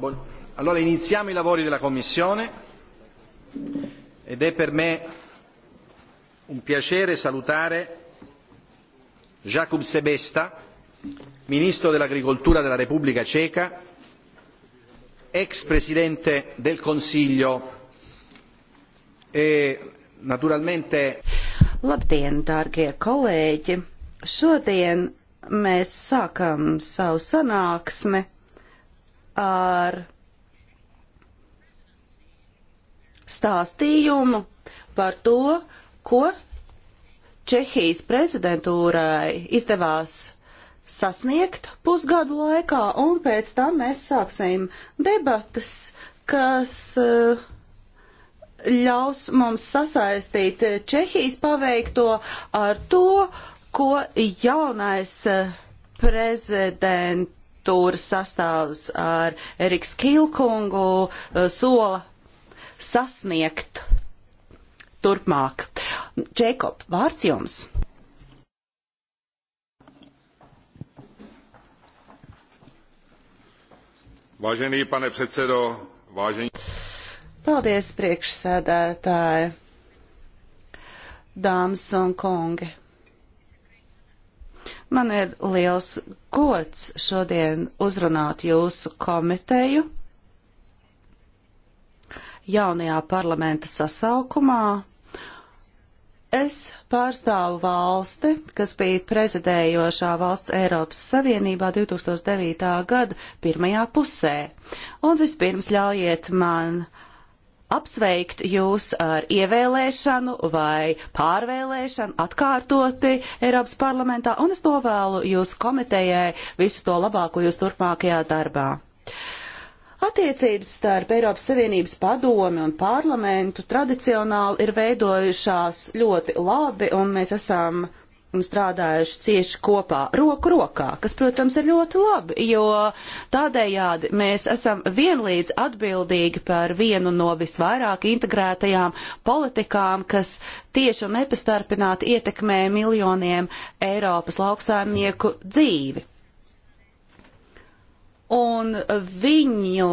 Buon... Allora iniziamo i lavori della Commissione ed è per me un piacere salutare Jakub Sebesta, Ministro dell'Agricoltura della Repubblica Ceca, ex Presidente del Consiglio e naturalmente. Labdien, dārgie kolēģi! Šodien mēs sākam savu sanāksmi ar stāstījumu par to, ko Čehijas prezidentūrai izdevās sasniegt pusgadu laikā, un pēc tam mēs sāksim debatas, kas eh, ļaus mums sasaistīt Čehijas paveikto ar to, ko jaunais eh, prezidents struktūras sastāvs ar Eriks Kilkungu eh, sola sasniegt turpmāk. Čekob, vārds jums. Vážený pane předsedo, vážení. Paldies, priekšsēdētāji, dāmas un kungi. Man ir liels gods šodien uzrunāt jūsu komiteju jaunajā parlamenta sasaukumā. Es pārstāvu valsti, kas bija prezidējošā valsts Eiropas Savienībā 2009. gada pirmajā pusē. Un vispirms ļaujiet man uh, apsveikt jūs ar ievēlēšanu vai pārvēlēšanu atkārtoti Eiropas parlamentā, un es novēlu jūs komitejai visu to labāko jūs turpmākajā darbā. Attiecības starp Eiropas Savienības padomi un parlamentu tradicionāli ir veidojušās ļoti labi, un mēs esam uh, strādājuši cieši kopā, roku rokā, kas, protams, ir ļoti labi, jo tādējādi mēs esam vienlīdz atbildīgi par vienu no visvairāk integrētajām politikām, kas tieši un nepastarpināti ietekmē miljoniem Eiropas lauksaimnieku dzīvi. Un viņu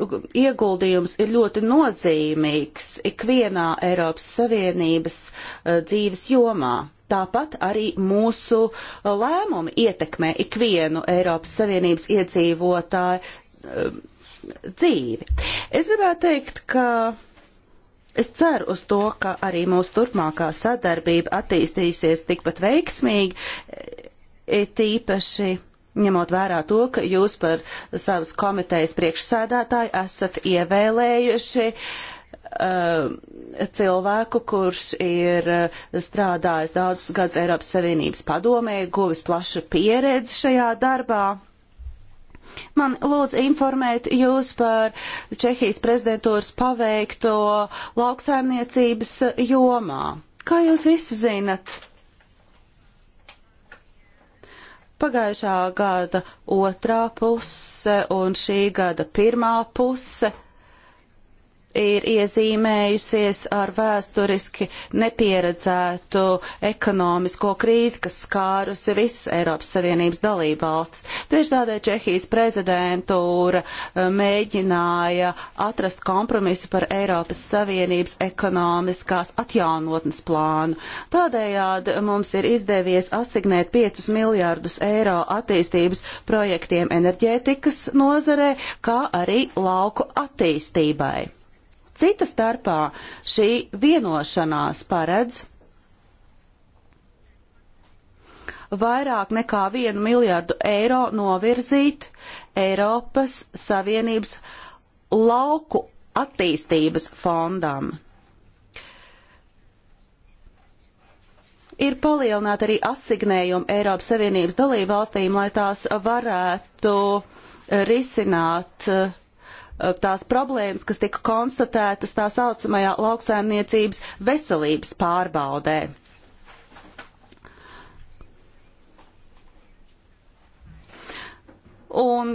ieguldījums ir ļoti nozīmīgs ikvienā Eiropas Savienības eh, dzīves jomā. Tāpat arī mūsu eh, lēmumi ietekmē ikvienu Eiropas Savienības iedzīvotāju eh, dzīvi. Es gribētu teikt, ka es ceru uz to, ka arī mūsu turpmākā sadarbība attīstīsies tikpat veiksmīgi, it īpaši ņemot vērā to, ka jūs par savas komitejas priekšsēdētāju esat ievēlējuši uh, cilvēku, kurš ir eh, strādājis daudzus gadus Eiropas Savienības padomē, guvis plašu pieredzi šajā darbā. Man lūdzu informēt jūs par Čehijas prezidentūras paveikto lauksaimniecības jomā. Kā jūs visi zinat, Pagājušā gada otrā puse un šī gada pirmā puse ir iezīmējusies ar vēsturiski nepieredzētu ekonomisko krīzi, kas skārusi visas Eiropas Savienības dalībvalstis. Tieši tādēļ Čehijas prezidentūra eh, mēģināja atrast kompromisu par Eiropas Savienības ekonomiskās atjaunotnes plānu. Tādējādi mums ir izdevies asignēt 5 miljārdus eiro attīstības projektiem enerģētikas nozarē, kā arī lauku attīstībai. Cita starpā šī vienošanās paredz vairāk nekā 1 miljardu eiro novirzīt Eiropas Savienības lauku attīstības fondam. Ir palielināta arī asignējuma Eiropas Savienības dalībvalstīm, lai tās varētu risināt uh, Eh, tās problēmas, kas tika konstatētas tā saucamajā lauksaimniecības veselības pārbaudē. Un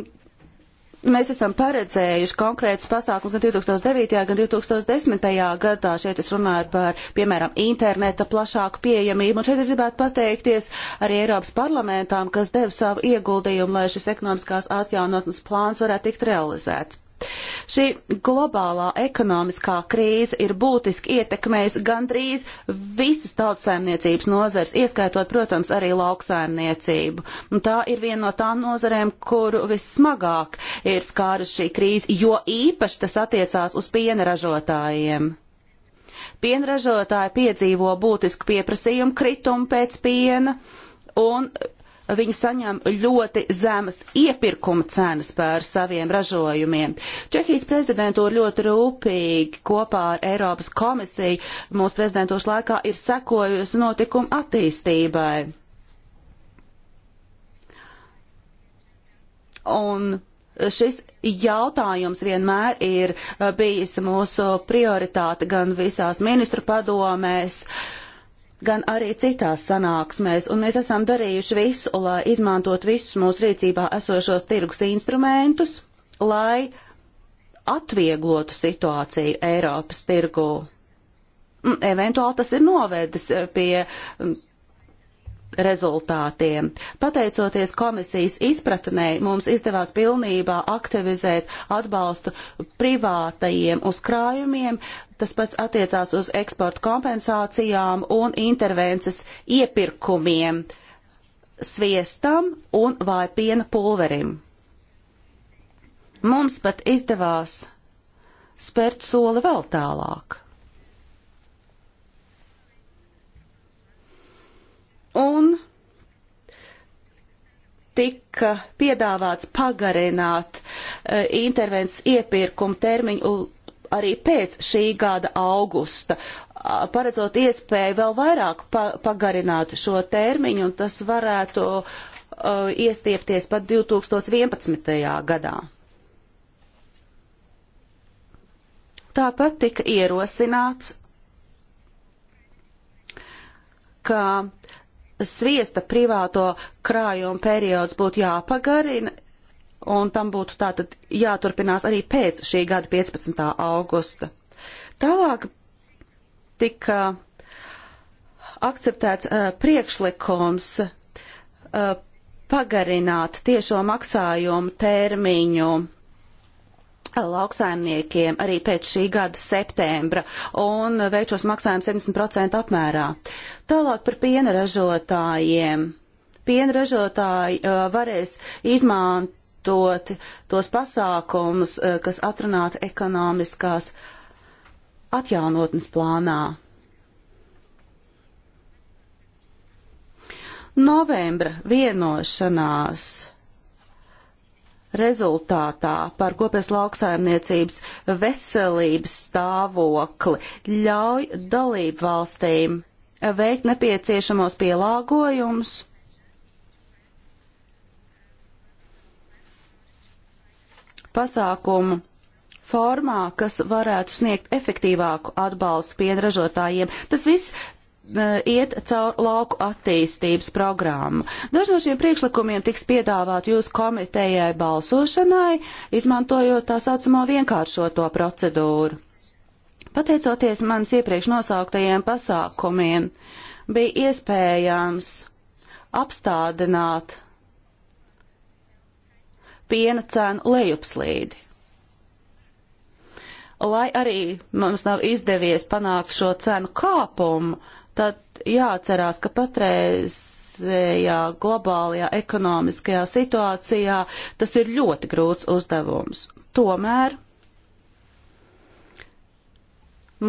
mēs esam paredzējuši konkrētus pasākumus gan 2009. gan 2010. gadā. Šeit es runāju par, piemēram, interneta plašāku pieejamību. Un šeit es gribētu pateikties arī Eiropas parlamentām, kas deva savu ieguldījumu, lai šis ekonomiskās atjaunotnes plāns varētu tikt realizēts. Šī globālā ekonomiskā krīze ir būtiski ietekmējusi gandrīz visas tautsēmniecības nozars, ieskaitot, protams, arī lauksēmniecību. Un tā ir viena no tām nozarēm, kuru vissmagāk ir skāra šī krīze, jo īpaši tas attiecās uz pienražotājiem. Pienražotāji piedzīvo būtisku pieprasījumu kritumu pēc piena, un viņi saņem ļoti zemas iepirkuma cenas par saviem ražojumiem. Čehijas prezidentūra ļoti rūpīgi kopā ar Eiropas komisiju mūsu prezidentūras laikā ir sekojusi notikumu attīstībai. Un šis jautājums vienmēr ir bijis mūsu prioritāte gan visās ministru padomēs, uh, gan arī citās sanāksmēs, un mēs esam darījuši visu, lai izmantot visus mūsu rīcībā esošos tirgus instrumentus, lai atvieglotu situāciju Eiropas tirgū. Mm, eventuāli tas ir novedis eh, pie mm, rezultātiem. Pateicoties komisijas izpratnē, mums izdevās pilnībā aktivizēt atbalstu privātajiem uzkrājumiem, tas pats attiecās uz eksporta kompensācijām un intervences iepirkumiem sviestam un vai piena pulverim. Mums pat izdevās spērt soli vēl tālāk. un tika piedāvāts pagarināt uh, e, intervences iepirkumu termiņu arī pēc šī gada augusta, uh, paredzot iespēju vēl vairāk pa pagarināt šo termiņu, un tas varētu uh, iestiepties pat 2011. gadā. Tāpat tika ierosināts, ka uh, sviesta privāto krājuma periods būtu jāpagarina, un tam būtu tātad jāturpinās arī pēc šī gada 15. augusta. Tālāk tika akceptēts uh, priekšlikums uh, pagarināt tiešo maksājumu termiņu lauksaimniekiem arī pēc šī gada septembra un veikšos maksājumu 70% apmērā. Tālāk par piena ražotājiem. Piena ražotāji uh, varēs izmantot tos pasākumus, uh, kas atrunāti ekonomiskās atjaunotnes plānā. Novembra vienošanās rezultātā par kopējas lauksaimniecības veselības stāvokli ļauj dalību valstīm veikt nepieciešamos pielāgojumus. pasākumu formā, kas varētu sniegt efektīvāku atbalstu pienražotājiem. Tas viss Eh, iet caur lauku attīstības programmu. Daži no šiem priekšlikumiem tiks piedāvāt jūsu komitejai balsošanai, izmantojot tā saucamo vienkāršoto procedūru. Pateicoties manis iepriekš nosauktajiem pasākumiem, bija iespējams apstādināt piena cenu lejupslīdi lai arī mums nav izdevies panākt šo cenu kāpumu, tad jāatcerās, ka patreizējā globālajā ekonomiskajā situācijā tas ir ļoti grūts uzdevums. Tomēr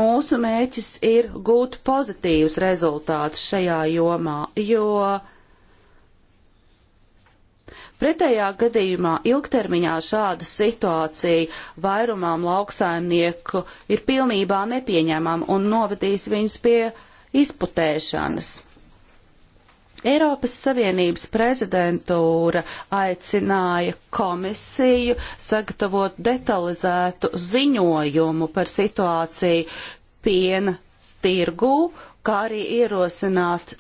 mūsu mēķis ir gūt pozitīvus rezultātus šajā jomā, jo Pretējā gadījumā ilgtermiņā šāda situācija vairumām lauksaimnieku ir pilnībā nepieņemama un novedīs viņus pie uh, izputēšanas. Eiropas Savienības prezidentūra aicināja komisiju sagatavot detalizētu ziņojumu par situāciju piena tirgū, kā arī ierosināt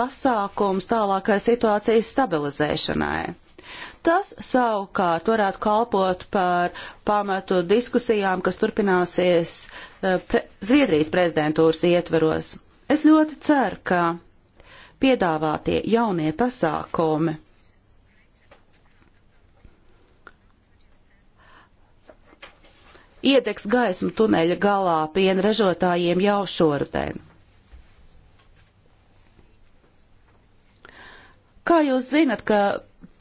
pasākums tālākai situācijas stabilizēšanai. Tas savukārt varētu kalpot par pamatu diskusijām, kas turpināsies eh, pre Zviedrijas prezidentūras ietveros. Es ļoti ceru, ka piedāvātie jaunie pasākumi iedegs gaismu tuneļa galā piena ražotājiem jau šoruden. Kā jūs zinat, ka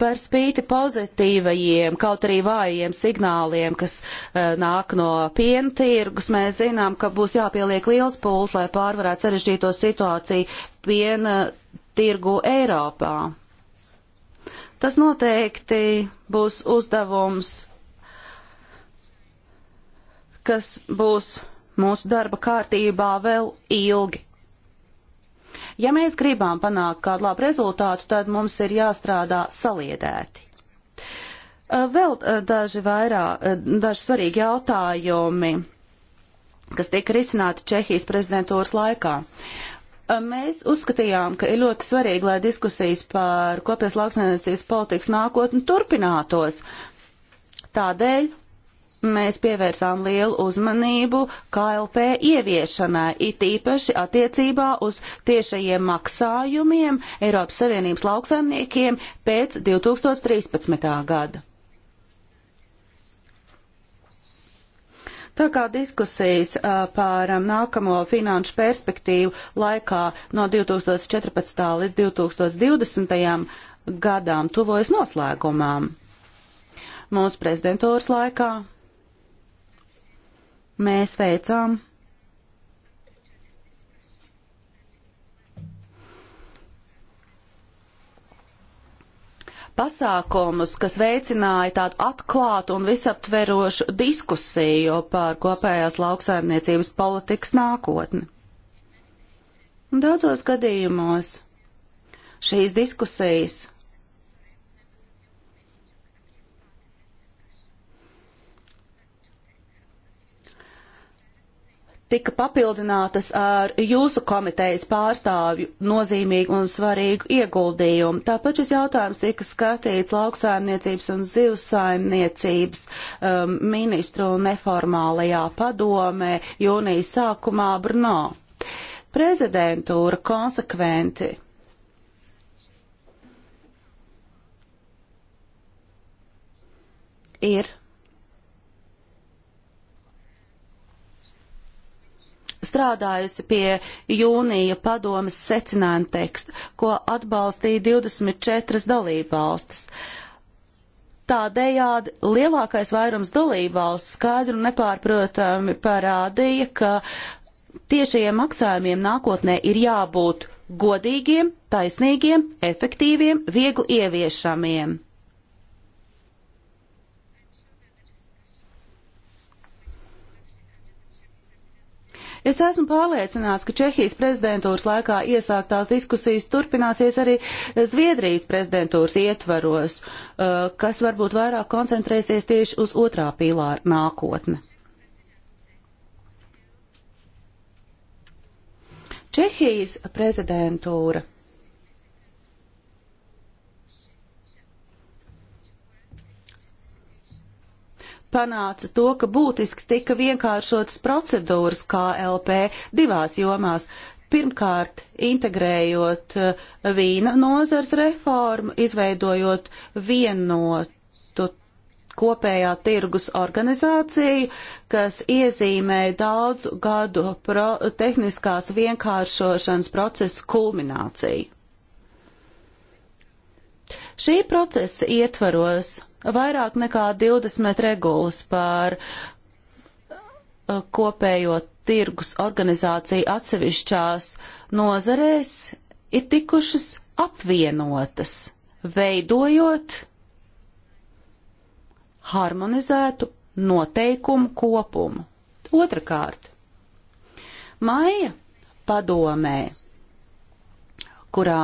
Par spīti pozitīvajiem, kaut arī vājiem signāliem, kas uh, nāk no piena tirgus, mēs zinām, ka būs jāpieliek liels pūls, lai pārvarētu sarežģīto situāciju piena tirgu Eiropā. Tas noteikti būs uzdevums, kas būs mūsu darba kārtībā vēl ilgi. Ja mēs gribam panākt kādu labu rezultātu, tad mums ir jāstrādā saliedēti. Vēl daži vairāk, daži svarīgi jautājumi, kas tika risināti Čehijas prezidentūras laikā. Mēs uzskatījām, ka ir ļoti svarīgi, lai diskusijas par kopējas lauksainiecības politikas nākotni turpinātos. Tādēļ mēs pievērsām lielu uzmanību KLP ieviešanai, it īpaši attiecībā uz tiešajiem maksājumiem Eiropas Savienības lauksaimniekiem pēc 2013. gada. Tā kā diskusijas par nākamo finanšu perspektīvu laikā no 2014. līdz 2020. gadām tuvojas noslēgumām. Mūsu prezidentūras laikā Mēs veicām pasākumus, kas veicināja tādu atklātu un visaptverošu diskusiju par kopējās lauksaimniecības politikas nākotni. Daudzos gadījumos šīs diskusijas tika papildinātas ar jūsu komitejas pārstāvju nozīmīgu un svarīgu ieguldījumu. Tāpat šis jautājums tika skatīts lauksaimniecības un zivsaimniecības um, ministru neformālajā padomē jūnijas sākumā Brno. Prezidentūra konsekventi ir strādājusi pie jūnija padomas secinājuma teksta, ko atbalstīja 24 dalībvalstis. Tādējādi lielākais vairums dalībvalsts skaidru un nepārprotami parādīja, ka tiešajiem maksājumiem nākotnē ir jābūt godīgiem, taisnīgiem, efektīviem, viegli ieviešamiem. Es esmu pārliecināts, ka Čehijas prezidentūras laikā iesāktās diskusijas turpināsies arī Zviedrijas prezidentūras ietvaros, uh, kas varbūt vairāk koncentrēsies tieši uz otrā pīlāra nākotne. Čehijas prezidentūra panāca to, ka būtiski tika vienkāršotas procedūras KLP divās jomās. Pirmkārt, integrējot eh, vīna nozars reformu, izveidojot vienotu kopējā tirgus organizāciju, kas iezīmē daudzu gadu pro tehniskās vienkāršošanas procesu kulmināciju. Šī procesa ietvaros vairāk nekā 20 regulas par uh, kopējo tirgus organizāciju atsevišķās nozarēs ir tikušas apvienotas, veidojot harmonizētu noteikumu kopumu. Otrakārt, maija padomē, kurā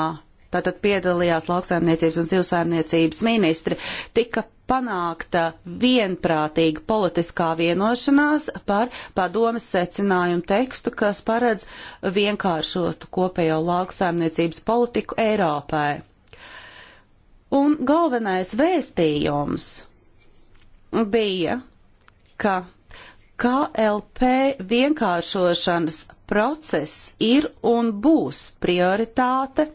tātad piedalījās lauksaimniecības un zivsaimniecības ministri, tika panākta vienprātīga politiskā vienošanās par padomas secinājumu tekstu, kas paredz vienkāršotu kopējo lauksaimniecības politiku Eiropai. Un galvenais vēstījums bija, ka KLP vienkāršošanas process ir un būs prioritāte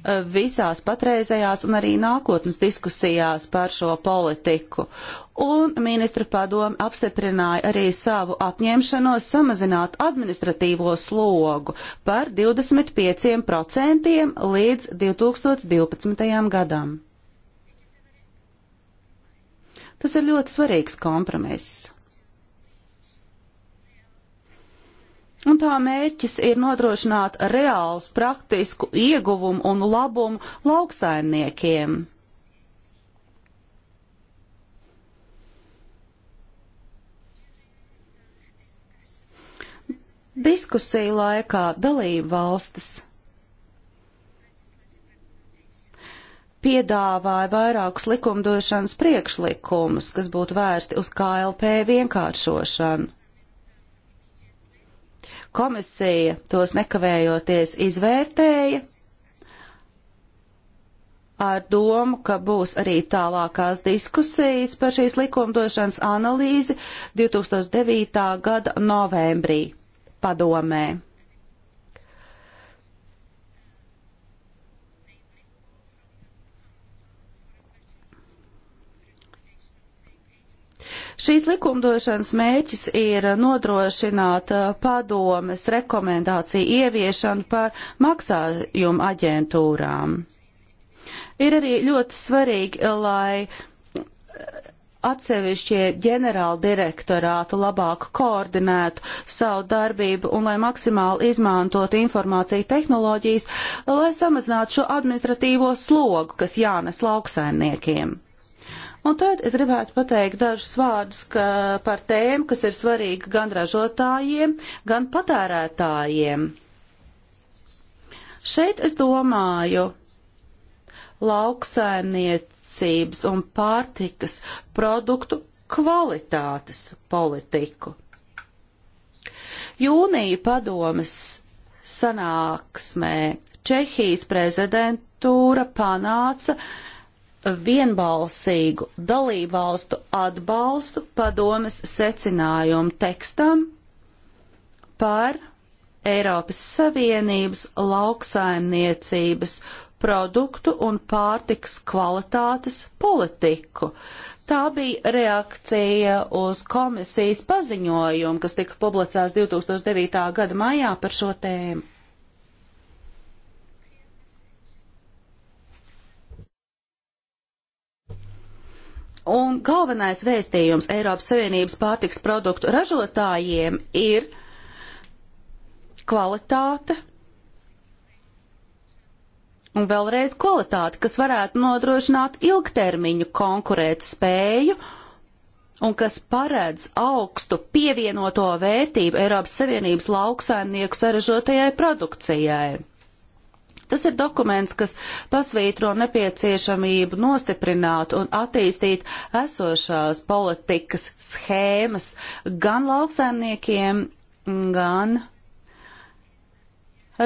Eh, visās patreizējās un arī nākotnes diskusijās par šo politiku. Un ministru padomu apstiprināja arī savu apņemšanos samazināt administratīvo slogu par 25% līdz 2012. gadam. Tas ir ļoti svarīgs kompromiss. Un tā mērķis ir nodrošināt reāls, praktisku ieguvumu un labumu lauksaimniekiem. Diskusiju laikā dalība valstis piedāvāja vairākus likumdošanas priekšlikumus, kas būtu vērsti uz KLP vienkāršošanu. Komisija tos nekavējoties izvērtēja ar domu, ka būs arī tālākās diskusijas par šīs likumdošanas analīzi 2009. gada novembrī padomē. Šīs likumdošanas mērķis ir nodrošināt uh, padomes rekomendāciju ieviešanu par maksājumu aģentūrām. Ir arī ļoti svarīgi, lai atsevišķie ģenerāli direktorātu labāk koordinētu savu darbību un lai maksimāli izmantot informāciju tehnoloģijas, lai samazinātu šo administratīvo slogu, kas jānes lauksaimniekiem. Un tad es gribētu pateikt dažus vārdus ka, par tēmu, kas ir svarīga gan ražotājiem, gan patērētājiem. Šeit es domāju lauksaimniecības un pārtikas produktu kvalitātes politiku. Jūnija padomes sanāksmē Čehijas prezidentūra panāca uh, vienbalsīgu dalībvalstu atbalstu padomes secinājumu tekstam par Eiropas Savienības lauksaimniecības produktu un pārtiks kvalitātes politiku. Tā bija reakcija uz komisijas paziņojumu, kas tika publicēts 2009. gada maijā par šo tēmu. Un galvenais vēstījums Eiropas Savienības pārtiks produktu ražotājiem ir kvalitāte un vēlreiz kvalitāte, kas varētu nodrošināt ilgtermiņu konkurēt spēju un kas paredz augstu pievienoto vērtību Eiropas Savienības lauksaimnieku saražotajai produkcijai. Tas ir dokuments, kas pasvītro nepieciešamību nostiprināt un attīstīt esošās politikas schēmas gan lauksaimniekiem, gan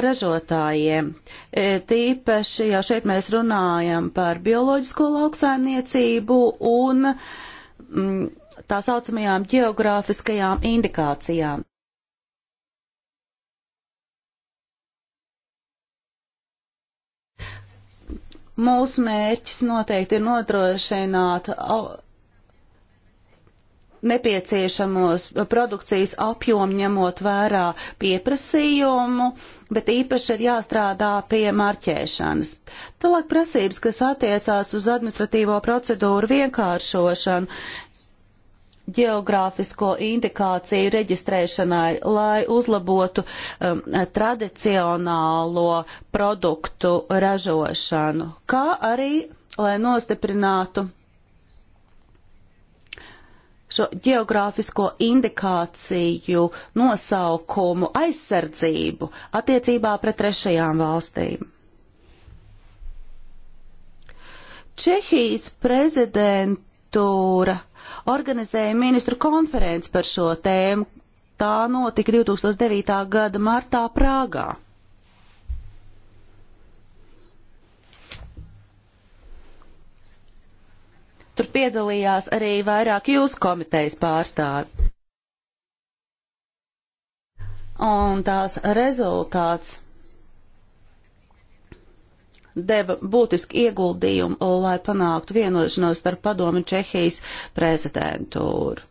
ražotājiem. E, tīpaši jau šeit mēs runājam par bioloģisko lauksaimniecību un mm, tā saucamajām geogrāfiskajām indikācijām. Mūsu mērķis noteikti ir nodrošināt nepieciešamos produkcijas apjomu ņemot vērā pieprasījumu, bet īpaši ir jāstrādā pie marķēšanas. Tālāk prasības, kas attiecās uz administratīvo procedūru vienkāršošanu, geogrāfisko indikāciju reģistrēšanai, lai uzlabotu um, tradicionālo produktu ražošanu, kā arī, lai nostiprinātu šo geogrāfisko indikāciju nosaukumu aizsardzību attiecībā pret trešajām valstīm. Čehijas prezidentūra organizēja ministru konferenci par šo tēmu. Tā notika 2009. gada martā Prāgā. Tur piedalījās arī vairāk jūsu komitejas pārstāvi. Un tās rezultāts deva būtisku ieguldījumu, lai panāktu vienošanos starp padomu Čehijas prezidentūru.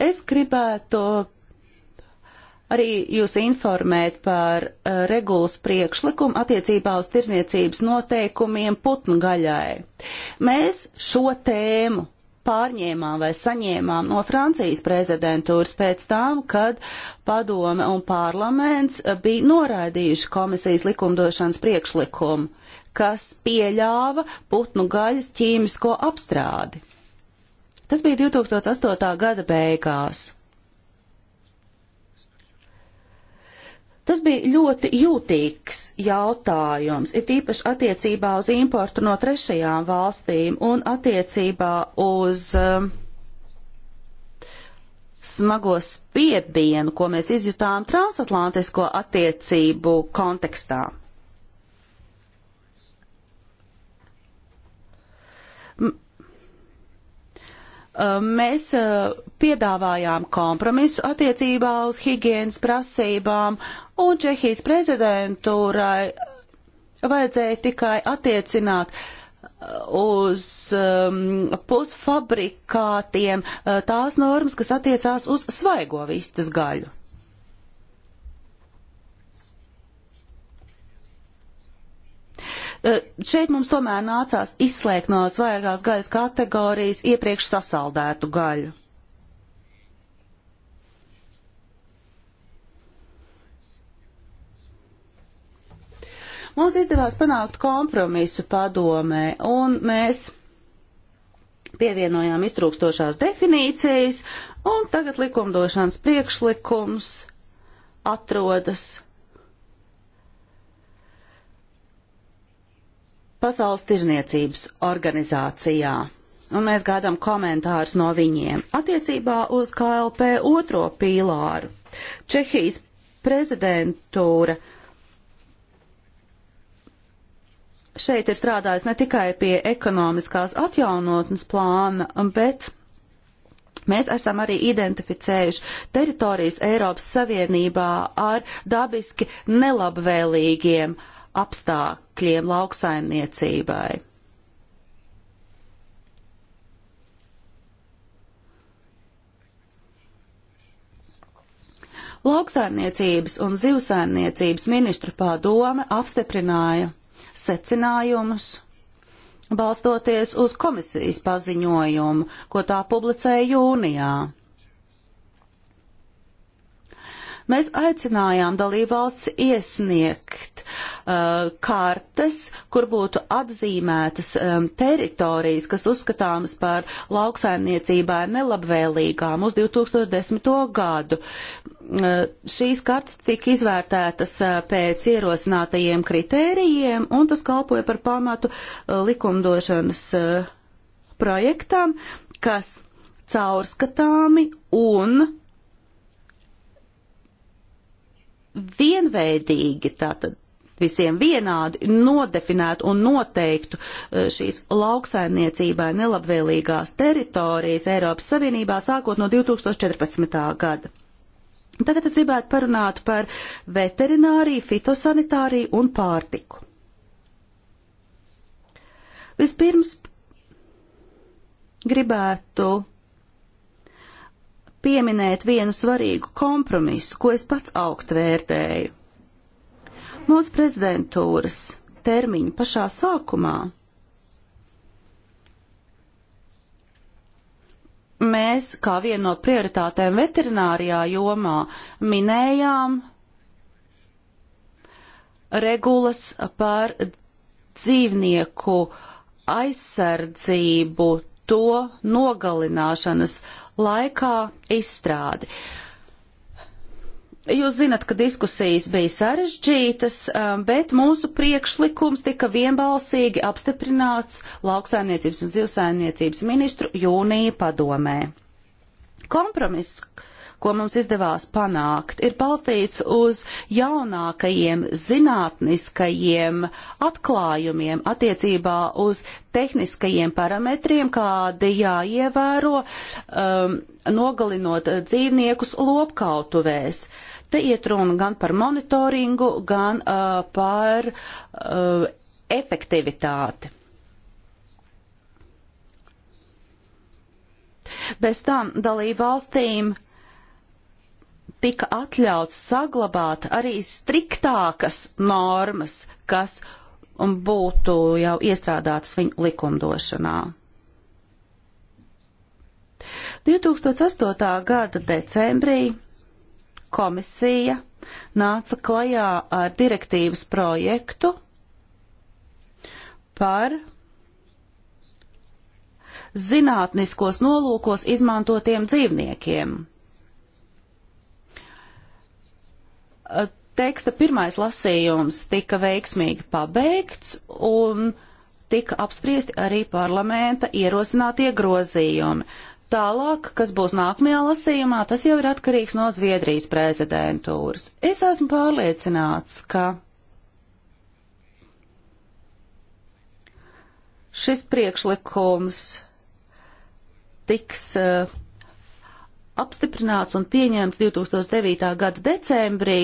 Es gribētu arī jūs informēt par uh, regulas priekšlikumu attiecībā uz tirzniecības noteikumiem putnu gaļai. Mēs šo tēmu pārņēmām vai saņēmām no Francijas prezidentūras pēc tam, kad padome un parlaments bija noraidījuši komisijas likumdošanas priekšlikumu, kas pieļāva putnu gaļas ķīmisko apstrādi. Tas bija 2008. gada beigās. Tas bija ļoti jūtīgs jautājums, it īpaši attiecībā uz importu no trešajām valstīm un attiecībā uz um, smago spiedienu, ko mēs izjutām transatlantisko attiecību kontekstā. Um, mēs uh, piedāvājām kompromisu attiecībā uz higienas prasībām, un Čehijas prezidentūrai vajadzēja tikai attiecināt uh, uz um, pusfabrikātiem uh, tās normas, kas attiecās uz svaigo vistas gaļu. Eh, šeit mums tomēr nācās izslēgt no svaigās gaļas kategorijas iepriekš sasaldētu gaļu. Mums izdevās panākt kompromisu padomē, un mēs pievienojām iztrūkstošās definīcijas, un tagad likumdošanas priekšlikums atrodas Pasaules tirzniecības organizācijā. Un mēs gaidām komentārus no viņiem attiecībā uz KLP otro pīlāru. Čehijas prezidentūra šeit ir strādājis ne tikai pie ekonomiskās atjaunotnes plāna, bet mēs esam arī identificējuši teritorijas Eiropas Savienībā ar dabiski nelabvēlīgiem uh, apstākļiem lauksaimniecībai. Lauksaimniecības un zivsaimniecības ministru padome apstiprināja secinājumus, balstoties uz komisijas paziņojumu, ko tā publicēja jūnijā. Mēs aicinājām dalībvalsts iesniegt uh, kartes, kur būtu atzīmētas um, teritorijas, kas uzskatāmas par lauksaimniecībai nelabvēlīgām uz 2010. gadu. Uh, šīs kartes tika izvērtētas uh, pēc ierosinātajiem kritērijiem, un tas kalpoja par pamatu uh, likumdošanas uh, projektam, kas caurskatāmi un vienveidīgi, tātad visiem vienādi nodefinētu un noteiktu eh, šīs lauksaimniecībai nelabvēlīgās teritorijas Eiropas Savienībā sākot no 2014. gada. Tagad es gribētu parunāt par veterināriju, fitosanitāriju un pārtiku. Vispirms gribētu pieminēt vienu svarīgu kompromisu, ko es pats augstu vērtēju. Mūsu prezidentūras termiņa pašā sākumā mēs, kā vienu no prioritātēm veterinārijā jomā, minējām regulas par dzīvnieku aizsardzību, to nogalināšanas laikā izstrādi. Jūs zinat, ka diskusijas bija sarežģītas, um, bet mūsu priekšlikums tika vienbalsīgi apstiprināts lauksaimniecības un zivsaimniecības ministru jūnija padomē. Kompromiss ko mums izdevās panākt, ir balstīts uz jaunākajiem zinātniskajiem atklājumiem attiecībā uz tehniskajiem parametriem, kādi jāievēro um, nogalinot dzīvniekus lopkautuvēs. Te iet runa gan par monitoringu, gan uh, par uh, efektivitāti. Bez tam dalību valstīm tika atļauts saglabāt arī striktākas normas, kas būtu jau iestrādātas viņu likumdošanā. 2008. gada decembrī komisija nāca klajā ar direktīvas projektu par zinātniskos nolūkos izmantotiem dzīvniekiem. Eh, teksta pirmais lasījums tika veiksmīgi pabeigts un tika apspriesti arī parlamenta ierosinātie grozījumi. Tālāk, kas būs nākamajā lasījumā, tas jau ir atkarīgs no Zviedrijas prezidentūras. Es esmu pārliecināts, ka šis priekšlikums tiks uh, apstiprināts un pieņemts 2009. gada decembrī,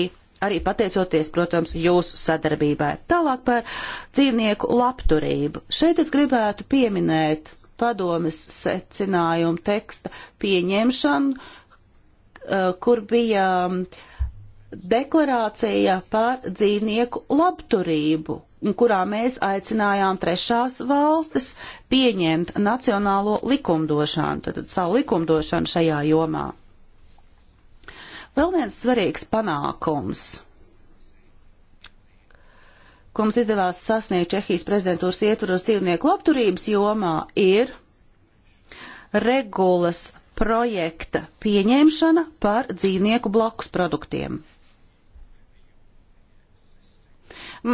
arī pateicoties, protams, jūsu sadarbībai. Tālāk par dzīvnieku labturību. Šeit es gribētu pieminēt padomes secinājumu teksta pieņemšanu, eh, kur bija mm, deklarācija par dzīvnieku labturību, kurā mēs aicinājām trešās valstis pieņemt nacionālo likumdošanu, tātad savu likumdošanu šajā jomā. Vēl viens svarīgs panākums, ko mums izdevās sasniegt Čehijas prezidentūras ietvaros dzīvnieku labturības jomā, ir regulas projekta pieņemšana par dzīvnieku blakus produktiem.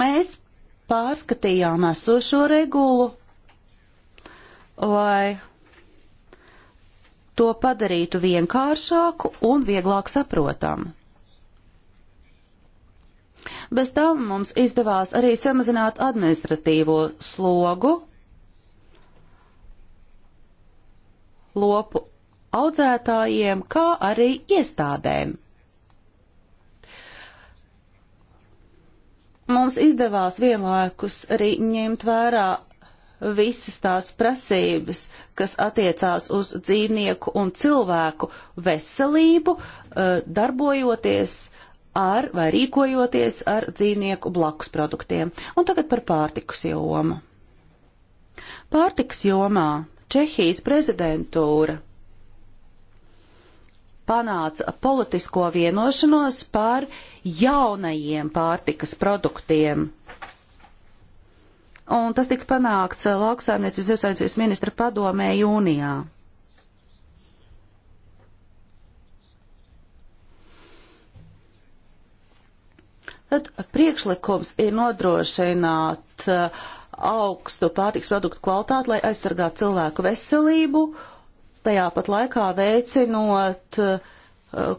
Mēs pārskatījām esošo regulu, lai to padarītu vienkāršāku un vieglāk saprotamu. Bez tam mums izdevās arī samazināt administratīvo slogu lopu audzētājiem, kā arī iestādēm. mums izdevās vienlaikus arī ņemt vērā visas tās prasības, kas attiecās uz dzīvnieku un cilvēku veselību, eh, darbojoties ar vai rīkojoties ar dzīvnieku blakus produktiem. Un tagad par pārtikas jomu. Pārtikas jomā Čehijas prezidentūra panāca politisko vienošanos par jaunajiem pārtikas produktiem. Un tas tika panākts lauksaimniecības iesaistības ministra padomē jūnijā. Tad priekšlikums ir nodrošināt uh, augstu pārtiks produktu kvalitāti, lai aizsargātu cilvēku veselību uh, tajā pat laikā veicinot uh,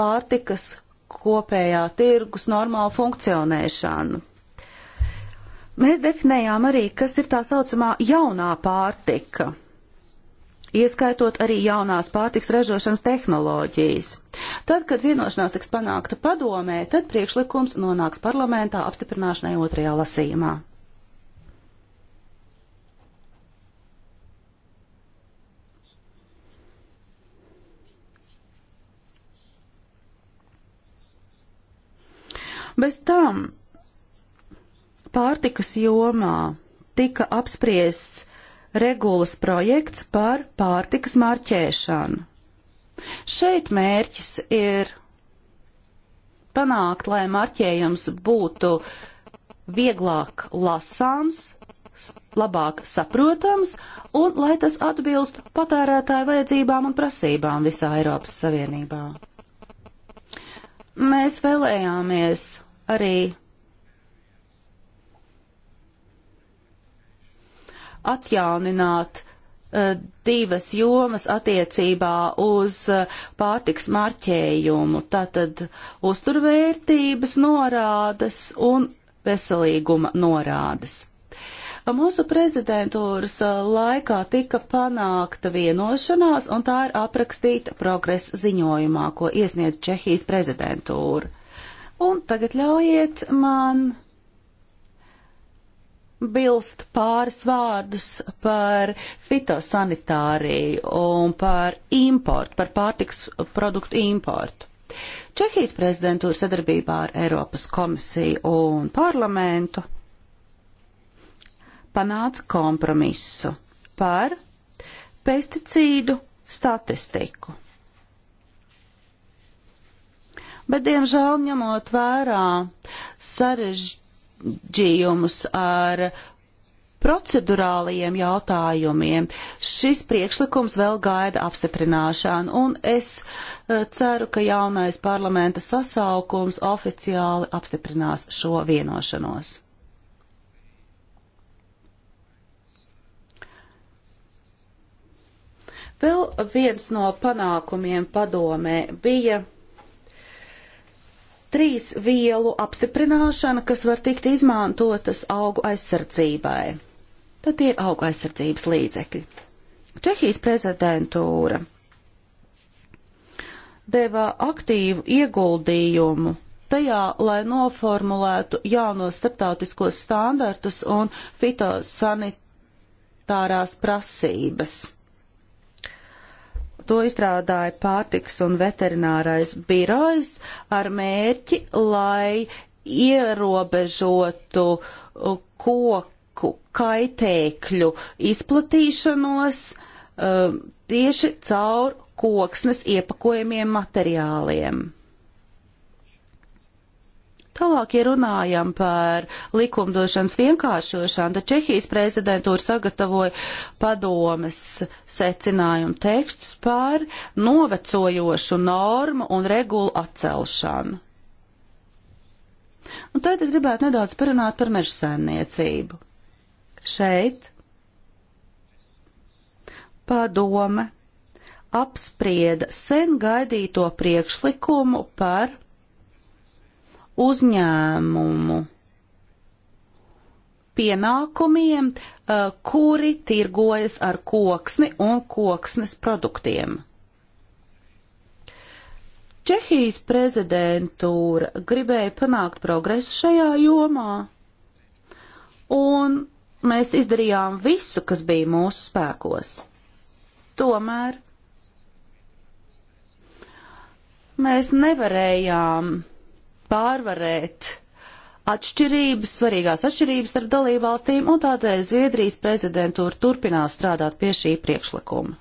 pārtikas kopējā tirgus normālu funkcionēšanu. Mēs definējām arī, kas ir tā saucamā jaunā pārtika, ieskaitot arī jaunās pārtiks ražošanas tehnoloģijas. Tad, kad vienošanās tiks panākta padomē, tad priekšlikums nonāks parlamentā apstiprināšanai otrajā lasījumā. Bez tam pārtikas jomā tika apspriests regulas projekts par pārtikas marķēšanu. Šeit mērķis ir panākt, lai marķējums būtu vieglāk lasāms, labāk saprotams un lai tas atbilst patērētāju vajadzībām un prasībām visā Eiropas Savienībā. Mēs vēlējāmies arī atjaunināt uh, divas jomas attiecībā uz uh, pārtiks marķējumu, tātad uzturvērtības norādes un veselīguma norādes. Mūsu prezidentūras eh, laikā tika panākta vienošanās, un tā ir aprakstīta progresa ziņojumā, ko iesniedz Čehijas prezidentūra. Un tagad ļaujiet man bilst pāris vārdus par fitosanitāriju un par importu, par pārtiks produktu importu. Čehijas prezidentūra sadarbībā ar Eiropas komisiju un parlamentu panāca kompromisu par pesticīdu statistiku. Bet, diemžēl, ņemot vērā sarežģījumus ar procedurālajiem jautājumiem. Šis priekšlikums vēl gaida apstiprināšanu, un es eh, ceru, ka jaunais parlamenta sasaukums oficiāli apstiprinās šo vienošanos. Vēl viens no panākumiem padomē bija trīs vielu apstiprināšana, kas var tikt izmantotas augu aizsardzībai. Tad tie ir augu aizsardzības līdzekļi. Čehijas prezidentūra deva aktīvu ieguldījumu tajā, lai noformulētu jaunos starptautiskos standartus un fitosanitārās prasības. To izstrādāja pārtiks un veterinārais birojs ar mērķi, lai ierobežotu uh, koku kaitēkļu izplatīšanos um, tieši caur koksnes iepakojumiem materiāliem. Tālāk, ja runājam par likumdošanas vienkāršošanu, tad Čehijas prezidentūra sagatavoja padomes secinājumu tekstus par novecojošu normu un regulu atcelšanu. Un tad es gribētu nedaudz parunāt par meža saimniecību. Šeit padome apsprieda sen gaidīto priekšlikumu par uzņēmumu pienākumiem, uh, kuri tirgojas ar koksni un koksnes produktiem. Čehijas prezidentūra gribēja panākt progresu šajā jomā, un mēs izdarījām visu, kas bija mūsu spēkos. Tomēr mēs nevarējām pārvarēt atšķirības, svarīgās atšķirības starp dalībvalstīm, un tādēļ Zviedrijas prezidentūra turpinās strādāt pie šī priekšlikuma.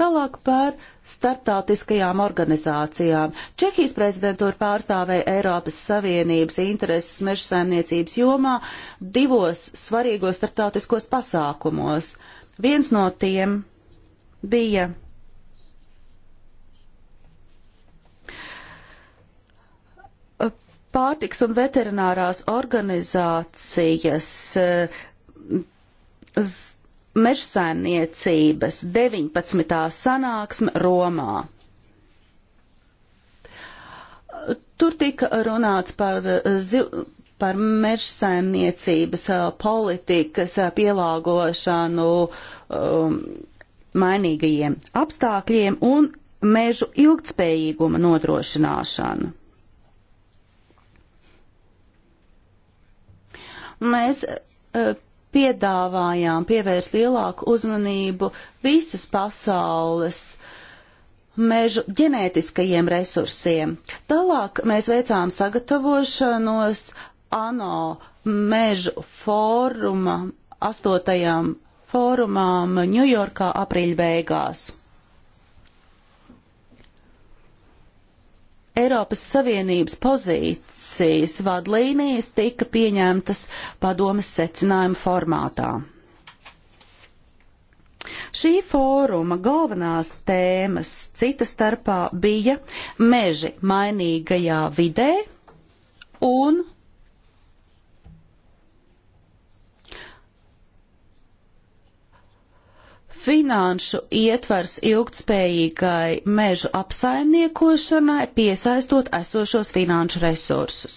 Tālāk par starptautiskajām organizācijām. Čehijas prezidentūra pārstāvēja Eiropas Savienības intereses meža saimniecības jomā divos svarīgos starptautiskos pasākumos. Viens no tiem bija Pārtiks un veterinārās organizācijas eh, mežsaimniecības 19. sanāksme Romā. Tur tika runāts par, eh, par mežsaimniecības eh, politikas pielāgošanu um, mainīgajiem apstākļiem un mežu ilgtspējīguma nodrošināšanu. mēs e, piedāvājām pievērst lielāku uzmanību visas pasaules mežu ģenētiskajiem resursiem. Tālāk mēs veicām sagatavošanos ANO mežu fóruma, astotajām fórumām Ņujorkā aprīļa beigās. Eiropas Savienības pozīcijas vadlīnijas tika pieņemtas padomas secinājuma formātā. Šī fóruma galvenās tēmas cita starpā bija meži mainīgajā vidē un finanšu ietvars ilgtspējīgai mežu apsaimniekošanai, piesaistot esošos finanšu resursus.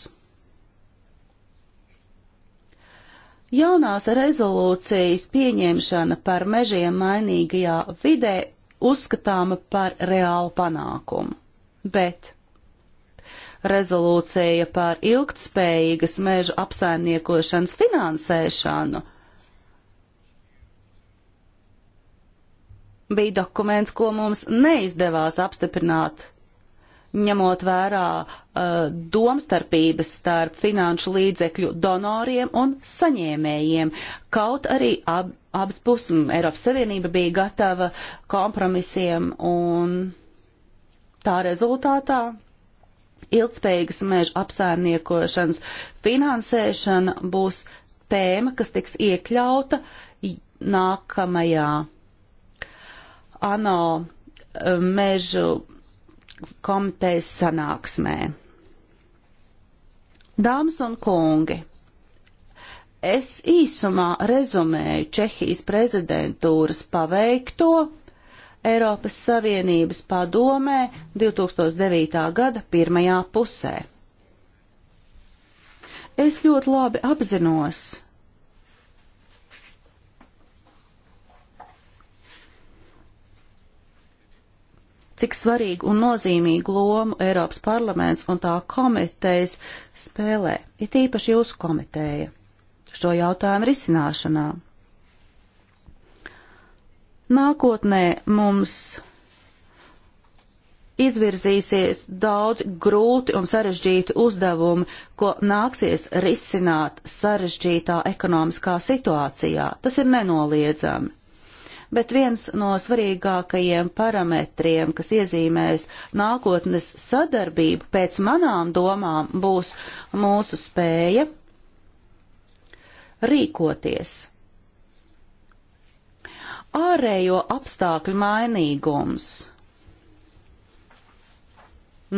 Jaunās rezolūcijas pieņemšana par mežiem mainīgajā vidē uzskatāma par reālu panākumu, bet rezolūcija par ilgtspējīgas mežu apsaimniekošanas finansēšanu bija dokuments, ko mums neizdevās apstiprināt, ņemot vērā uh, domstarpības starp finanšu līdzekļu donoriem un saņēmējiem, kaut arī ab, abas puses un Eiropas Savienība bija gatava kompromisiem un tā rezultātā ilgspējīgas meža apsaimniekošanas finansēšana būs tēma, kas tiks iekļauta nākamajā ANO um, mežu komitejas sanāksmē. Dāmas un kungi, es īsumā rezumēju Čehijas prezidentūras paveikto Eiropas Savienības padomē 2009. gada pirmajā pusē. Es ļoti labi apzinos, cik svarīgu un nozīmīgu lomu Eiropas parlaments un tā komitejas spēlē, ir tīpaši jūsu komiteja, šo jautājumu risināšanā. Nākotnē mums izvirzīsies daudz grūti un sarežģīti uzdevumi, ko nāksies risināt sarežģītā ekonomiskā situācijā. Tas ir nenoliedzami bet viens no svarīgākajiem parametriem, kas iezīmēs nākotnes sadarbību pēc manām domām, būs mūsu spēja rīkoties. Ārējo apstākļu mainīgums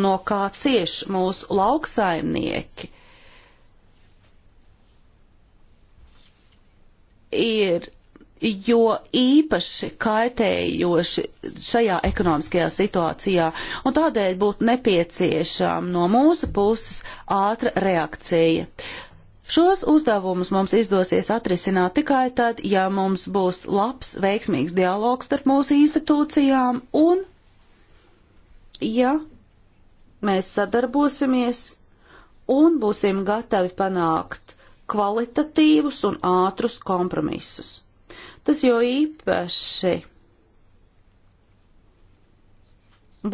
no kā cieš mūsu lauksaimnieki, ir jo īpaši kaitējoši šajā ekonomiskajā situācijā, un tādēļ būtu nepieciešama no mūsu puses ātra reakcija. Šos uzdevumus mums izdosies atrisināt tikai tad, ja mums būs labs, veiksmīgs dialogs starp mūsu institūcijām un, ja mēs sadarbosimies un būsim gatavi panākt kvalitatīvus un ātrus kompromisus. Tas jo īpaši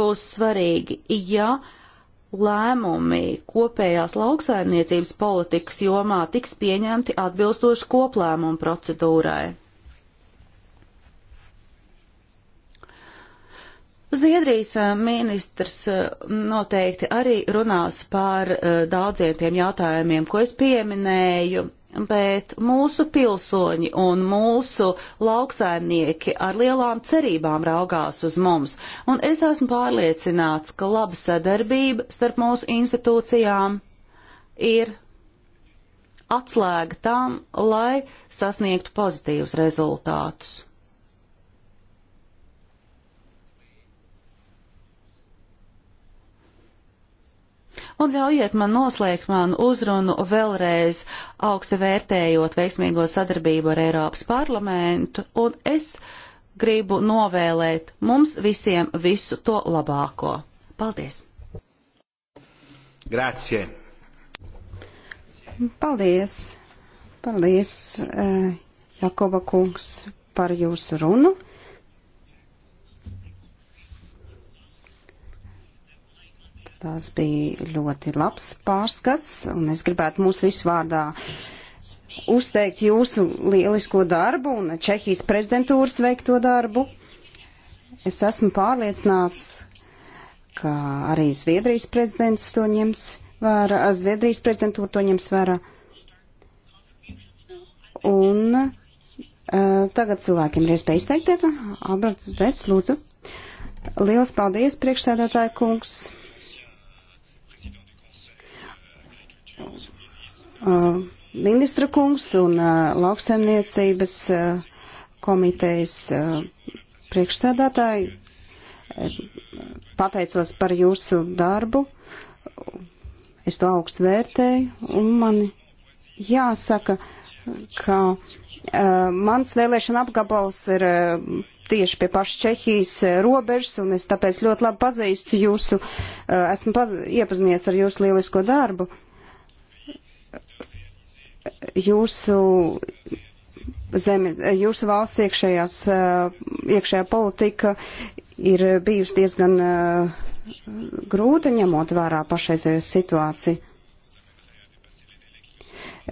būs svarīgi, ja lēmumi kopējās lauksaimniecības politikas jomā tiks pieņemti atbilstoši koplēmumu procedūrai. Zviedrijas eh, ministrs eh, noteikti arī runās par eh, daudziem tiem jautājumiem, ko es pieminēju, bet mūsu pilsoņi un mūsu lauksaimnieki ar lielām cerībām raugās uz mums. Un es esmu pārliecināts, ka laba sadarbība starp mūsu institūcijām ir atslēga tam, lai sasniegtu pozitīvus rezultātus. Un ļaujiet man noslēgt manu uzrunu vēlreiz augsti vērtējot veiksmīgo sadarbību ar Eiropas parlamentu, un es gribu novēlēt mums visiem visu to labāko. Paldies! Grazie! Paldies! Paldies, eh, Jakoba kungs, par jūsu runu! Tās bija ļoti labs pārskats, un es gribētu mūsu visu vārdā uzteikt jūsu lielisko darbu un Čehijas prezidentūras veikto darbu. Es esmu pārliecināts, ka arī Zviedrijas prezidents to ņems vērā, Zviedrijas prezidentūra to ņems vērā. Un uh, tagad cilvēkiem ir iespēja izteikt, Alberts Dets, lūdzu. Liels paldies, priekšsēdētāja kungs. uh, ministra kungs un uh, lauksaimniecības uh, komitejas uh, priekšsēdētāji. Uh, pateicos par jūsu darbu. Es to augstu vērtēju un man jāsaka, ka uh, mans vēlēšana apgabals ir uh, tieši pie pašas Čehijas uh, robežas, un es tāpēc ļoti labi pazīstu jūsu, uh, esmu iepazinies ar jūsu lielisko darbu jūsu zemi, jūsu valsts iekšējās, eh, iekšējā politika ir bijusi diezgan eh, grūta ņemot vērā pašreizējo situāciju.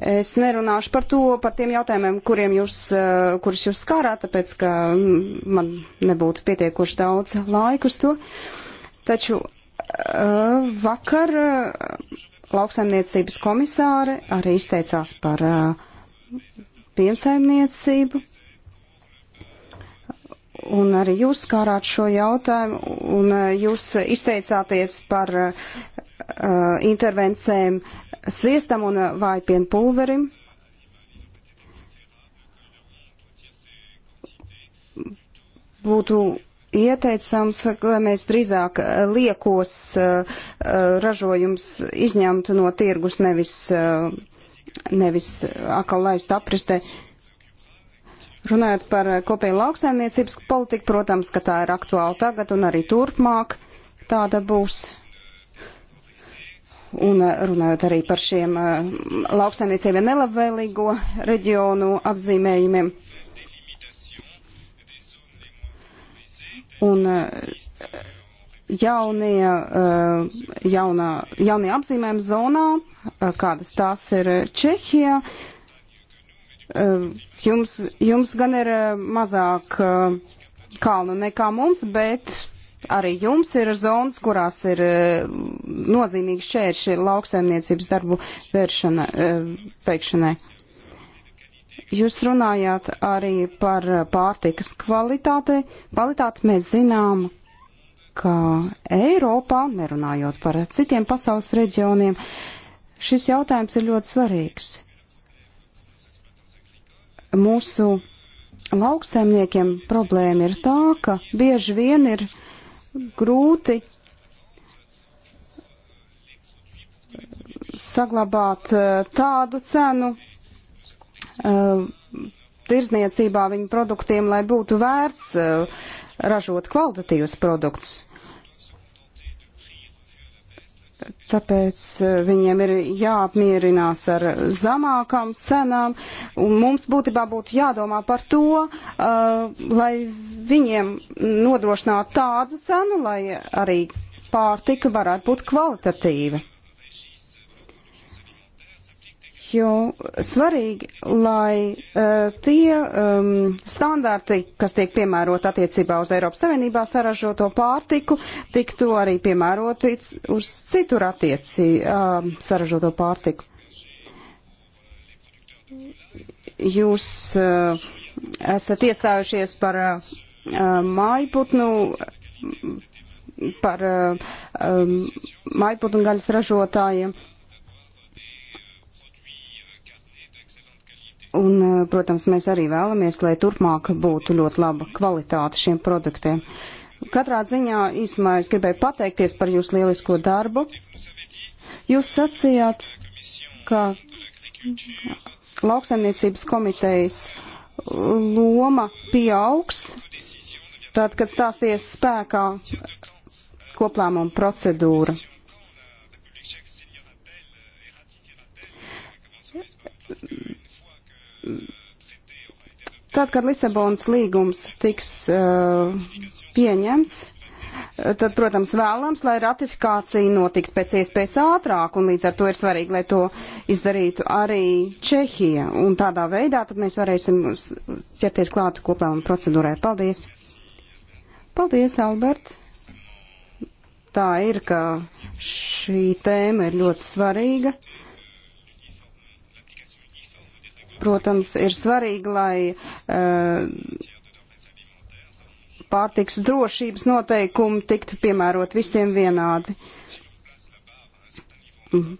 Es nerunāšu par to, par tiem jautājumiem, kuriem jūs, eh, kurus jūs skārāt, tāpēc, ka mm, man nebūtu pietiekoši daudz laiku uz to. Taču vakar lauksaimniecības komisāre arī izteicās par uh, piensaimniecību. Un arī jūs skārāt šo jautājumu, un uh, jūs izteicāties par uh, intervencēm sviestam un uh, vājpienu pulverim. Būtu ieteicams, lai mēs drīzāk liekos eh, eh, ražojums izņemtu no tirgus, nevis, eh, nevis atkal laist apristē. Runājot par kopēju lauksaimniecības politiku, protams, ka tā ir aktuāla tagad un arī turpmāk tāda būs. Un runājot arī par šiem lauksaimniecībā nelabvēlīgo reģionu apzīmējumiem. Un eh, jaunie, eh, jaunā, jaunie apzīmējumi zonā, eh, kādas tās ir Čehijā, jums, jums gan ir mazāk kalnu nekā mums, bet arī jums ir zonas, kurās ir nozīmīgi šķērši lauksaimniecības darbu vēršana, veikšanai. Jūs runājāt arī par pārtikas kvalitāti. Kvalitāti mēs zinām, ka Eiropā, nerunājot par citiem pasaules reģioniem, šis jautājums ir ļoti svarīgs. Mūsu lauksaimniekiem problēma ir tā, ka bieži vien ir grūti saglabāt eh, tādu cenu, Uh, tirzniecībā viņu produktiem, lai būtu vērts uh, ražot kvalitatīvus produktus. Tāpēc uh, viņiem ir jāapmierinās ar zamākām cenām, un mums būtībā būtu jādomā par to, uh, lai viņiem nodrošinātu tādu cenu, lai arī pārtika varētu būt kvalitatīva. Jo svarīgi, lai uh, tie um, standarti, kas tiek piemēroti attiecībā uz Eiropas Savienībā saražoto pārtiku, tiktu arī piemēroti uz citur attiecī uh, ehm, saražoto pārtiku. Jūs uh, esat iestājušies par uh, mājputnu, par uh, um, mājputnu gaļas ražotājiem. Uh, Un, eh, protams, mēs arī vēlamies, lai turpmāk būtu ļoti laba kvalitāte šiem produktiem. Katrā ziņā īsumā es gribēju pateikties par jūsu lielisko darbu. Jūs sacījāt, ka lauksaimniecības komitejas loma pieaugs, tad, kad stāsties spēkā koplēmuma procedūra tad, kad Lisabonas līgums tiks uh, pieņemts, uh, tad, protams, vēlams, lai ratifikācija notiktu pēc iespējas ātrāk, un līdz ar to ir svarīgi, lai to izdarītu arī Čehija, un tādā veidā tad mēs varēsim ķerties klāt kopējām procedūrai. Paldies! Paldies, Albert! Tā ir, ka šī tēma ir ļoti svarīga. Protams, ir svarīgi, lai uh, pārtiks drošības noteikumi tiktu piemērot visiem vienādi.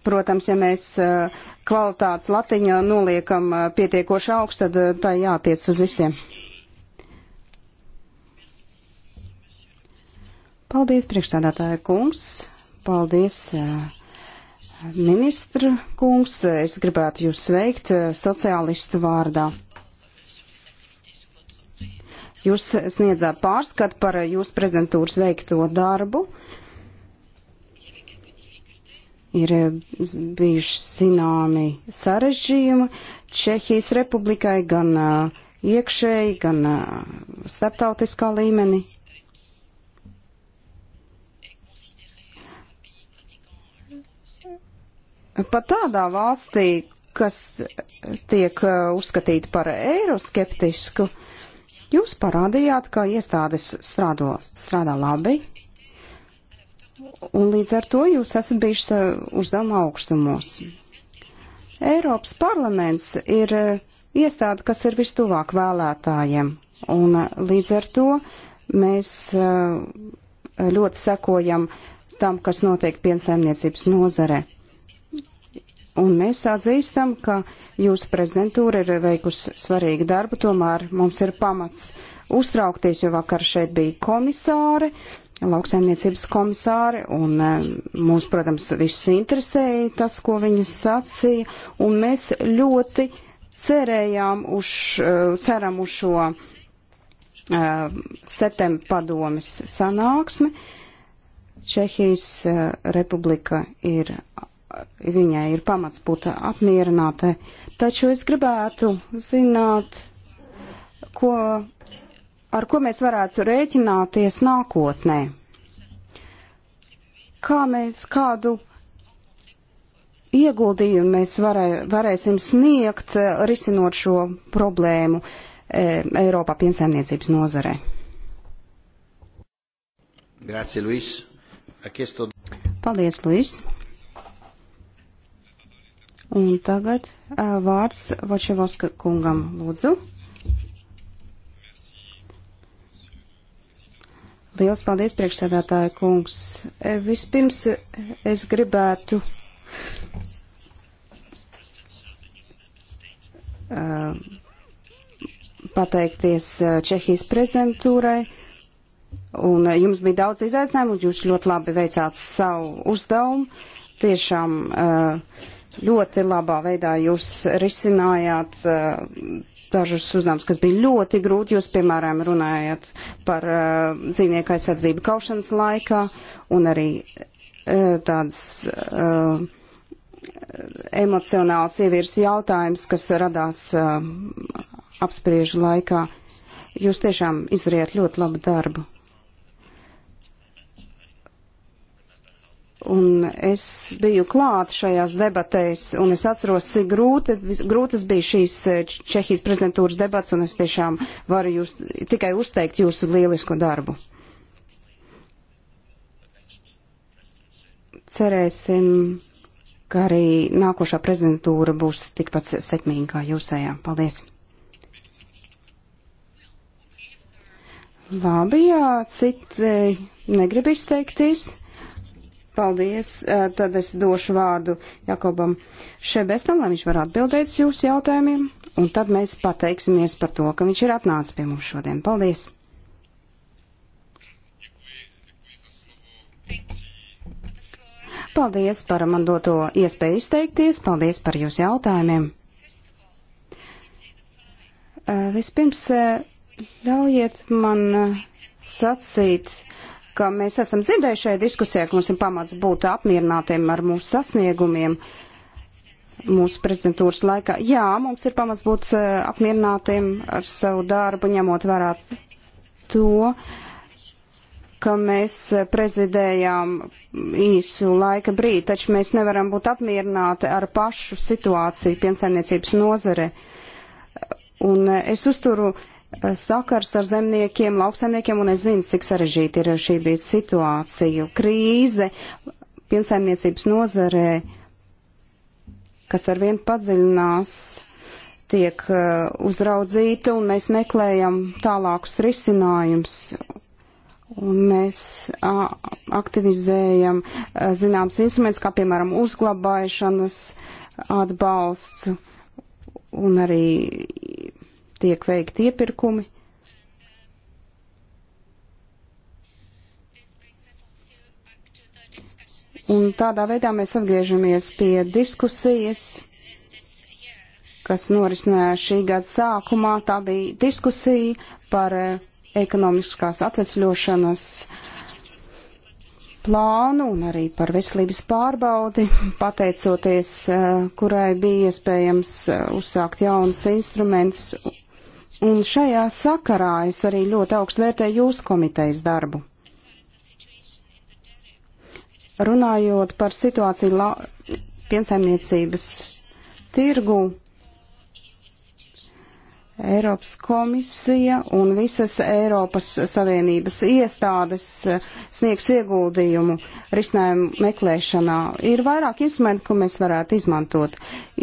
Protams, ja mēs uh, kvalitātes latiņā noliekam uh, pietiekoši augstu, tad tā jātiec uz visiem. Paldies, priekšsādātāja kungs. Paldies. Uh, Ministra kungs, es gribētu jūs sveikt eh, sociālistu vārdā. Jūs sniedzāt pārskatu par jūsu prezidentūras veikto darbu. Ir eh, bijuši zināmi sarežģījumi Čehijas republikai gan eh, iekšēji, gan starptautiskā līmenī. Pat tādā valstī, kas tiek uh, uzskatīta par eiroskeptisku, jūs parādījāt, ka iestādes strādo, strādā labi, un līdz ar to jūs esat bijuši uh, uzdevuma augstumos. Eiropas parlaments ir uh, iestāde, kas ir vistuvāk vēlētājiem, un līdz ar to mēs ļoti sekojam tam, kas notiek piensaimniecības nozare. Un mēs atzīstam, ka jūsu prezidentūra ir veikusi svarīgu darbu, tomēr mums ir pamats uztraukties, jo vakar šeit bija komisāre, lauksaimniecības komisāri, un eh, mūs, protams, visus interesēja tas, ko viņas sacīja, un mēs ļoti cerējām uz, eh, ceram uz šo uh, septembra padomes sanāksmi. Čehijas uh, republika ir viņai ir pamats būt apmierinātai. Taču es gribētu zināt, ko, ar ko mēs varētu rēķināties nākotnē. Kā mēs kādu ieguldījumu mēs varē, varēsim sniegt, eh, risinot šo problēmu e, Eiropā piensaimniecības nozarē? Grazie, Luis. Paldies, Luis. Un tagad uh, vārds Vočevoska kungam lūdzu. Liels paldies, priekšsēdētāja kungs. Vispirms es gribētu uh, pateikties Čehijas prezidentūrai. Un jums bija daudz izaicinājumu, jūs ļoti labi veicāt savu uzdevumu. Tiešām uh, ļoti labā veidā jūs risinājāt eh, dažus uzdevumus, kas bija ļoti grūti. Jūs, piemēram, runājat par uh, dzīvnieku aizsardzību kaušanas laikā un arī uh, tāds uh, emocionāls ievirs jautājums, kas radās uh, apspriežu laikā. Jūs tiešām izdarījāt ļoti labu darbu. Un es biju klāt šajās debatēs, un es atceros, cik grūti, grūtas bija šīs eh, Čehijas prezidentūras debats, un es tiešām varu jūs tikai uzteikt jūsu lielisko darbu. Cerēsim, ka arī nākošā prezidentūra būs tikpat sekmīga kā jūsējā. Paldies! Labi, jā, citi eh, negrib izteikties. Paldies. Tad es došu vārdu Jakobam Šebestam, lai viņš var atbildēt jūsu jautājumiem. Un tad mēs pateiksimies par to, ka viņš ir atnācis pie mums šodien. Paldies! Paldies par man doto iespēju izteikties. Paldies par jūsu jautājumiem. Vispirms ļaujiet man sacīt, ka mēs esam dzirdējuši šajā diskusijā, ka mums ir pamats būt apmierinātiem ar mūsu sasniegumiem mūsu prezidentūras laikā. Jā, mums ir pamats būt eh, apmierinātiem ar savu darbu, ņemot vērā to, ka mēs eh, prezidējām īsu laika brīdi, taču mēs nevaram būt apmierināti ar pašu situāciju piensaimniecības nozare. Un eh, es uzturu sakars ar zemniekiem, lauksaimniekiem, un es zinu, cik sarežģīta ir šī brīdī situācija. Krīze piensaimniecības nozarē, kas arvien padziļinās, tiek uh, uzraudzīta, un mēs meklējam tālākus risinājumus. Un mēs a, aktivizējam zināmas instrumentus, kā piemēram uzglabāšanas atbalstu un arī tiek veikti iepirkumi. Un tādā veidā mēs atgriežamies pie diskusijas, kas norisinājās šī gada sākumā. Tā bija diskusija par eh, ekonomiskās atvesļošanas plānu un arī par veselības pārbaudi, pateicoties eh, kurai bija iespējams eh, uzsākt jaunas instrumentus Un šajā sakarā es arī ļoti augstu vērtēju jūsu komitejas darbu. Runājot par situāciju piensaimniecības tirgu, Eiropas komisija un visas Eiropas Savienības iestādes eh, sniegs ieguldījumu risinājumu meklēšanā. Ir vairāk instrumentu, ko mēs varētu izmantot.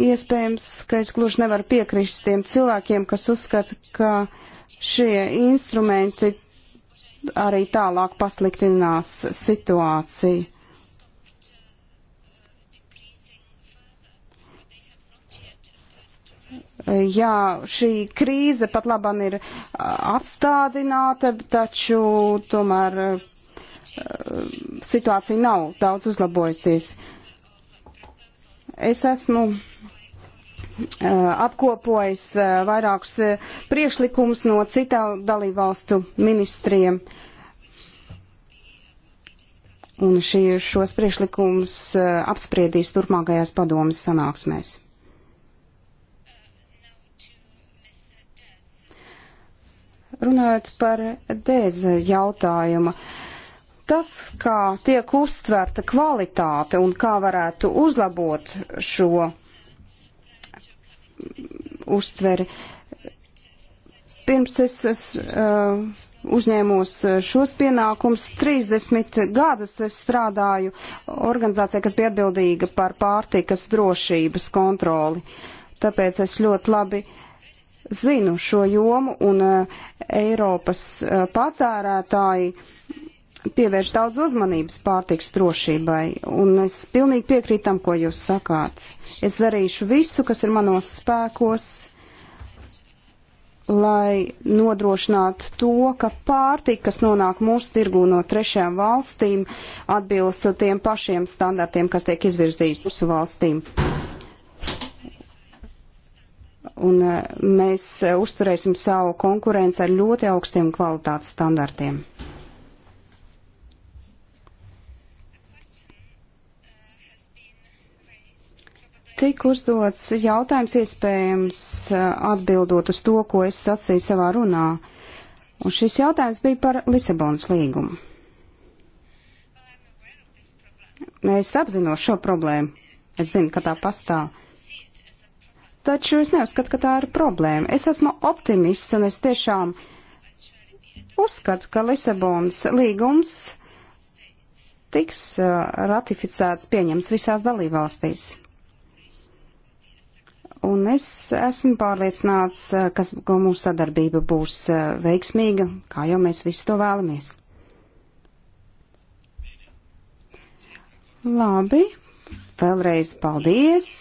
Iespējams, ka es gluži nevaru piekrist tiem cilvēkiem, kas uzskata, ka šie instrumenti arī tālāk pasliktinās situāciju Jā, šī krīze pat labam ir apstādināta, taču tomēr situācija nav daudz uzlabojusies. Es esmu apkopojis vairākus priekšlikumus no citā dalībvalstu ministriem. Un šī, šos priekšlikumus apspriedīs turpmākajās padomas sanāksmēs. Runājot par dēza jautājumu, tas, kā tiek uztverta kvalitāte un kā varētu uzlabot šo uztveri, pirms es, es uh, uzņēmos šos pienākums. 30 gadus es strādāju organizācijā, kas bija atbildīga par pārtikas drošības kontroli. Tāpēc es ļoti labi zinu šo jomu un eh, Eiropas eh, patērētāji pievērš daudz uzmanības pārtiks drošībai, un es pilnīgi piekrītu tam, ko jūs sakāt. Es darīšu visu, kas ir manos spēkos, lai nodrošinātu to, ka pārtika, kas nonāk mūsu tirgū no trešajām valstīm, atbilst tiem pašiem standartiem, kas tiek izvirzīti mūsu valstīm un e, mēs e, uzturēsim savu konkurenci ar ļoti augstiem kvalitātes standartiem. Tik uzdots jautājums iespējams e, atbildot uz to, ko es sacīju savā runā. Un šis jautājums bija par Lisabonas līgumu. Es apzinos šo problēmu. Es zinu, ka tā pastāv taču es neuzskatu, ka tā ir problēma. Es esmu optimists un es tiešām uzskatu, ka Lisabonas līgums tiks uh, ratificēts, pieņems visās dalībvalstīs. Un es esmu pārliecināts, uh, ka mūsu sadarbība būs uh, veiksmīga, kā jau mēs visi to vēlamies. Labi, vēlreiz paldies!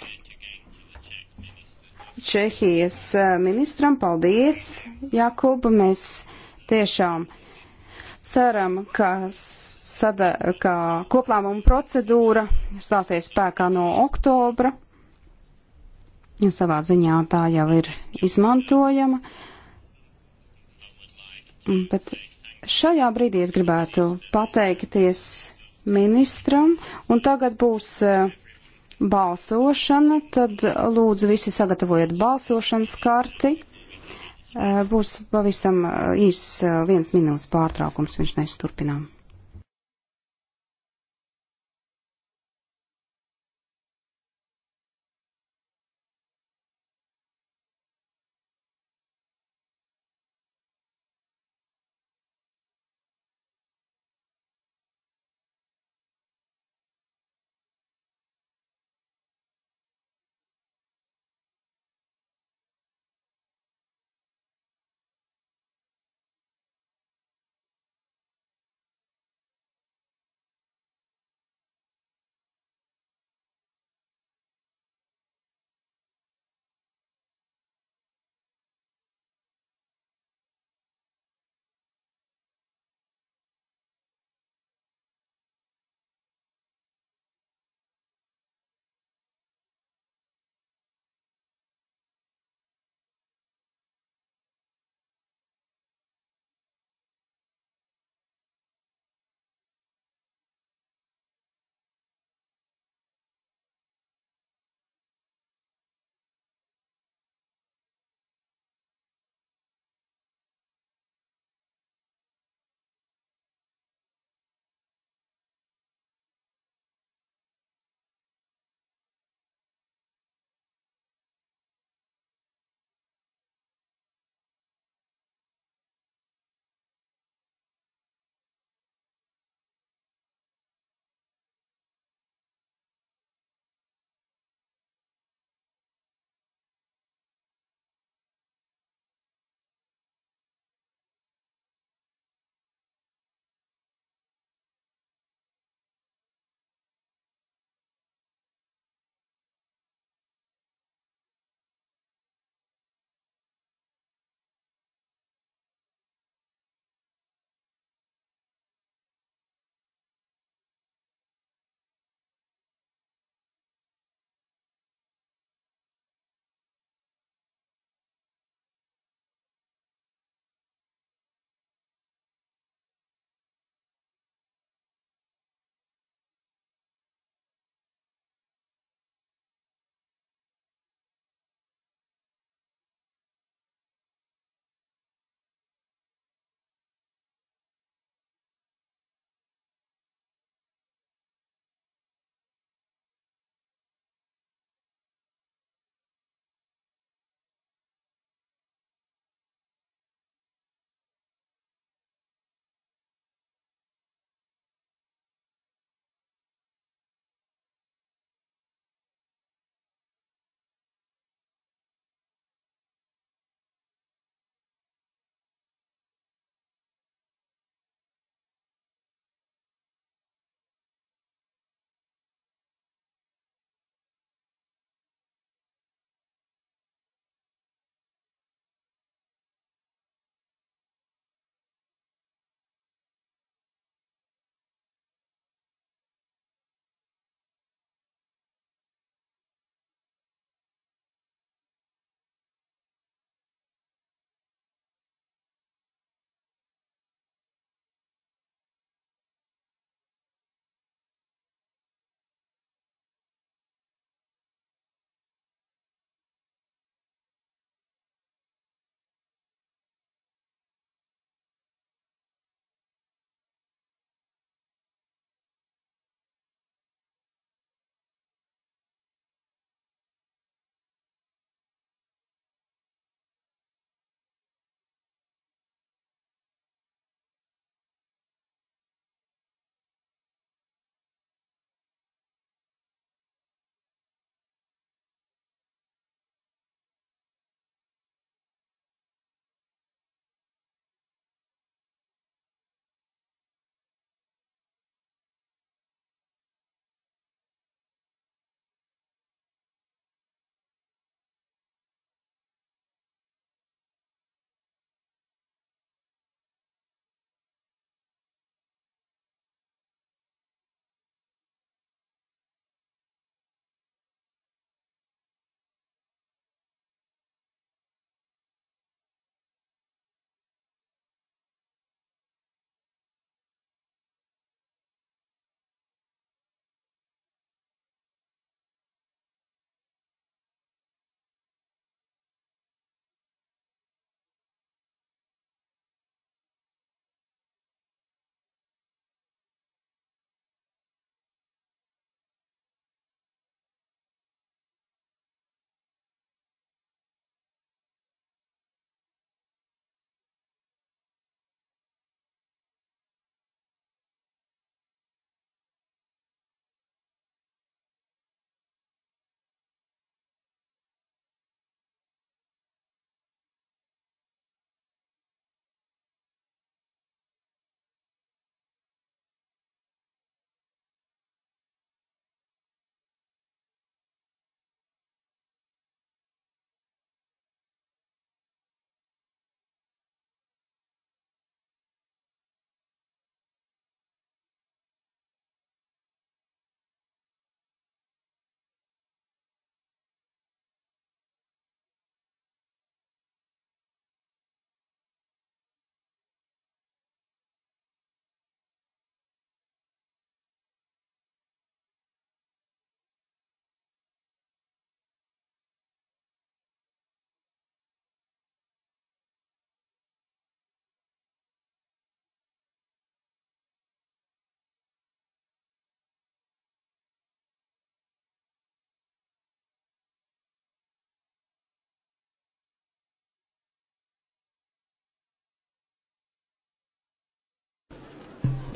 Čehijas eh, ministram. Paldies, Jakub! Mēs tiešām ceram, ka, sada, ka koplāmuma procedūra stāsies spēkā no oktobra. Un savā ziņā tā jau ir izmantojama. Mm, bet šajā brīdī es gribētu pateikties ministram, un tagad būs uh, balsošanu, tad lūdzu visi sagatavojiet balsošanas karti. Eh, būs pavisam eh, īs eh, viens minūtes pārtraukums, viņš mēs turpinām.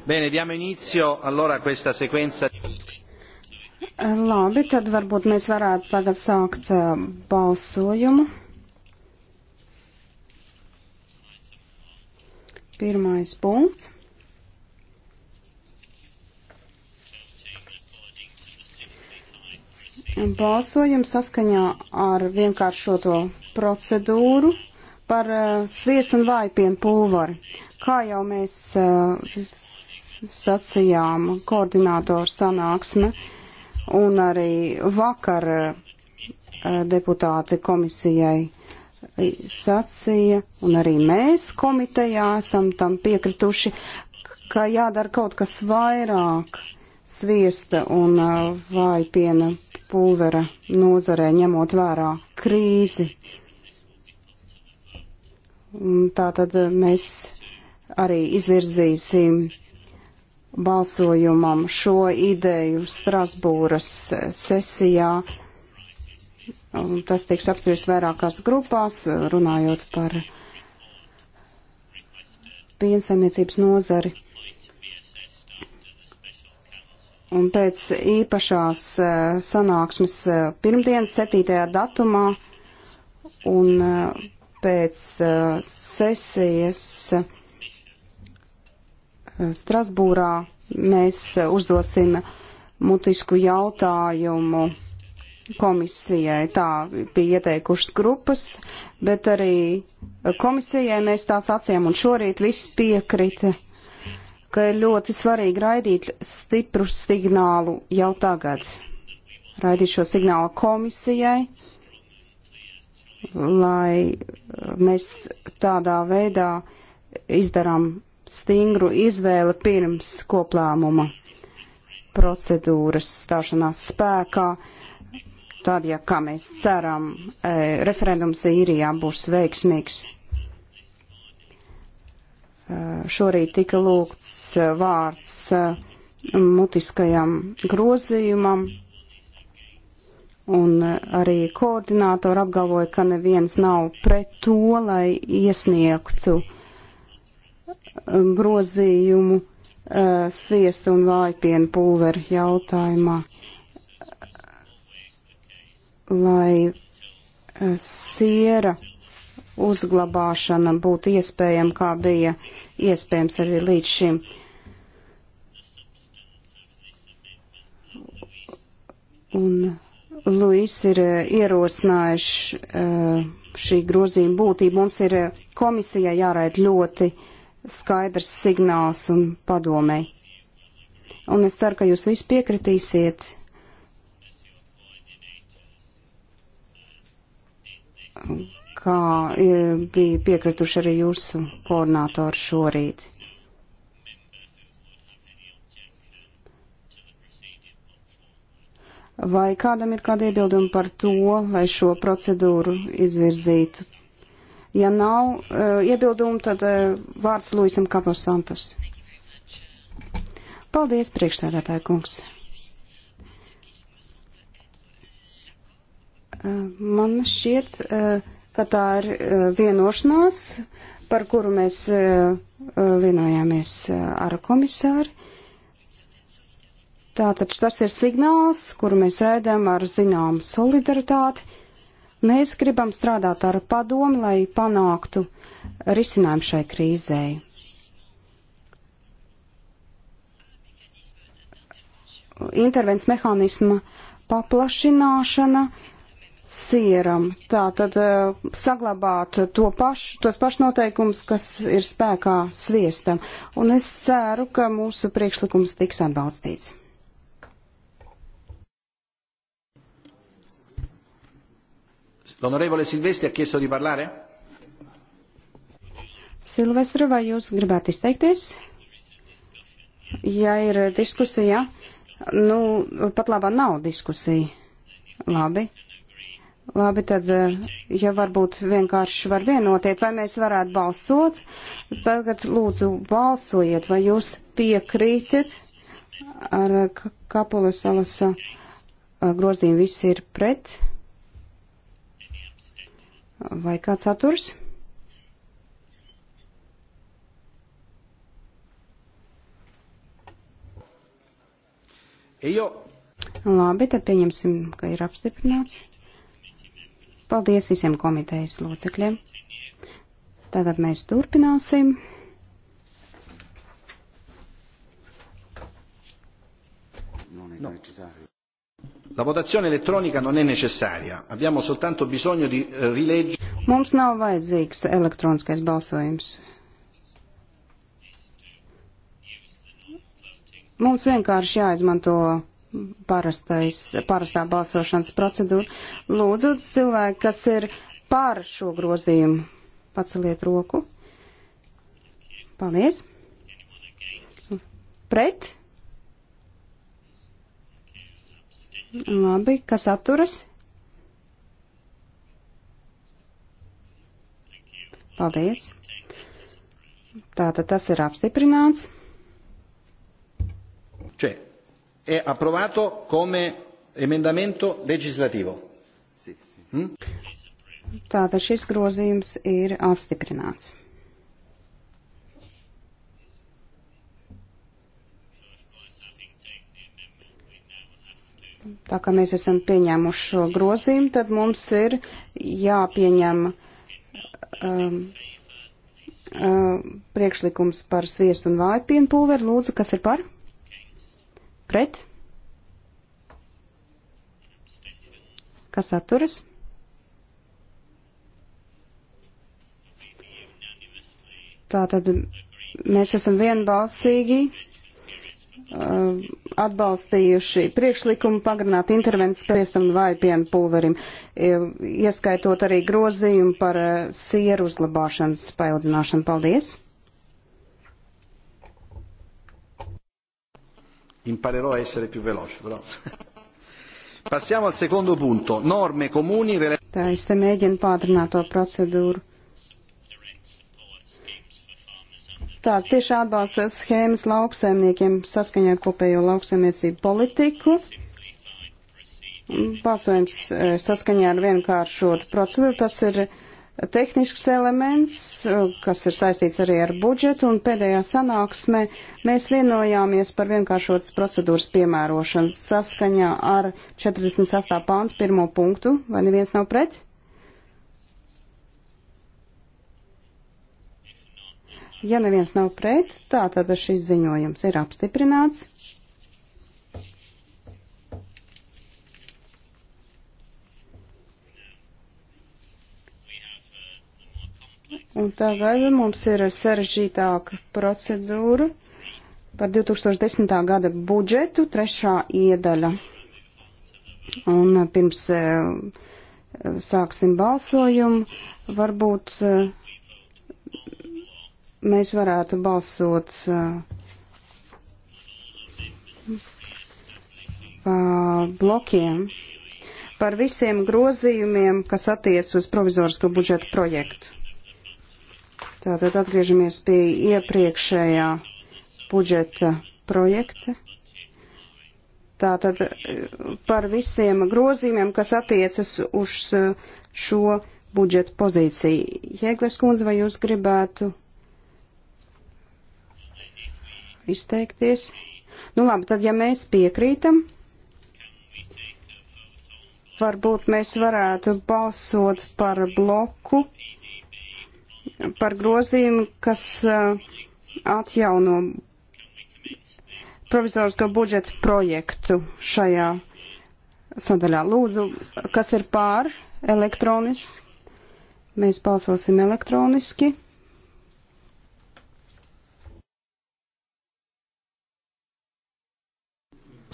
Bene, diamo inizio allora a questa sequenza. Labi, tad varbūt mēs varētu tagad sākt eh, balsojumu. Pirmais punkts. Balsojums saskaņā ar vienkāršoto procedūru par eh, sviestu un vaipienu pulvaru. Kā jau mēs eh, sacījām koordinātoru sanāksme un arī vakar eh, deputāti komisijai sacīja, un arī mēs komitejā esam tam piekrituši, ka jādara kaut kas vairāk sviesta un eh, vai piena pulvera nozarē, ņemot vērā krīzi. Un tā tad eh, mēs arī izvirzīsim balsojumam šo ideju Strasbūras sesijā. Tas tiks apspriests vairākās grupās, runājot par piensaimniecības nozari. Un pēc īpašās eh, sanāksmes eh, pirmdienas 7. datumā un eh, pēc sesijas Strasbūrā mēs uzdosim mutisku jautājumu komisijai. Tā bija ieteikušas grupas, bet arī komisijai mēs tā sacījām, un šorīt viss piekrita, ka ir ļoti svarīgi raidīt stipru signālu jau tagad. Raidīt šo signālu komisijai, lai mēs tādā veidā izdarām stingru izvēli pirms koplāmuma procedūras stāšanās spēkā. Tad, ja kā mēs ceram, e, referendums īrijā būs veiksmīgs. E, šorīt tika lūgts vārds e, mutiskajam grozījumam, un arī koordinātori apgalvoja, ka neviens nav pret to, lai iesniegtu uh, Um, grozījumu uh, sviestu un vājpienu pulveru jautājumā, lai uh, siera uzglabāšana būtu iespējama, kā bija iespējams arī līdz šim. Un Luis ir uh, ierosinājuši šī grozījuma būtību. Mums ir komisijai jāraid ļoti uh, skaidrs signāls un padomei. Un es ceru, ka jūs visi piekritīsiet. kā e, bija piekrituši arī jūsu koordinātori šorīt. Vai kādam ir kādi iebildumi par to, lai šo procedūru izvirzītu Ja nav uh, iebildumu, tad uh, vārds Luisam Kapos Santos. Paldies, priekšsēdētāja kungs. Uh, man šķiet, uh, ka tā ir uh, vienošanās, par kuru mēs uh, vienojāmies uh, ar komisāru. Tātad tas ir signāls, kuru mēs raidām ar zināmu solidaritāti Mēs gribam strādāt ar padomu, lai panāktu risinājumu šai krīzei. Intervences mehānisma paplašināšana sieram, tātad eh, saglabāt to pašu, tos pašnoteikums, kas ir spēkā sviestam. Un es ceru, ka mūsu priekšlikums tiks atbalstīts. L'onorevole Silvestri ha chiesto di parlare? Silvestri, vai jūs gribētu izteikties? Ja ir diskusija, nu, pat labā nav diskusija. Labi. Labi, tad, ja varbūt vienkārši var vienotiet, vai mēs varētu balsot, tagad lūdzu balsojiet, vai jūs piekrītat ar Kapulas alasa eh, grozījumu, visi ir pret. Vai kāds atturs? Ejo. Labi, tad pieņemsim, ka ir apstiprināts. Paldies visiem komitejas locekļiem. Tātad mēs turpināsim. Non, non. La votazione elettronica non è necessaria, abbiamo soltanto bisogno di eh, rileggere. Mums nav vajadzīgs elektroniskais balsojums. Mums vienkārši jāizmanto parastais, parastā balsošanas procedūra. Lūdzu, cilvēki, kas ir pār šo grozījumu, paceliet roku. Paldies. Pret? Labi, kas atturas? Paldies. Tātad tas ir apstiprināts. Cioè, è approvato come emendamento legislativo. Sì, sì. Mm? Hm? Tātad šis grozījums ir apstiprināts. tā kā mēs esam pieņēmuši šo grozījumu, tad mums ir jāpieņem um, um, priekšlikums par sviestu un vāju pienu pulveri. Lūdzu, kas ir par? Pret? Kas atturas? Tātad mēs esam vienbalsīgi Uh, atbalstījuši priekšlikumu pagarināt intervences priestam vai piena pulverim, e, ieskaitot arī grozījumu par e, sieru uzglabāšanas paildzināšanu. Paldies! Imparerò a essere più veloce, però. Passiamo al secondo punto. Norme comuni. Tā es te mēģinu pātrināt to procedūru Tā tiešā atbalsta schēmas lauksaimniekiem saskaņā ar kopējo lauksaimniecību politiku. Balsojums e, saskaņā ar vienkāršotu procedūru. Tas ir tehnisks elements, e, kas ir saistīts arī ar budžetu, un pēdējā sanāksmē mēs vienojāmies par vienkāršotas procedūras piemērošanu saskaņā ar 48. pantu pirmo punktu. Vai neviens nav pret? Ja neviens nav pret, tā tad šis ziņojums ir apstiprināts. Un tagad mums ir sarežģītāka procedūra par 2010. gada budžetu, trešā iedaļa. Un eh, pirms eh, sāksim balsojumu, varbūt eh, mēs varētu balsot pa uh, uh, blokiem par visiem grozījumiem, kas attiec uz provizorisko budžeta projektu. Tātad atgriežamies pie iepriekšējā budžeta projekta. Tātad uh, par visiem grozījumiem, kas attiecas uz šo budžeta pozīciju. Jēgles kundze, vai jūs gribētu izteikties. Nu labi, tad ja mēs piekrītam, varbūt mēs varētu balsot par bloku, par grozījumu, kas uh, atjauno provizorisko budžetu projektu šajā sadaļā. Lūdzu, kas ir pār elektroniski? Mēs balsosim elektroniski.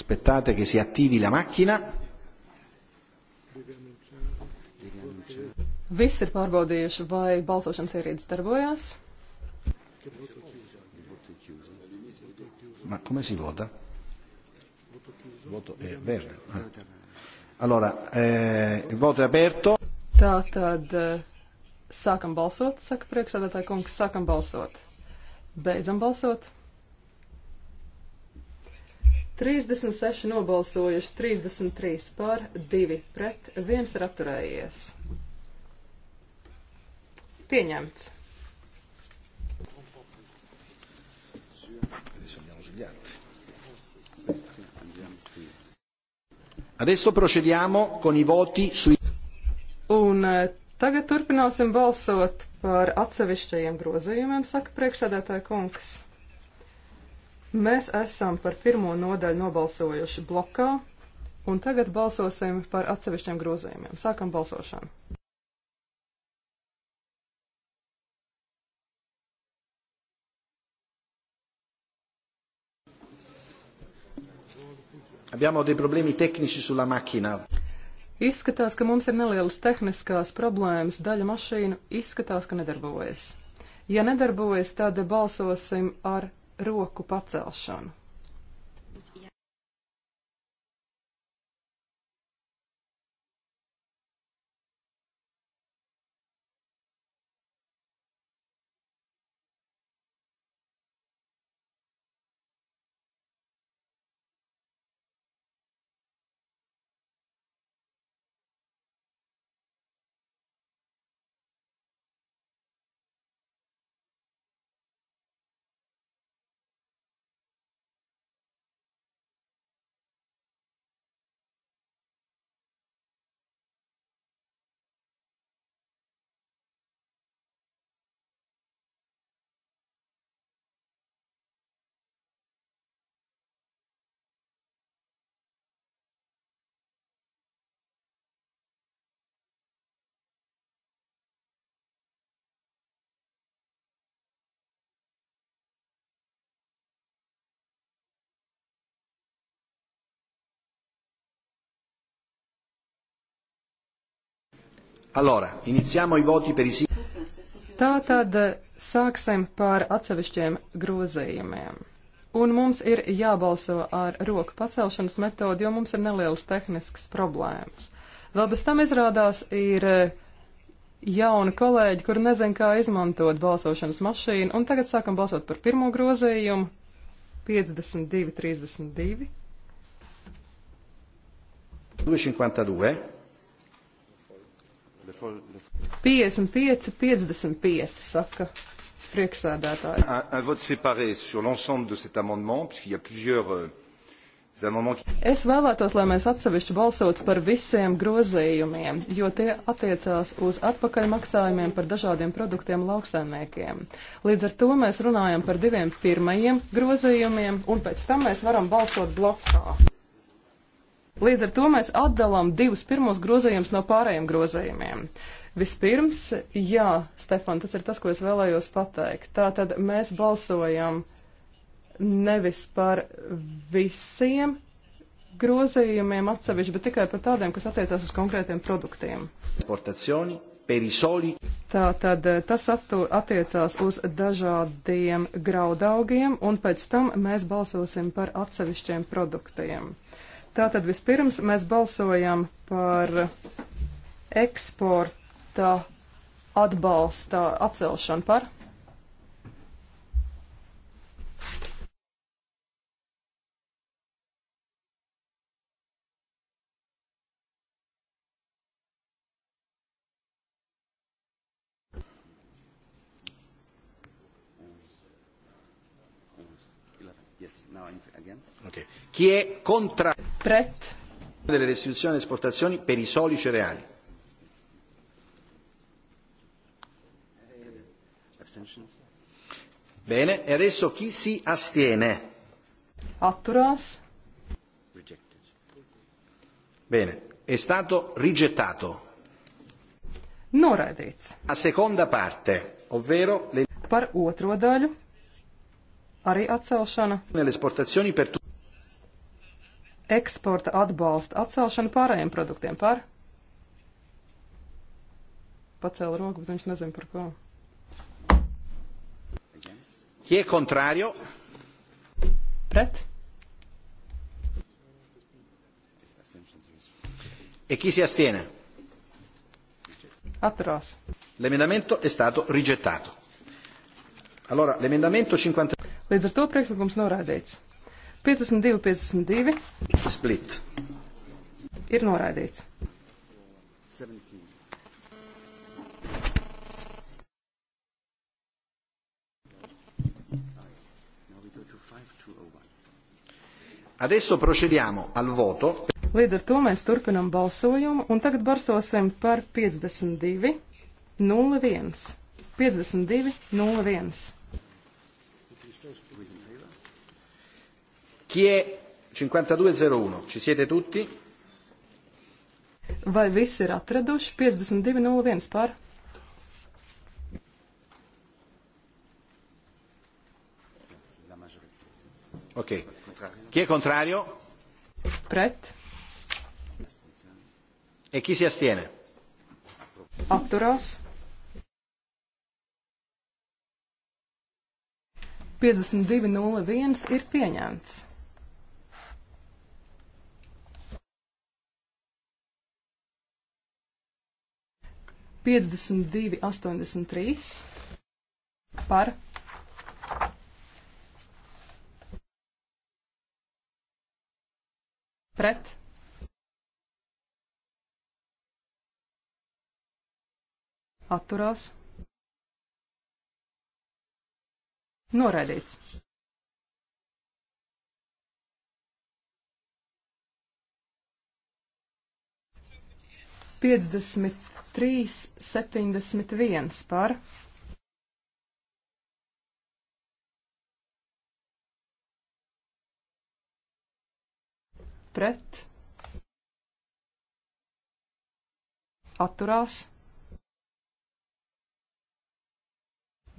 Aspettate che si attivi la macchina. Viss ir pārbaudījuši, vai balsošanas ierīces darbojās. Ma come si vota? Voto è eh, verde. Ah. Allora, eh, il voto è aperto. Tātad eh, sākam balsot, saka priekšsēdētāja kungs, sākam balsot. Beidzam balsot. 36 nobalsojuši, 33 par, 2 pret, 1 ir atturējies. Pieņemts. Adesso procediamo con i voti sui... Un eh, tagad turpināsim balsot par atsevišķajiem grozījumiem, saka priekšsēdētāja kungs. Mēs esam par pirmo nodaļu nobalsojuši blokā, un tagad balsosim par atsevišķiem grozījumiem. Sākam balsošanu. Abbiamo dei problemi tecnici sulla macchina. Izskatās, ka mums ir nelielas tehniskās problēmas. Daļa mašīnu izskatās, ka nedarbojas. Ja nedarbojas, tad balsosim ar roku pacelšanu. Allora, iniziamo i voti per i sì. Tātad eh, sāksim par atsevišķiem grozījumiem. Un mums ir jābalso ar roku pacelšanas metodi, jo mums ir nelielas tehniskas problēmas. Vēl bez tam izrādās ir eh, jauni kolēģi, kuri nezin, kā izmantot balsošanas mašīnu, un tagad sākam balsot par pirmo grozījumu 52, 32. 252. 55, 55, saka priekšsēdētāji. Un, un vote séparé sur l'ensemble de cet amendement, puisqu'il y a plusieurs euh, amendements. Es vēlētos, lai mēs atsevišķi balsotu par visiem grozījumiem, jo tie attiecās uz atpakaļmaksājumiem par dažādiem produktiem lauksaimniekiem. Līdz ar to mēs runājam par diviem pirmajiem grozījumiem, un pēc tam mēs varam balsot blokā. Līdz ar to mēs atdalām divus pirmos grozījumus no pārējiem grozījumiem. Vispirms, jā, Stefan, tas ir tas, ko es vēlējos pateikt. Tātad mēs balsojam nevis par visiem grozījumiem atsevišķi, bet tikai par tādiem, kas attiecās uz konkrētiem produktiem. Tātad eh, tas attu, attiecās uz dažādiem graudaugiem, un pēc tam mēs balsosim par atsevišķiem produktiem. Uh, Tātad vispirms mēs balsojam par eksporta atbalsta atcelšanu par Chi è contrario? Pret. Delle restituzioni delle esportazioni per i soli cereali. Bene, e adesso chi si astiene? Atturas. Bene, è stato rigettato. Noraidīts. La seconda parte, ovvero le... Par otro daļu arī atcelšana. Nelle esportazioni per tutti eksporta atbalsta atcelšanu pārējiem produktiem par? Pacēla roku, bet viņš nezina par ko. Chi è contrario? Pret? E chi si astiene? Atturās. L'emendamento è stato rigettato. Allora, l'emendamento 50... Līdz ar to priekšlikums norādīts. 52, 52. Split. Ir noraidīts. 17. Adesso procediamo al voto. Līdz ar to mēs turpinam balsojumu, un tagad balsosim par 52, 01. 52, 01. Chi è 5201? Ci siete tutti? Vai visi ir atraduši 5201 par? Ok. Chi è contrario? Pret. E chi si astiene? Atturās. 52.01 ir pieņemts. 52,83 par pret. Atturās. Noraidīts. Piecdesmit 371 par. Pret. Atturās.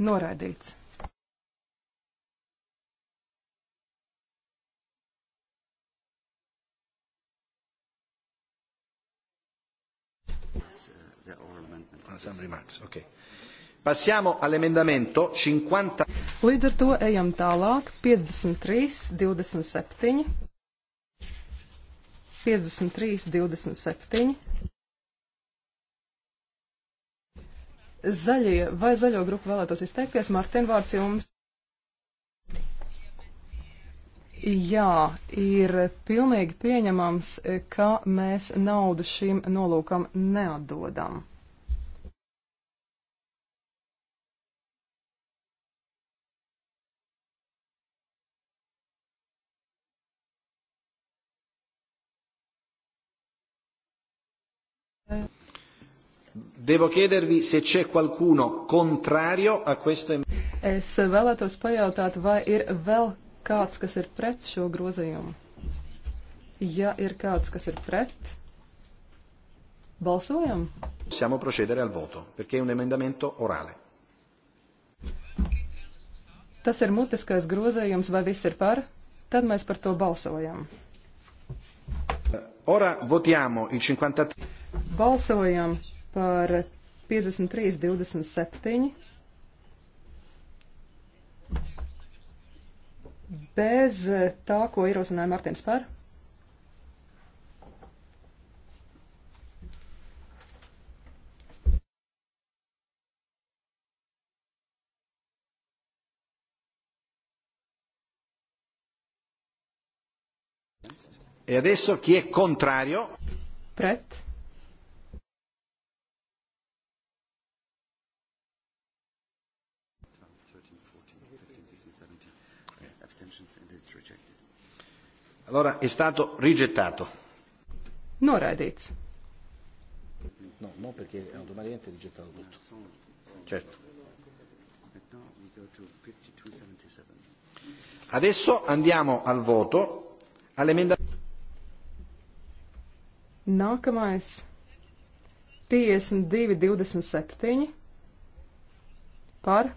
Noraidīts. some remarks. Okay. Passiamo all'emendamento 50. Līdz ar to ejam tālāk. 53, 27. 53, 27. Zaļie vai zaļo grupu vēlētos izteikties? Martin, vārds jums. Jā, ir pilnīgi pieņemams, ka mēs naudu šim nolūkam neatdodam. Devo chiedervi se c'è qualcuno contrario a questo. Es vēlētos pajautāt, vai ir vēl kāds, kas ir pret šo grozījumu? Ja ir kāds, kas ir pret, balsojam. Possiamo procedere al voto, perché è un emendamento orale. Tas ir mutiskais grozījums, vai viss ir par? Tad mēs par to balsojam. Ora votiamo il 53. Balsojam par 53.27. Bez tā, ko ierosināja Mārtiņš par. E adesso chi è contrario? Pret. Allora è stato rigettato. Noraidīts. No, no, perché automaticamente è rigettato tutto. Certo. Adesso andiamo al voto all'emendamento. Nākamais 52.27 par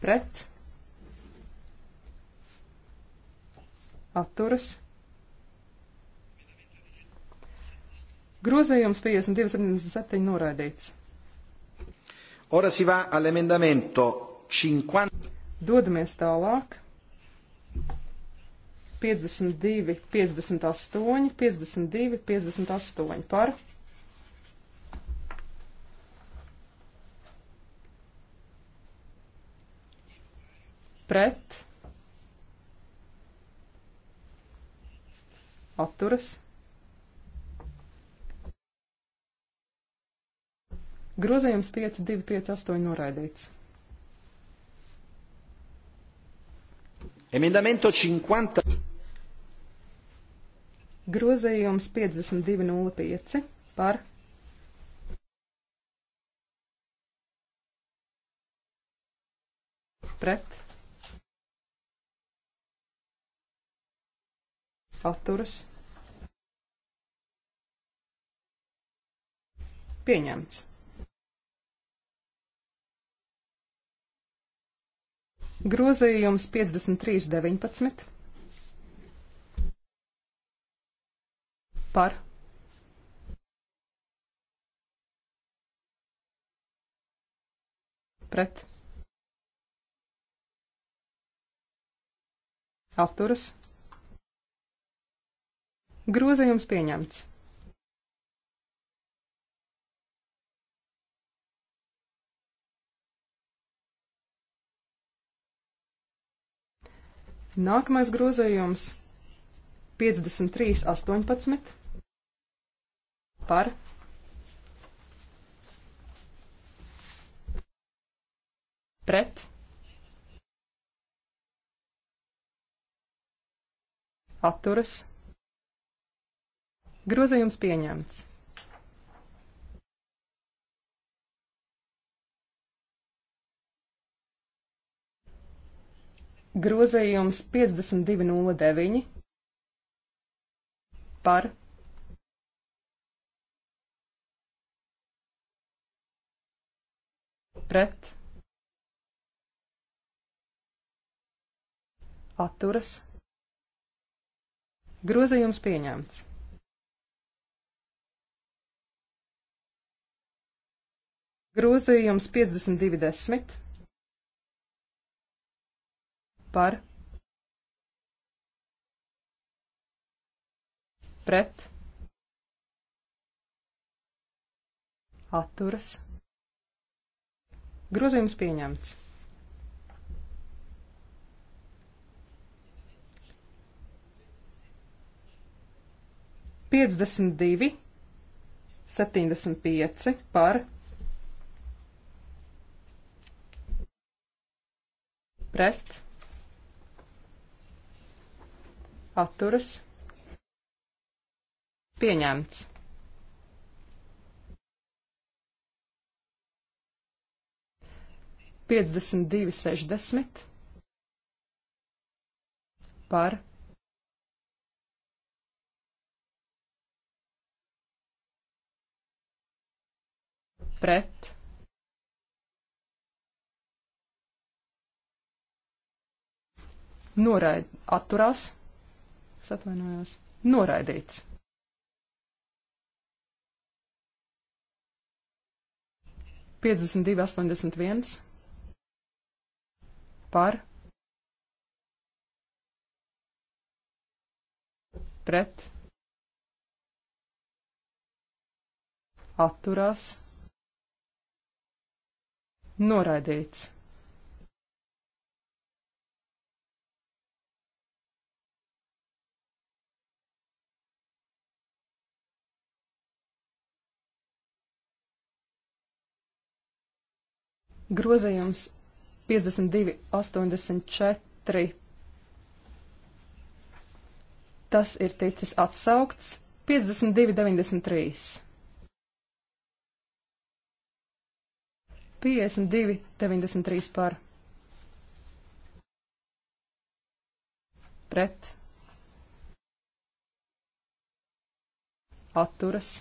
pret, atturas. Grozījums 52,77 noraidīts. Ora si va all'emendamento 50. Dodamies tālāk. 52, 58, 52, 58 par pret, atturas. Grozījums 5, 2, 5, 8 noraidīts. Emendamento 50. Grozījums 52.05 par pret atturas pieņemts. Grozījums 53.19 par pret atturas Grozījums pieņemts. Nākamais grozījums 53.18 par pret atturas Grozījums pieņemts. Grozījums 5209 par pret, atturas, grozījums pieņemts. Grozījums 5210 par pret atturas. Grozījums pieņemts. Piecdesmit divi, septiņdesmit pieci par pret, atturas, pieņemts. Piecdesmit divi sešdesmit par pret noraid, atturās, es atvainojos, noraidīts. Piecdesmit divi, astoņdesmit viens par pret atturās noraidīts. Grozījums 52, 84. Tas ir ticis atsaukts 52, 93. 52, 93 par. Pret. Atturas.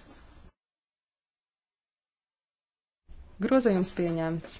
Grozījums pieņemts.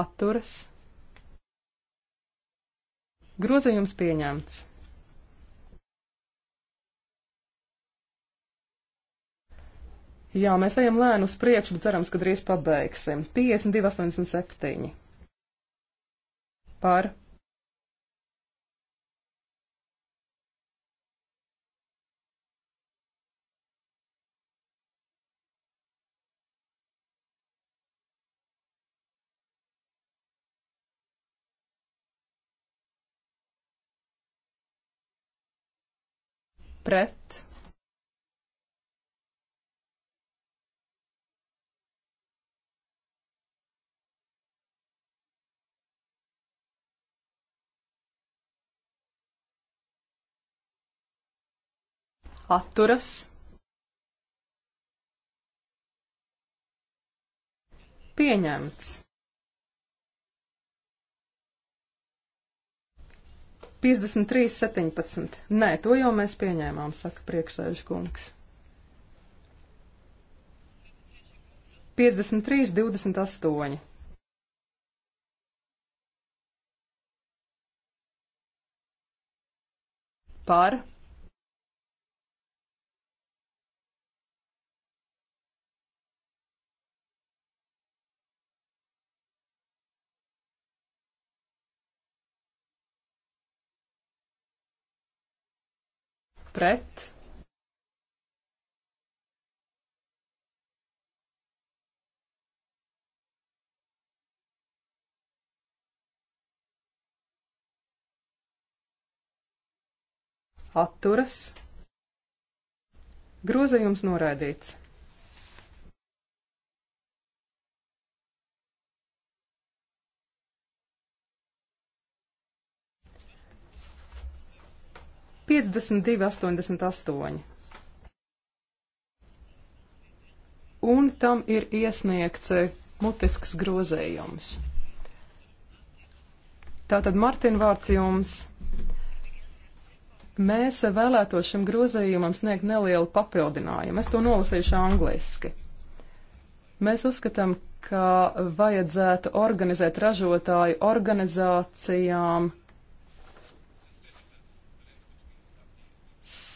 atturas. Grozījums pieņemts. Jā, mēs ejam lēni uz priekšu, bet cerams, ka drīz pabeigsim. 52,87 par pret. Atturas. Pieņemts. 53, 17. Nē, to jau mēs pieņēmām, saka priekšsēžu kungs. 53, 28. Par pret. Atturas. Grozījums noraidīts. 52,88. Un tam ir iesniegts eh, mutisks grozējums. Tātad Martin vārds jums. Mēs eh, vēlētos šim grozījumam sniegt nelielu papildinājumu. Es to nolasīšu angliski. Mēs uzskatām, ka vajadzētu organizēt ražotāju organizācijām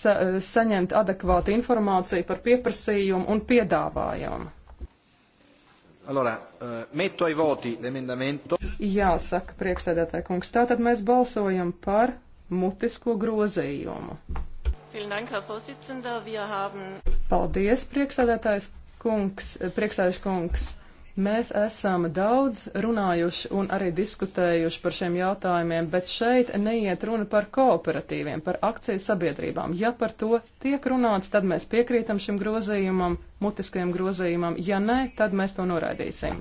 sa saņemt adekvātu informāciju par pieprasījumu un piedāvājumu. Allora, eh, metto ai voti l'emendamento. Jā, saka priekšsēdētāja kungs. Tātad mēs balsojam par mutisko grozījumu. Paldies, priekšsēdētājs kungs, priekšsēdētājs kungs. Mēs esam daudz runājuši un arī diskutējuši par šiem jautājumiem, bet šeit neiet runa par kooperatīviem, par akciju sabiedrībām. Ja par to tiek runāts, tad mēs piekrītam šim grozījumam, mutiskajam grozījumam. Ja nē, tad mēs to noraidīsim.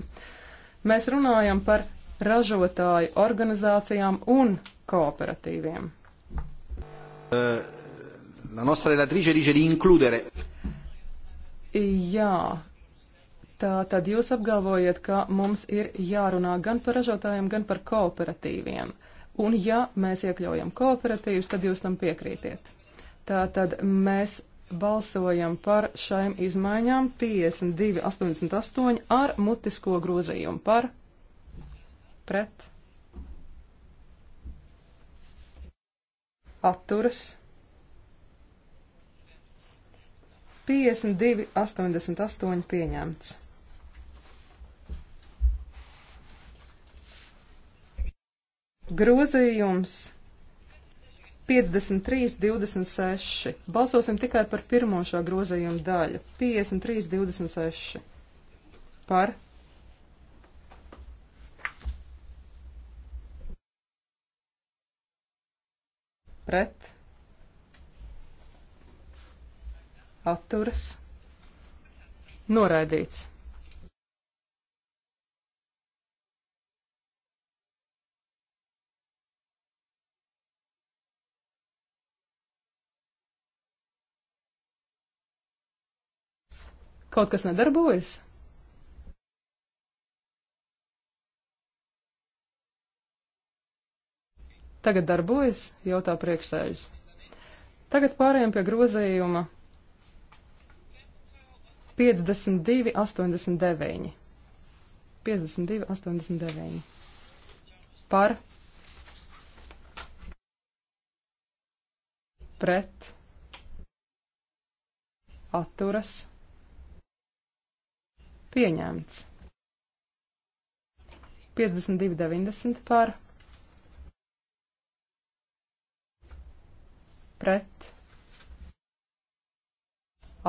Mēs runājam par ražotāju organizācijām un kooperatīviem. Uh, la nostra relatrice dice di includere. Jā, Tā tad jūs apgalvojat, ka mums ir jārunā gan par ražotājiem, gan par kooperatīviem. Un ja mēs iekļaujam kooperatīvus, tad jūs tam piekrītiet. Tā tad mēs balsojam par šīm izmaiņām 52,88 ar mutisko grozījumu par pret atturas 52,88 pieņemts. Grozījums 53.26. Balsosim tikai par pirmo šā grozījuma daļu. 53.26. Par. Pret. Atturas. Noraidīts. Kaut kas nedarbojas? Tagad darbojas, jautā priekšsēdus. Tagad pārējām pie grozījuma 52, 89. 52, 89. Par. Pret. Atturas. Pieņemts. 52,90 par. Pret.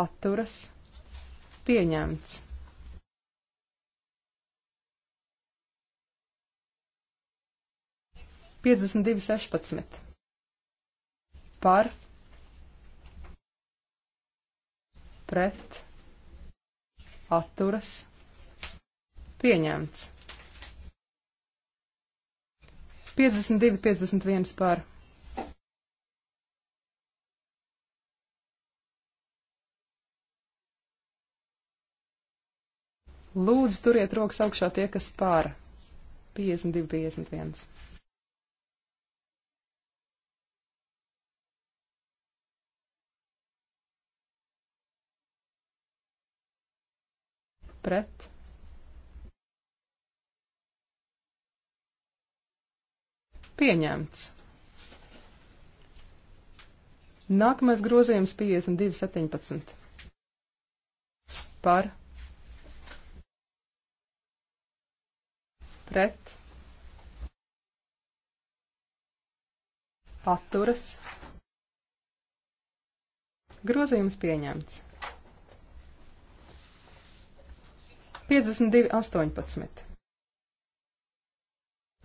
Atturas. Pieņemts. Piecdesmit divi sešpadsmit par pret atturas, pieņemts. 52, 51 pār. Lūdzu, turiet rokas augšā tie, kas pār. 52, 51. pret. Pieņemts. Nākamais grozījums 52.17. Par. Pret. Atturas. Grozījums pieņemts. 52, 18.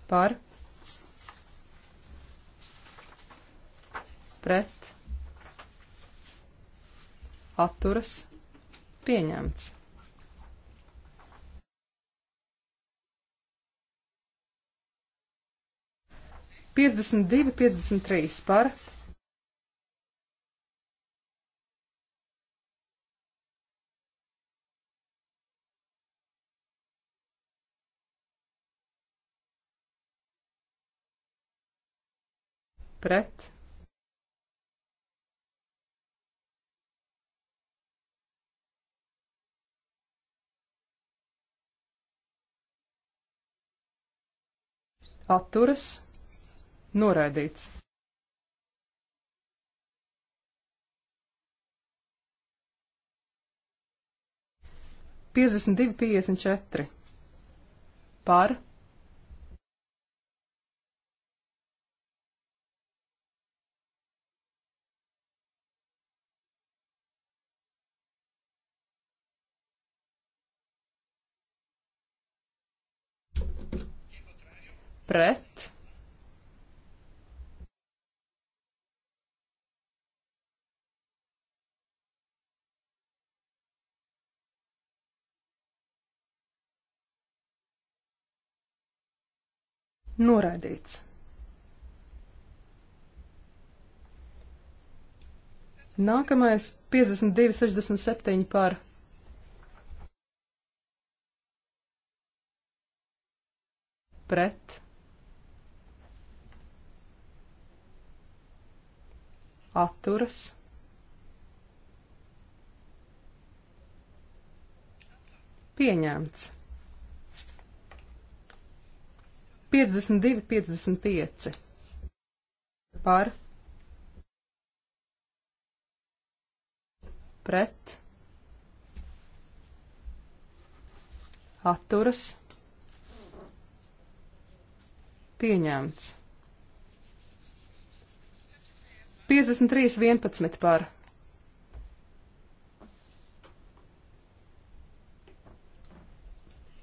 Par. Pret. Atturas. Pieņemts. Piecdesmit divi, piecdesmit trīs par pret. Atturas noraidīts. Piecdesmit divi, piecdesmit četri par pret. Noraidīts. Nākamais 52,67 par pret atturas. Pieņemts. 52, 55 par pret atturas pieņemts. 53.11 par.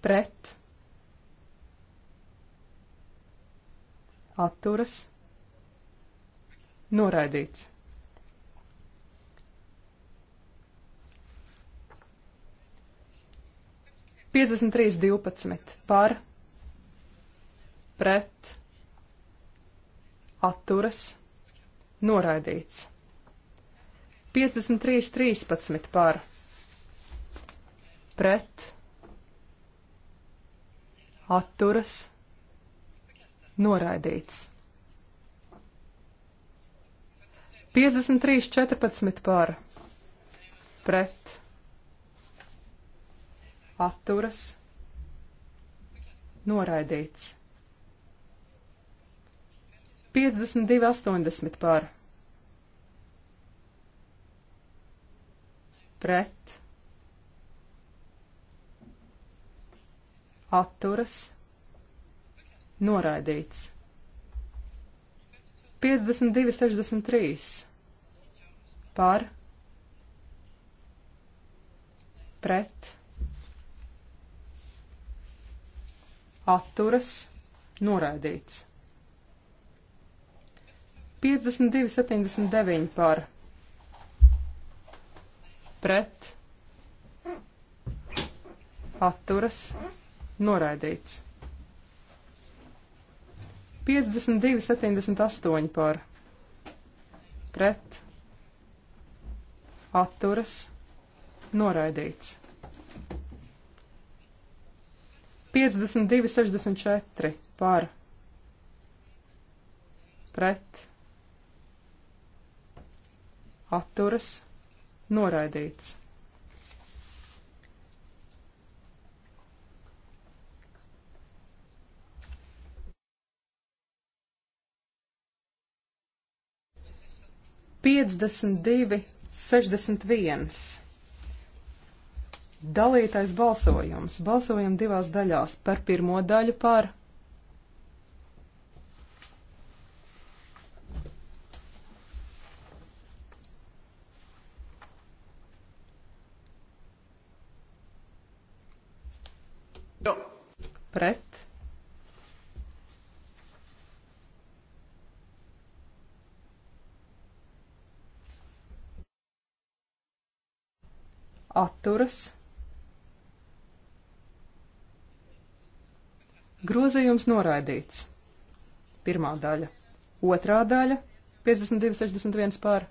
Pret. Atturas. Noraidīts. Piecdesmit trīs divpadsmit par pret atturas Noraidīts. 53.13 par pret atturas noraidīts. 53.14 par pret atturas noraidīts. 52, 80 par. Pret. Atturas. Noraidīts. 52, 63 par. Pret. Atturas. Noraidīts. 52, 79 par pret atturas noraidīts. 52, 78 par pret atturas noraidīts. 52, 64 par pret atturas, noraidīts. Piecdesmit divi, sešdesmit viens. Dalītais balsojums. Balsojam divās daļās par pirmo daļu par atturas. Grozījums noraidīts. Pirmā daļa. Otrā daļa 52,61 pār.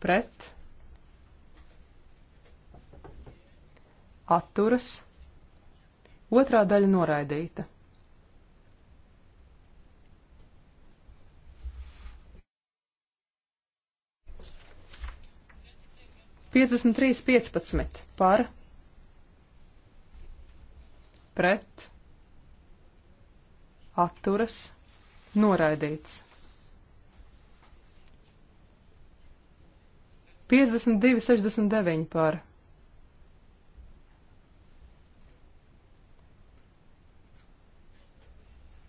Pret. Atturas. Otrā daļa noraidīta. 53.15 par pret atturas noraidīts. 52.69 par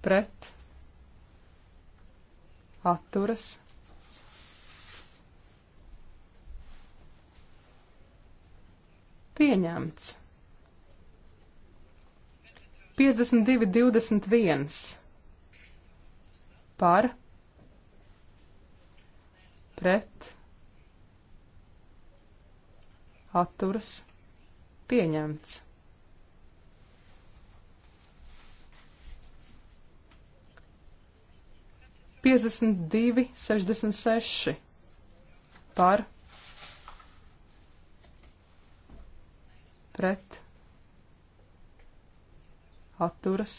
pret atturas noraidīts Pieņemts. 52, 21. Par. Pret. Atturas. Pieņemts. Piecdesmit divi, sešdesmit seši par pret, atturas,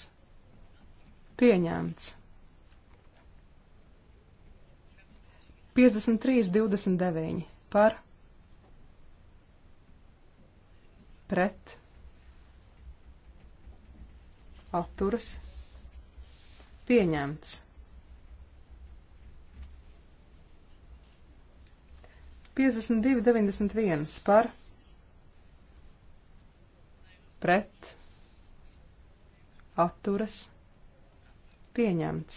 pieņemts. 53,29 par, pret, atturas, pieņemts. 52,91 par, pret pret, atturas, pieņemts.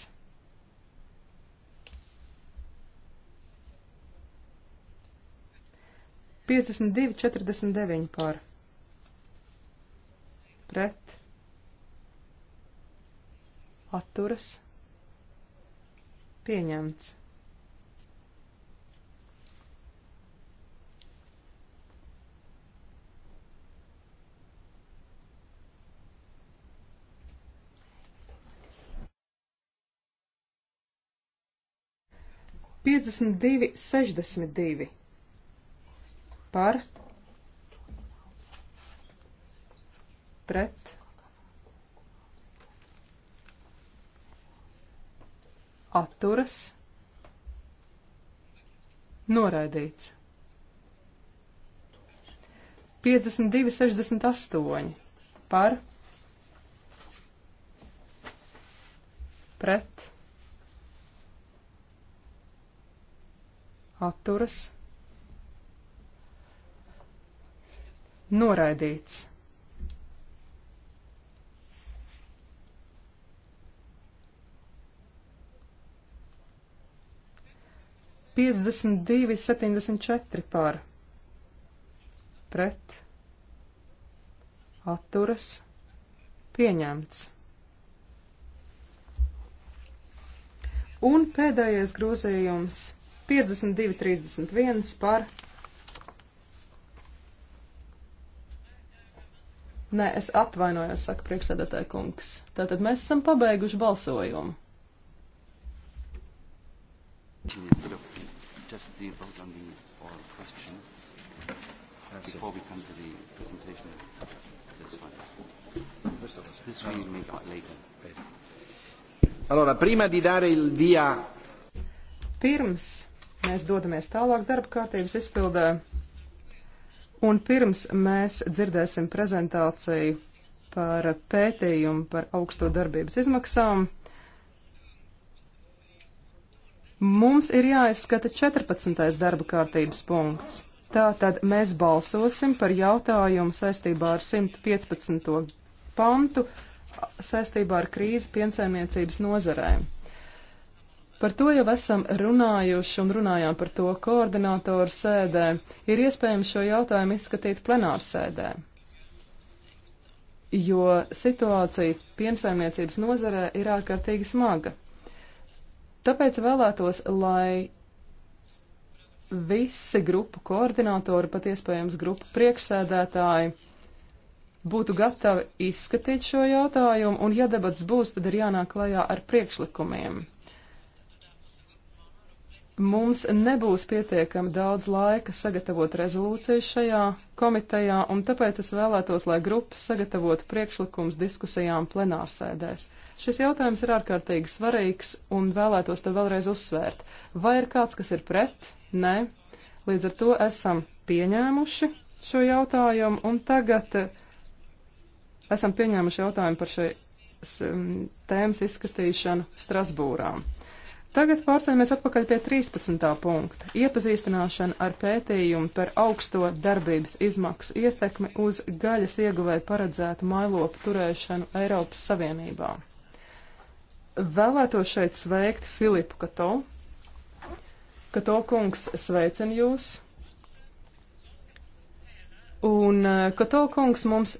Piecdesmit divi, četrdesmit deviņi par, pret, atturas, pieņemts. 52, 62 par pret atturas noraidīts. 52, 68 par pret atturas, noraidīts. Piecdesmit divi, septiņdesmit četri pār, pret, atturas, pieņemts. Un pēdējais grozījums 52, 31 par. Nē, es atvainojos, saka priekšsēdētāja kungs. Tātad mēs esam pabeiguši balsojumu. before we come to the presentation. This one. This one we'll make out later. Allora, prima di dare il via... Pirms Mēs dodamies tālāk darba kārtības izpildē. Un pirms mēs dzirdēsim prezentāciju par pētījumu par augsto darbības izmaksām, mums ir jāizskata 14. darba kārtības punkts. Tātad mēs balsosim par jautājumu saistībā ar 115. pantu saistībā ar krīzi piensaimniecības nozarēm. Par to jau esam runājuši un runājām par to koordinātoru sēdē. Ir iespējams šo jautājumu izskatīt plenārsēdē, jo situācija piensaimniecības nozarē ir ārkārtīgi smaga. Tāpēc vēlētos, lai visi grupu koordinātori, pat iespējams grupu priekšsēdētāji, būtu gatavi izskatīt šo jautājumu, un ja debats būs, tad ir jānāk klajā ar priekšlikumiem. Mums nebūs pietiekami daudz laika sagatavot rezolūcijas šajā komitejā, un tāpēc es vēlētos, lai grupas sagatavotu priekšlikums diskusijām plenārsēdēs. Šis jautājums ir ārkārtīgi svarīgs, un vēlētos to vēlreiz uzsvērt. Vai ir kāds, kas ir pret? Nē. Līdz ar to esam pieņēmuši šo jautājumu, un tagad eh, esam pieņēmuši jautājumu par šai tēmas izskatīšanu Strasbūrām. Tagad pārceļamies atpakaļ pie 13. punkta - iepazīstināšana ar pētījumu par augsto darbības izmaksu ietekmi uz gaļas ieguvēju paredzētu mailopu turēšanu Eiropas Savienībā. Vēlētos šeit sveikt Filipu Kato. Kato kungs sveicin jūs. Un eh, Kato kungs mums,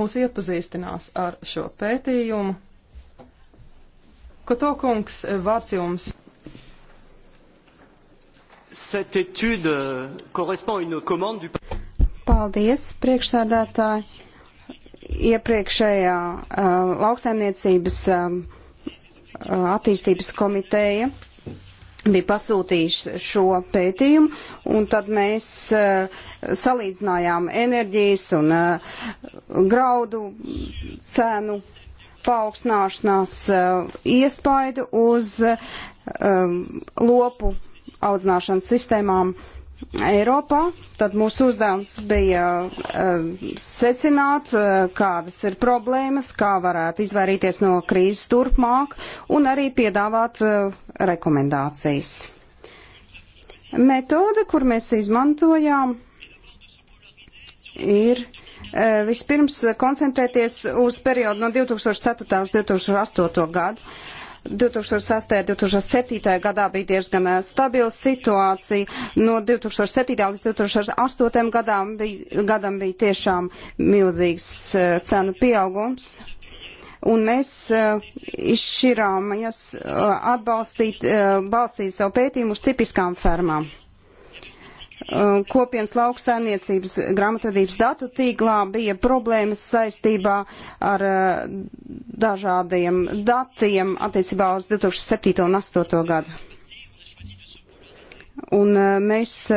mūs iepazīstinās ar šo pētījumu, Koto kungs, eh, vārds jums. Cette étude eh, correspond une commande du... Paldies, priekšsādātāji. Iepriekšējā uh, lauksaimniecības uh, attīstības komiteja bija pasūtījuši šo pētījumu, un tad mēs uh, salīdzinājām enerģijas un uh, graudu cenu paaugstināšanās eh, iespaidu uz um, lopu audzināšanas sistēmām Eiropā. Tad mūsu uzdevums bija uh, secināt, uh, kādas ir problēmas, kā varētu izvairīties no krīzes turpmāk un arī piedāvāt uh, rekomendācijas. Metode, kur mēs izmantojām, ir uh, Eh, vispirms eh, koncentrēties uz periodu no 2004. līdz 2008. gadu. 2008. un 2007. gadā bija diezgan eh, stabila situācija. No 2007. līdz 2008. gadam bija, gadam bija tiešām milzīgs cenu pieaugums. Un mēs izšķirāmies atbalstīt, balstīt savu pētījumu uz tipiskām fermām Um, kopienas lauksaimniecības grāmatvedības datu tīklā bija problēmas saistībā ar uh, dažādiem datiem attiecībā uz 2007. un 2008. gadu. Un uh, mēs uh,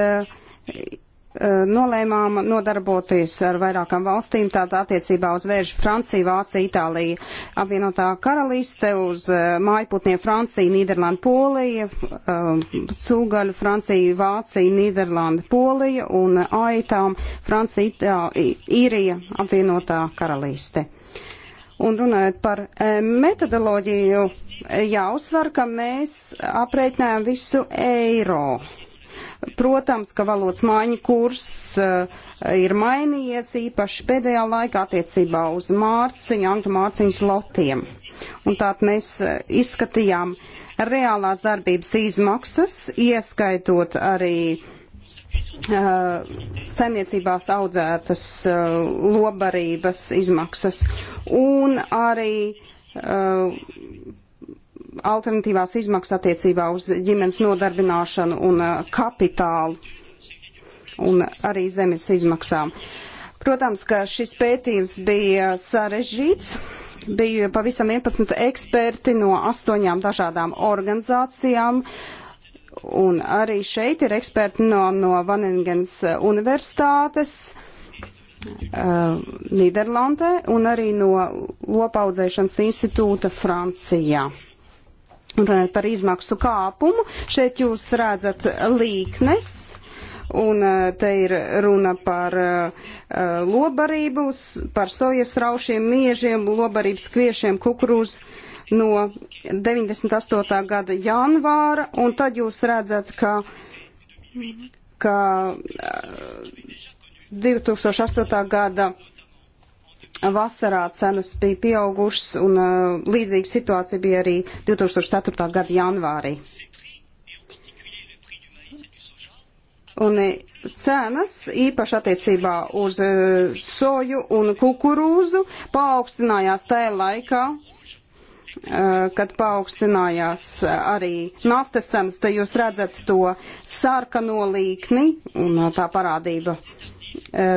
Eh, nolēmām nodarboties ar vairākām valstīm, tātad attiecībā uz vēžu Franciju, Vāciju, Itāliju, apvienotā karaliste, uz eh, mājputniem Francija, Nīderlanda, Polija, eh, cūgaļu Francija, Vācija, Nīderlanda, Polija un aitām Francija, Itālija, Īrija, apvienotā karaliste. Un runājot par metodoloģiju, jāuzsver, ka mēs aprēķinājām visu eiro Protams, ka valodas mājiņa kurs eh, ir mainījies īpaši pēdējā laikā attiecībā uz mārciņu, angļu mārciņas lotiem. Un tātad mēs eh, izskatījām reālās darbības izmaksas, ieskaitot arī uh, saimniecībās audzētas uh, lobarības izmaksas un arī uh, alternatīvās izmaksas attiecībā uz ģimenes nodarbināšanu un uh, kapitālu un arī zemes izmaksām. Protams, ka šis pētījums bija sarežģīts. Bija pavisam 11 eksperti no astoņām dažādām organizācijām. Un arī šeit ir eksperti no, no Vaningens universitātes. Uh, Nīderlandē un arī no lopaudzēšanas institūta Francijā. Uh, Runājot par izmaksu kāpumu, šeit jūs redzat līknes. Un eh, te ir runa par uh, lobarību, par sojas raušiem, miežiem, lobarības kviešiem, kukurūzu no 98. gada janvāra. Un tad jūs redzat, ka, ka uh, eh, 2008. gada vasarā cenas bija pieaugušas un uh, līdzīga situācija bija arī 2004. gada janvārī. Un uh, cenas īpaši attiecībā uz uh, soju un kukurūzu paaugstinājās tajā laikā, uh, kad paaugstinājās arī naftas cenas, te jūs redzat to sarkano līkni un uh, tā parādība. Uh,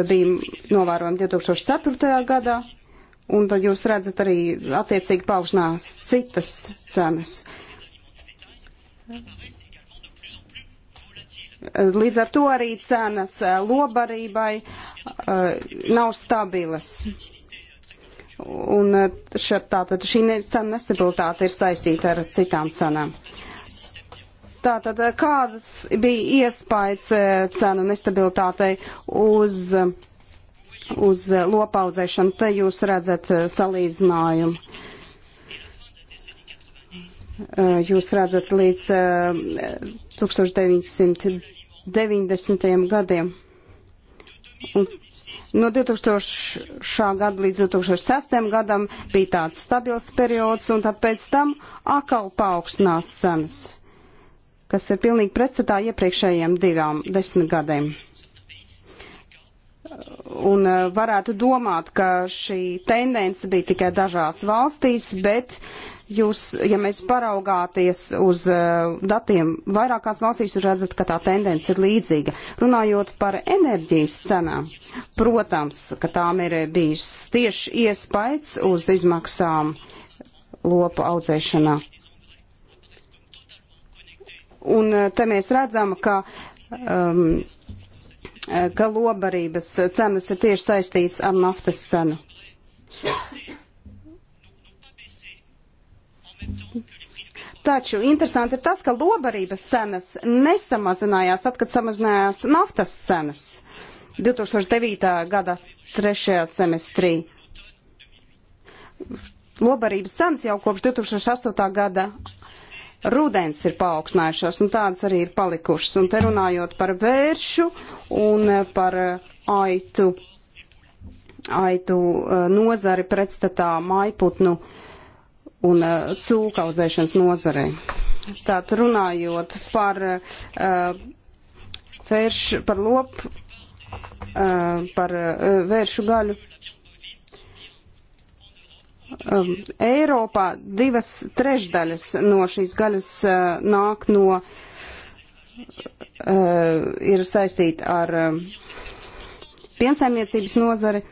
bija novērojami 2004. gadā, un tad jūs redzat arī attiecīgi paaugstinās citas cenas. Līdz ar to arī cenas lobarībai nav stabilas. Un šat, tātad šī cena nestabilitāte ir saistīta ar citām cenām. Uh, Tātad eh, kāds bija iespējas eh, cenu nestabilitātei uz, uz eh, lopaudzēšanu? Te jūs redzat salīdzinājumu. Jūs redzat līdz 1990. gadiem. Un no 2000. gada līdz 2006. gadam bija tāds stabils periods, un tad pēc tam atkal paaugstinās cenas kas ir pilnīgi pretstatā iepriekšējiem divām desmit gadiem. Un eh, varētu domāt, ka šī tendence bija tikai dažās valstīs, bet jūs, ja mēs paraugāties uz eh, datiem vairākās valstīs, jūs redzat, ka tā tendence ir līdzīga. Runājot par enerģijas cenām, protams, ka tām ir bijis tieši iespējas uz izmaksām lopu audzēšanā. Un eh, te mēs redzam, ka, um, ka lobarības cenas ir tieši saistīts ar naftas cenu. Taču interesanti ir tas, ka lobarības cenas nesamazinājās tad, kad samazinājās naftas cenas 2009. gada trešajā semestrī. Lobarības cenas jau kopš 2008. gada rudens ir paaugstinājušās, un tādas arī ir palikušas. Un te runājot par vēršu un eh, par eh, aitu, aitu eh, nozari pretstatā maiputnu un cūkaudzēšanas nozarei. Tātad runājot par uh, vērš, par lopu, uh, par uh, vēršu gaļu um, Eiropā divas trešdaļas no šīs gaļas uh, nāk no, uh, ir saistīta ar um, piensaimniecības nozari.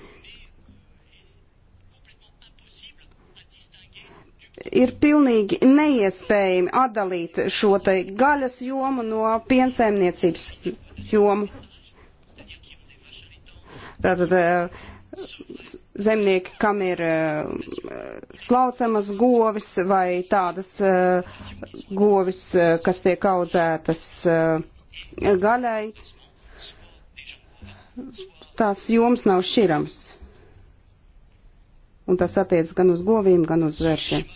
Ir pilnīgi neiespējami atdalīt šo te gaļas jomu no piensaimniecības jomu. Tātad, uh, zemnieki, kam ir uh, slaucamas govis vai tādas uh, govis, uh, kas tiek audzētas uh, gaļai, tās joms nav šķirams. Un tas attiec gan uz govīm, gan uz zvēršiem.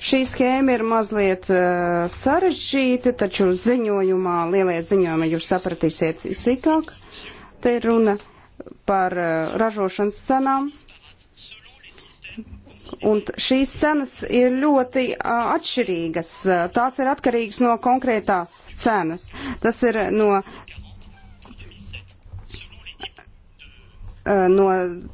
Šī schēma ir mazliet uh, sarežģīta, taču ziņojumā, lielie ziņojumi jūs sapratīsiet sīkāk. Te ir runa uh, par eh, ražošanas cenām. Un šīs cenas ir ļoti eh, atšķirīgas. Tās ir atkarīgas no konkrētās cenas. Tas ir no, eh, no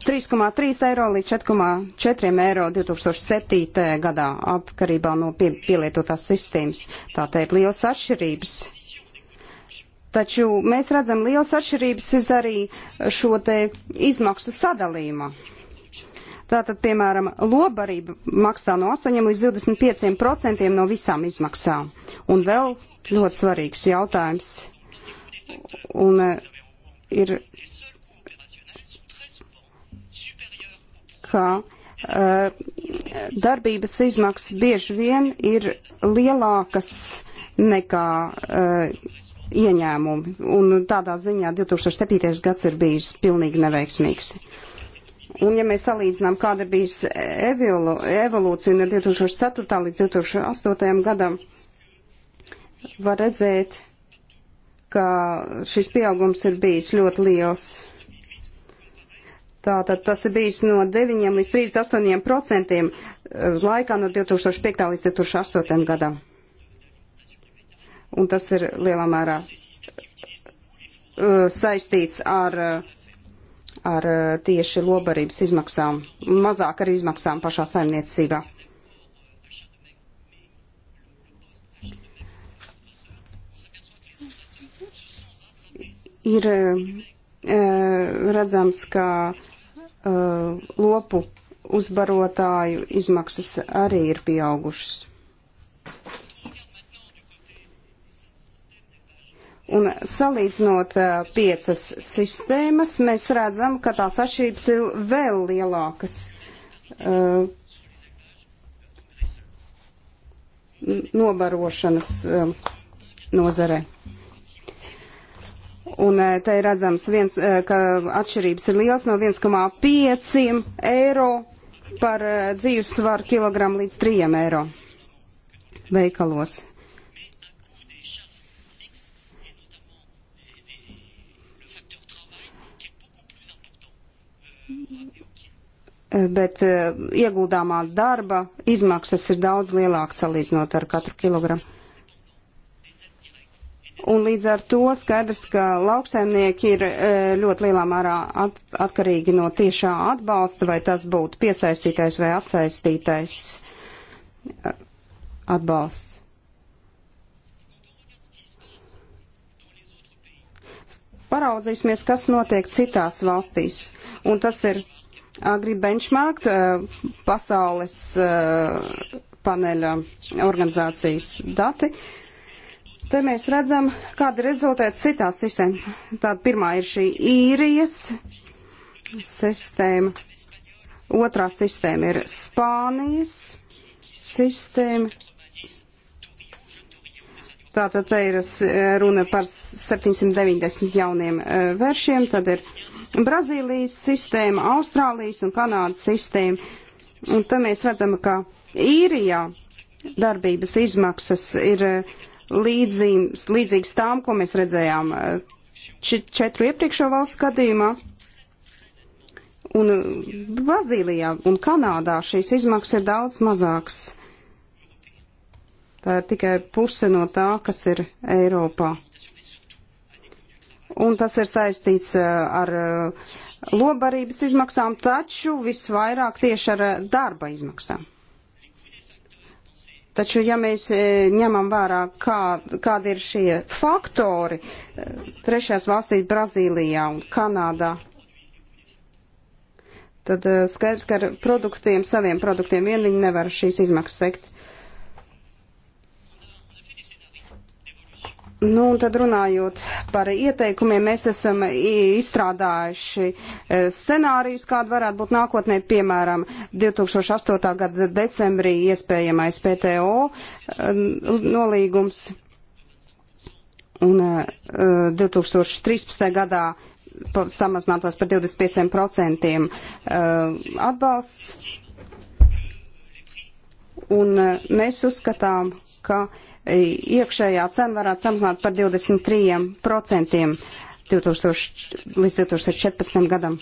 3,3 eiro līdz 4,4 eiro 2007. gadā atkarībā no pie, pielietotās sistēmas. Tā te ir liels atšķirības. Taču mēs redzam liels atšķirības arī šo te izmaksu sadalījumā. Tātad, piemēram, lobarība maksā no 8 līdz 25 procentiem no visām izmaksām. Un vēl ļoti svarīgs jautājums. Un eh, ir, ka eh, darbības izmaksas bieži vien ir lielākas nekā uh, ieņēmumi. Un tādā ziņā 2007. gads ir bijis pilnīgi neveiksmīgs. Un ja mēs salīdzinām, kāda ir bijis evolu, evolūcija no 2004. līdz 2008. gadam, var redzēt, ka šis pieaugums ir bijis ļoti liels. Tātad tas ir bijis no 9 līdz 38 procentiem eh, laikā no 2005. līdz 2008. gadam un tas ir lielā mērā uh, saistīts ar, uh, ar uh, tieši lobarības izmaksām, mazāk ar izmaksām pašā saimniecībā. Ir redzams, ka lopu uzbarotāju izmaksas arī ir pieaugušas. Un salīdzinot piecas sistēmas, mēs redzam, ka tās atšķirības ir vēl lielākas. Uh, nobarošanas uh, nozare. Un uh, te ir redzams, viens, ka atšķirības ir liels no 1,5 eiro par dzīvesvaru kilogramu līdz 3 eiro veikalos. bet eh, ieguldāmā darba izmaksas ir daudz lielākas salīdzinot ar katru kilogramu. Un līdz ar to skaidrs, ka lauksaimnieki ir eh, ļoti lielā mērā at atkarīgi no tiešā atbalsta, vai tas būtu piesaistītais vai atsaistītais eh, atbalsts. Paraudzīsimies, kas notiek citās valstīs. Un tas ir agri benchmark pasaules paneļa organizācijas dati. Te mēs redzam, kāda ir rezultāta citā sistēma. Tā pirmā ir šī īrijas sistēma, otrā sistēma ir Spānijas sistēma. Tātad te ir runa par 790 jauniem vēršiem, tad ir Brazīlijas sistēma, Austrālijas un Kanādas sistēma. Un te mēs redzam, ka īrijā darbības izmaksas ir eh, līdzīgs, līdzīgs tām, ko mēs redzējām eh, četru iepriekšējo valstu gadījumā. Un eh, Brazīlijā un Kanādā šīs izmaksas ir daudz mazākas. Tā ir tikai puse no tā, kas ir Eiropā un tas ir saistīts eh, ar eh, lobarības izmaksām, taču visvairāk tieši ar eh, darba izmaksām. Taču, ja mēs ņemam vērā, kā, kādi ir šie faktori trešās valstīs Brazīlijā un Kanādā, tad skaidrs, ka ar produktiem, saviem produktiem vien viņi nevar šīs izmaksas sekt. Nu, un tad runājot par ieteikumiem, mēs esam izstrādājuši e, scenārijus, kāda varētu būt nākotnē, piemēram, 2008. gada decembrī iespējamais PTO e, nolīgums un 2013. E, gadā samazinātos par 25% atbalsts. Un mēs uzskatām, ka iekšējā cena varētu samazināt par 23% 2000, līdz 2014. gadam.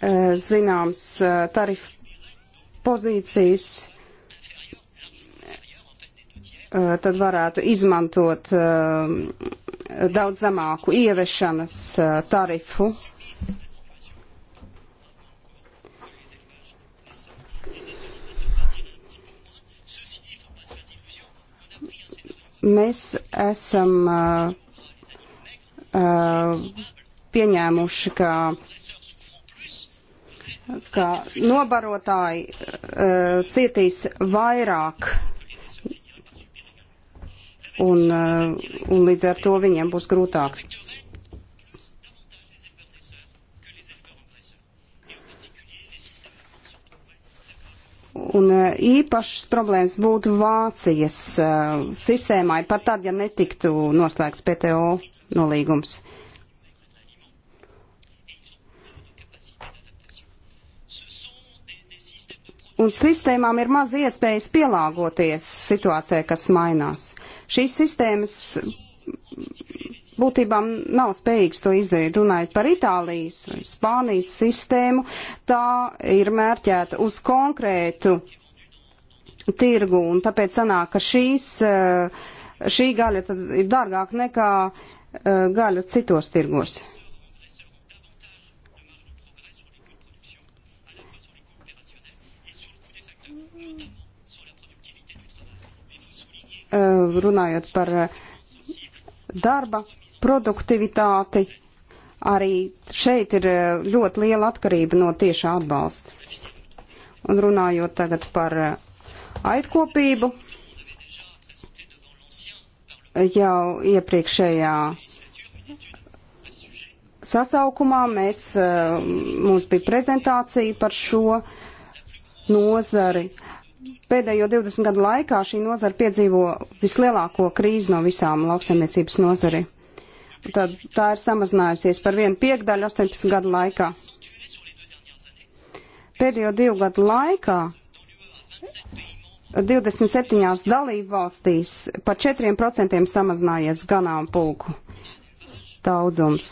E, zināms, e, tarifu pozīcijas e, tad varētu izmantot daudz zemāku ievešanas tarifu Mēs esam uh, uh, pieņēmuši, ka ka nobarotāji uh, cietīs vairāk un, uh, un līdz ar to viņiem būs grūtāk. Un e, īpašas problēmas būtu Vācijas uh, sistēmai, pat tad, ja netiktu noslēgts PTO nolīgums. Un sistēmām ir maz iespējas pielāgoties situācijai, kas mainās. Šīs sistēmas būtībā nav spējīgs to izdarīt. Runājot par Itālijas vai Spānijas sistēmu, tā ir mērķēta uz konkrētu tirgu, un tāpēc sanāk, ka šīs, eh, šī gaļa tad ir dārgāk nekā eh, gaļa citos tirgos. Eh, runājot par darba produktivitāti. Arī šeit ir eh, ļoti liela atkarība no tieša atbalsta. Un runājot tagad par eh, aitkopību, jau iepriekšējā sasaukumā mēs, eh, mums bija prezentācija par šo nozari. Pēdējo 20 gadu laikā šī nozara piedzīvo vislielāko krīzi no visām lauksaimniecības nozari. Tad tā ir samazinājusies par vienu piekdaļu 18 gadu laikā. Pēdējo divu gadu laikā 27 dalību valstīs par 4% samazinājies ganāmpulku daudzums.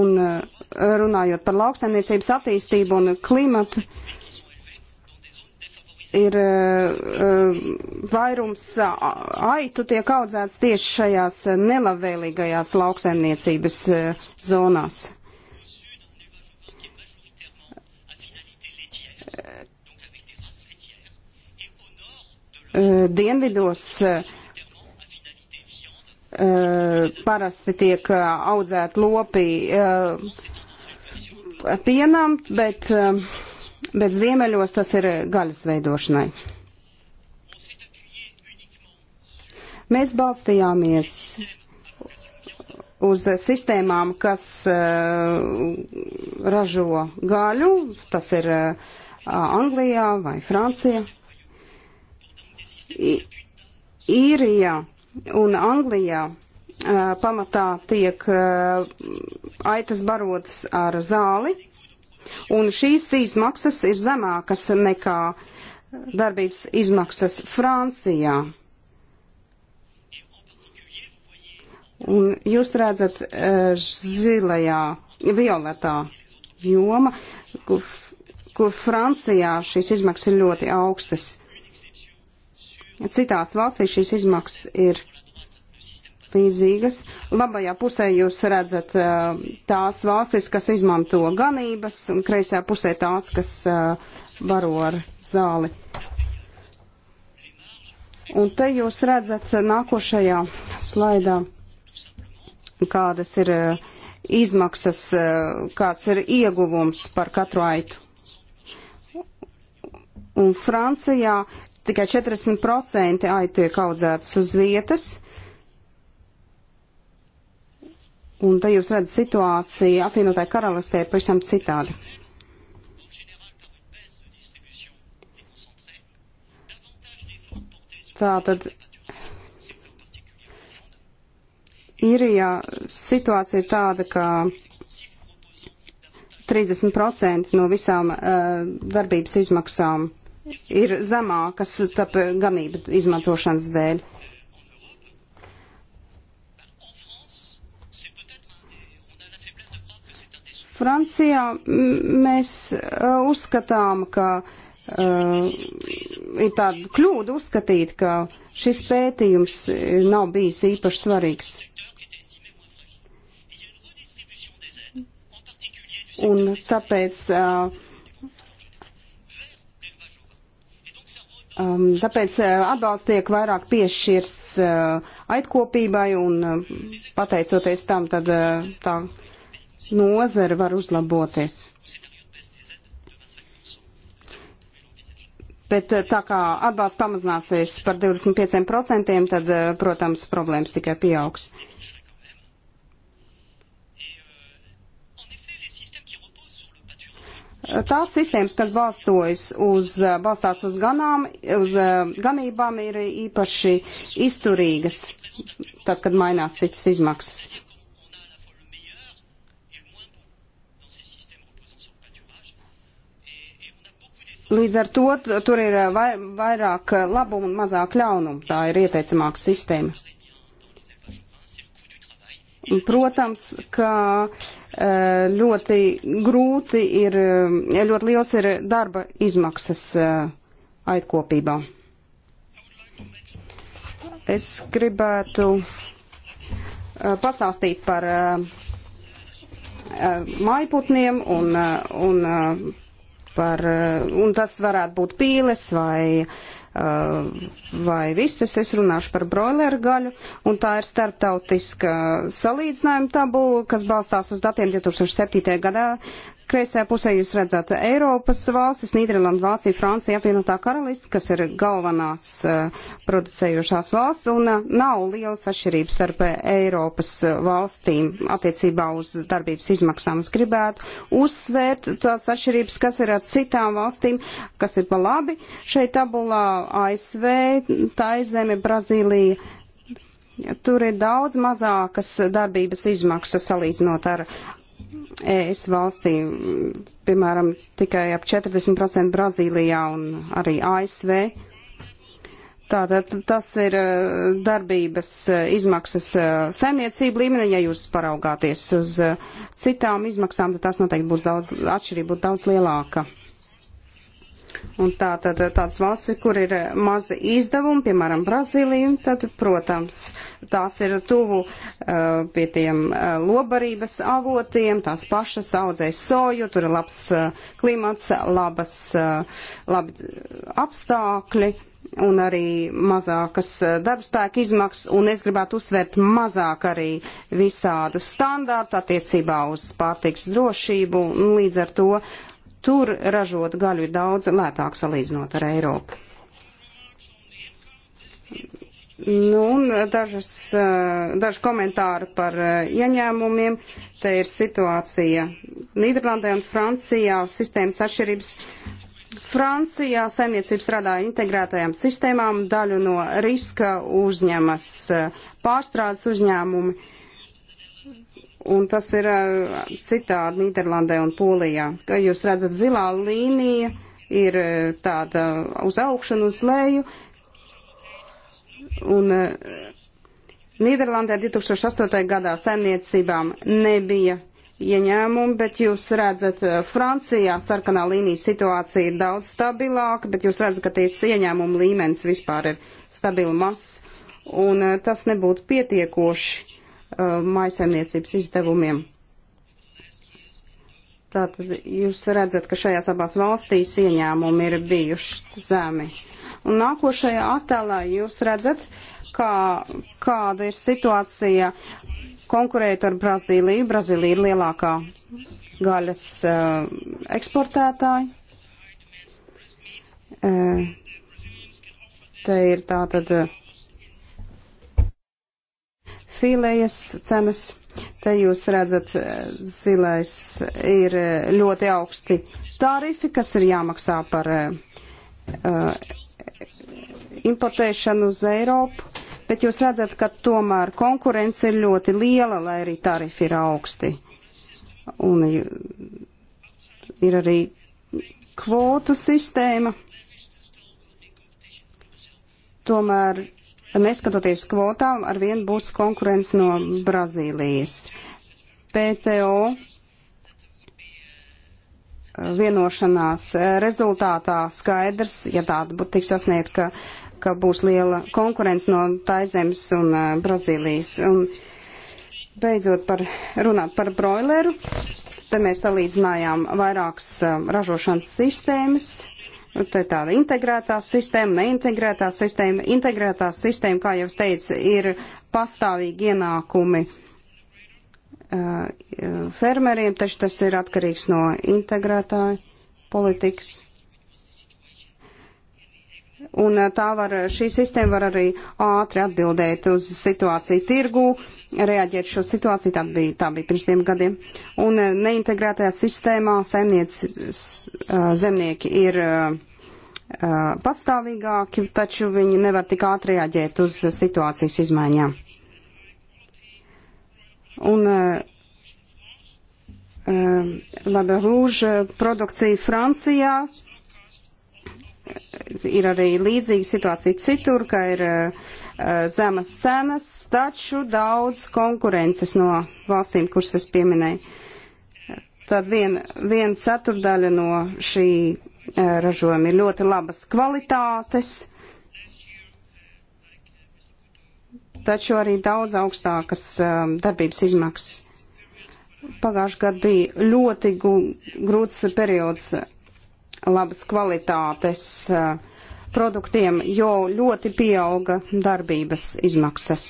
Un eh, runājot par lauksaimniecības attīstību un klimatu, uh, ir uh, vairums aitu tiek audzēts tieši šajās nelabvēlīgajās lauksaimniecības uh, zonās. Uh, dienvidos parasti tiek audzēt lopi pienam, bet bet ziemeļos tas ir gaļas veidošanai. Mēs balstījāmies uz sistēmām, kas uh, ražo gaļu, tas ir uh, Anglijā vai Francija. I, īrijā un Anglijā uh, pamatā tiek uh, aitas barotas ar zāli, Un šīs izmaksas ir zemākas nekā darbības izmaksas Francijā. Un jūs redzat eh, zilajā, violetā joma, kur, kur Francijā šīs izmaksas ir ļoti augstas. Citās valstīs šīs izmaksas ir līdzīgas. Labajā pusē jūs redzat tās valstis, kas izmanto ganības, un kreisajā pusē tās, kas baro ar zāli. Un te jūs redzat nākošajā slaidā, kādas ir izmaksas, kāds ir ieguvums par katru aitu. Un Francijā tikai 40% aitu tiek audzētas uz vietas Un te jūs redzat situāciju apvienotāju karalistē pavisam citādi. Tātad īrijā situācija ir tāda, ka 30% no visām uh, darbības izmaksām ir zemākas ganību izmantošanas dēļ. Francijā mēs e, uzskatām, ka uh, ir tāda kļūda uzskatīt, ka šis pētījums nav bijis īpaši svarīgs. Un tāpēc. Uh, Um, tāpēc atbalsts tiek vairāk piešķirts uh, aitkopībai un uh, pateicoties tam, tad uh, tā nozara var uzlaboties. Bet eh, tā kā atbalsts pamazināsies par 25%, tad, eh, protams, problēmas tikai pieaugs. Tās sistēmas, kas balstojas uz, eh, balstās uz, ganām, uz ganībām, ir īpaši izturīgas, tad, kad mainās citas izmaksas. Līdz ar to tur ir eh, vai, vairāk eh, labumu un mazāk ļaunumu. Tā ir ieteicamāka sistēma. Protams, ka eh, ļoti grūti ir, ļoti liels ir darba izmaksas aitkopībā. Es gribētu pastāstīt par mājputniem un, un par, eh, un tas varētu būt pīles vai, eh, vai vistas, es runāšu par broileru gaļu, un tā ir starptautiska salīdzinājuma tabula, kas balstās uz datiem 2007. gadā Kreisajā pusē jūs redzat Eiropas valstis, Nīderlanda, Vācija, Francija, apvienotā karalista, kas ir galvenās uh, producējošās valsts, un uh, nav lielas atšķirības starp eh, Eiropas valstīm attiecībā uz darbības izmaksām. Es gribētu uzsvērt tās atšķirības, kas ir ar citām valstīm, kas ir pa labi. Šeit tabulā ASV, Taizeme, Brazīlija. Tur ir daudz mazākas darbības izmaksas salīdzinot ar ES valstī, piemēram, tikai ap 40% Brazīlijā un arī ASV. Tātad tas ir e, darbības e, izmaksas e, saimniecība līmenī, ja jūs paraugāties uz citām izmaksām, tad tas noteikti būs daudz, atšķirība būtu daudz lielāka. Un tā tad eh, tāds valsts, kur ir eh, mazi izdevumi, piemēram, Brazīlija, tad, protams, tās ir tuvu uh, pie tiem uh, lobarības avotiem, tās pašas audzēs soju, tur ir labs uh, klimats, labas, labi apstākļi un arī mazākas darbspēka izmaksas, un es gribētu uzsvērt mazāk arī visādu standārtu attiecībā uz pārtiks drošību, un līdz ar to Tur ražot gaļu ir daudz lētāk salīdzinot ar Eiropu. Nu, un dažas, eh, daži komentāri par eh, ieņēmumiem. Te ir situācija Nīderlandē un Francijā, sistēmas atšķirības. Francijā saimniecības strādāja integrētajām sistēmām, daļu no riska uzņemas eh, pārstrādes uzņēmumi un tas ir citādi Nīderlandē un Polijā. Kā jūs redzat, zilā līnija ir tāda uz augšu un uz leju, un Nīderlandē 2008. gadā saimniecībām nebija ieņēmumi, bet jūs redzat, Francijā sarkanā līnijas situācija ir daudz stabilāka, bet jūs redzat, ka tīs ieņēmumu līmenis vispār ir stabili mazs, un tas nebūtu pietiekoši Uh, maisaimniecības izdevumiem. Tātad jūs redzat, ka šajās abās valstīs ieņēmumi ir bijuši zemi. Un nākošajā attēlā jūs redzat, kā, kāda ir situācija konkurēt ar Brazīliju. Brazīlija ir lielākā gaļas uh, eksportētāja. Uh, te ir tātad. Uh, filējas cenas. Te jūs redzat, e, zilais ir e, ļoti augsti tarifi, kas ir jāmaksā par uh, importēšanu uz Eiropu, bet jūs redzat, ka tomēr konkurence ir ļoti liela, lai arī tarifi ir augsti. Un ir arī kvotu sistēma. Tomēr neskatoties kvotām, ar vienu būs konkurence no Brazīlijas. PTO eh, vienošanās eh, rezultātā skaidrs, ja tāda būtu tik sasniegt, ka, ka būs liela konkurence no Taizemes un uh, Brazīlijas. Un beidzot par runāt par broileru, te mēs salīdzinājām vairākas uh, ražošanas sistēmas, Te tāda integrētā sistēma, neintegrētā sistēma. Integrētā sistēma, kā jau es teicu, ir pastāvīgi ienākumi uh, fermeriem, taču tas ir atkarīgs no integrētāja politikas. Un uh, tā var, šī sistēma var arī ātri atbildēt uz situāciju tirgū, reaģēt šo situāciju, tā bija, tā bija pirms tiem gadiem. Un eh, neintegrētajā sistēmā saimniec, eh, zemnieki ir eh, pastāvīgāki, taču viņi nevar tik ātri reaģēt uz situācijas izmaiņām. Un laba rūža produkcija Francijā ir arī līdzīga situācija citur, ka ir uh, Eh, zemas cenas, taču daudz konkurences no valstīm, kuras es pieminēju. Tad vien, viena ceturdaļa no šī eh, ražojuma ir ļoti labas kvalitātes, taču arī daudz augstākas eh, darbības izmaksas. Pagājuši gadu bija ļoti grūts periods labas kvalitātes uh, produktiem, jo ļoti pieauga darbības izmaksas.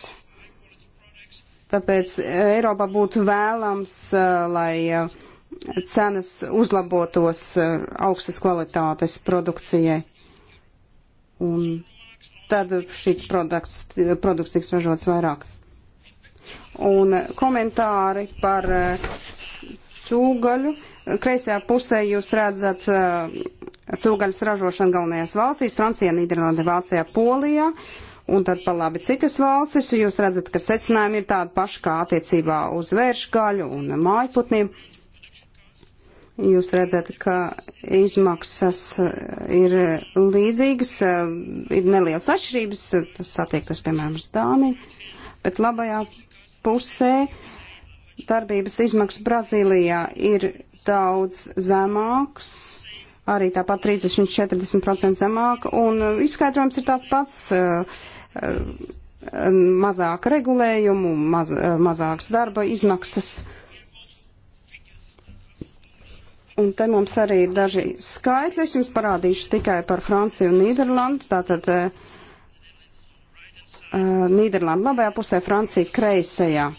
Tāpēc Eiropā būtu vēlams, eh, lai eh, cenas uzlabotos eh, augstas kvalitātes produkcijai. Un tad šīs produkts, produkts tiks ražots vairāk. Un komentāri par uh, cūgaļu. Kreisajā pusē jūs redzat eh, cūgaļas ražošanu galvenajās valstīs - Francijā, Nīderlandē, Vācijā, Polijā. Un tad pa labi citas valstis, jūs redzat, ka secinājumi ir tādi paši kā attiecībā uz vēršgaļu un mājputniem. Jūs redzat, ka izmaksas eh, ir līdzīgas, eh, ir nelielas atšķirības, tas attiektos, piemēram, uz Dāniju, bet labajā pusē uh, darbības izmaksas Brazīlijā ir daudz zemāks, arī tāpat 30-40% zemāk, un uh, izskaidrojums ir tāds pats. Uh, uh mazāk regulējumu, maz, uh, mazāks darba izmaksas. Un te mums arī ir daži skaitļi, es jums parādīšu tikai par Franciju un Nīderlandu. Tātad uh, Nīderlanda labajā pusē, Francija kreisajā.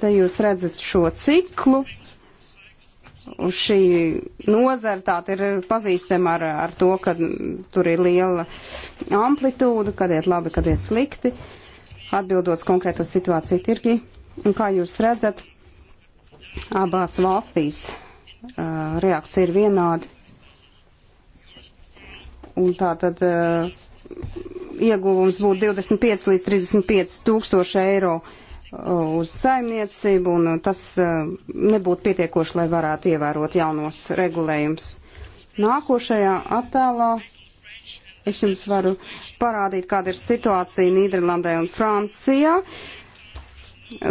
Te jūs redzat šo ciklu, un šī nozara tā ir pazīstama ar, ar to, ka tur ir liela amplitūda, kad iet labi, kad iet slikti, atbildot konkrēto situāciju tirgi. Un kā jūs redzat, abās valstīs uh, reakcija ir vienāda. Un tā tad uh, ieguvums būtu 25 līdz 35 tūkstoši eiro uz saimniecību, un tas eh, nebūtu pietiekoši, lai varētu ievērot jaunos regulējumus. Nākošajā attēlā es jums varu parādīt, kāda ir situācija Nīderlandē un Francijā.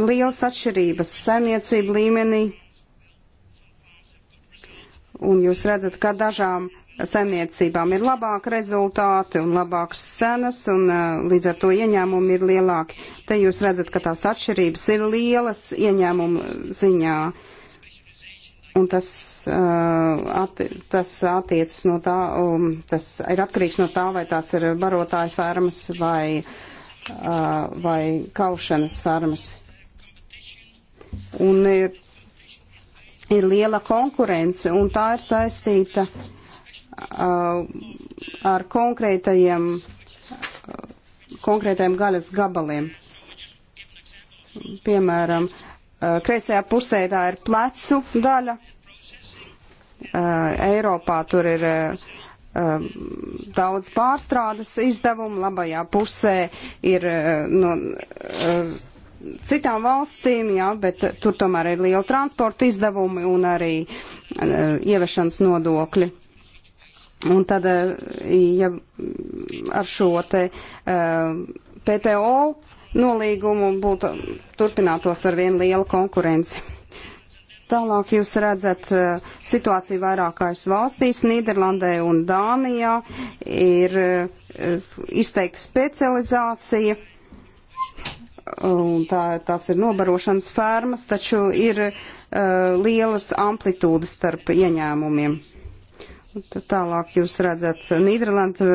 Lielas atšķirības saimniecību līmenī, un jūs redzat, ka dažām saimniecībām ir labāki rezultāti un labākas cenas, un uh, līdz ar to ieņēmumi ir lielāki. Te jūs redzat, ka tās atšķirības ir lielas ieņēmumu ziņā. Un tas, uh, at, tas attiecas no tā, um, tas ir atkarīgs no tā, vai tās ir barotāju fermas vai, uh, vai kaušanas fermas. Un ir ir liela konkurence, un tā ir saistīta Uh, ar konkrētajiem, uh, konkrētajiem gaļas gabaliem. Piemēram, uh, kreisajā pusē tā ir plecu daļa. Eiropā tur ir um, daudz pārstrādes izdevumu, labajā pusē ir no citām valstīm, jā, bet tur tomēr ir liela transporta izdevumi un arī ievešanas nodokļi. Un tad, eh, ja ar šo te eh, PTO nolīgumu būtu turpinātos ar vienu lielu konkurenci. Tālāk jūs redzat eh, situāciju vairākās valstīs, Nīderlandē un Dānijā ir izteikta specializācija. Un tā, tās ir nobarošanas fermas, taču ir uh, lielas amplitūdas starp ieņēmumiem. Uh, Tad tālāk jūs redzat Nīderlandu,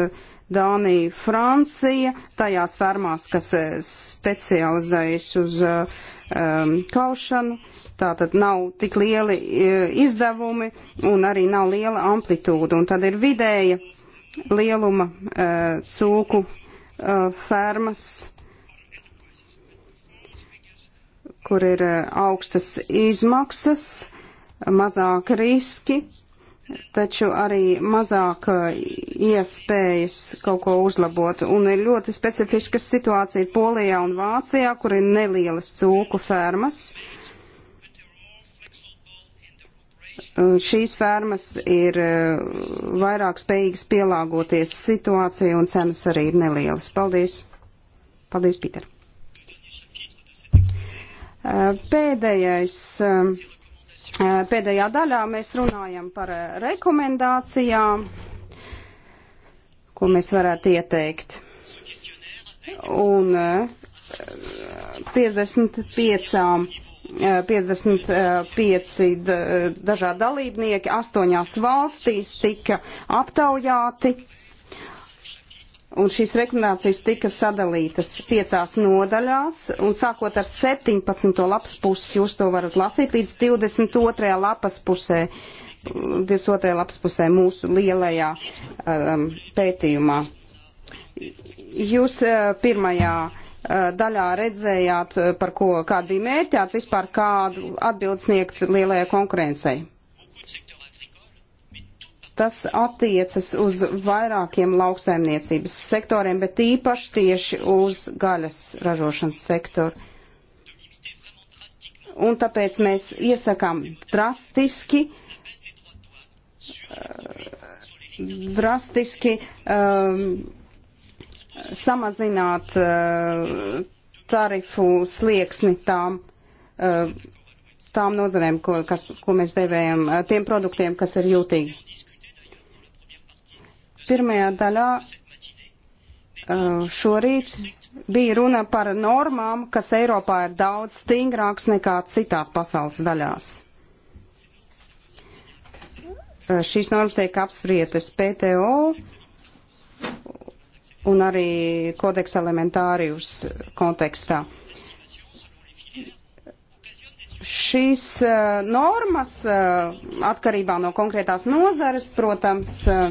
Dāniju, Franciju, tajās fermās, kas eh, specializējas uz eh, um, kaušanu. Tātad nav tik lieli eh, izdevumi un arī nav liela amplitūda. Un tad ir vidēja lieluma uh, cūku uh, fermas, kur ir uh, augstas izmaksas, mazāk riski taču arī mazāk uh, iespējas kaut ko uzlabot. Un ir ļoti specifiska situācija Polijā un Vācijā, kur ir nelielas cūku fermas. Uh, šīs fermas ir uh, vairāk spējīgas pielāgoties situācijai un cenas arī ir nelielas. Paldies! Paldies, Pīter! Pēdējais. Uh, Eh, pēdējā daļā mēs runājam par eh, rekomendācijām, ko mēs varētu ieteikt. Un 55, eh, 55 dažādi dalībnieki astoņās valstīs tika aptaujāti Un šīs rekomendācijas tika sadalītas piecās nodaļās, un sākot ar 17. lapas pusi, jūs to varat lasīt līdz 22. lapas pusē, 22. lapas pusē mūsu lielajā um, pētījumā. Jūs uh, pirmajā uh, daļā redzējāt, uh, par ko, kāda bija mērķēt, vispār kādu atbildsniegt lielajai konkurencei. Tas attiecas uz vairākiem lauksaimniecības sektoriem, bet īpaši tieši uz gaļas ražošanas sektoru. Un tāpēc mēs iesakām drastiski, drastiski um, samazināt uh, tarifu slieksni tām. Uh, tām nozarēm, ko, kas, ko mēs devējam, uh, tiem produktiem, kas ir jūtīgi pirmajā daļā uh, šorīt bija runa par normām, kas Eiropā ir daudz stingrāks nekā citās pasaules daļās. Uh, šīs normas tiek apsprietas PTO un arī kodeks elementārijus kontekstā. Šīs uh, normas uh, atkarībā no konkrētās nozares, protams, uh,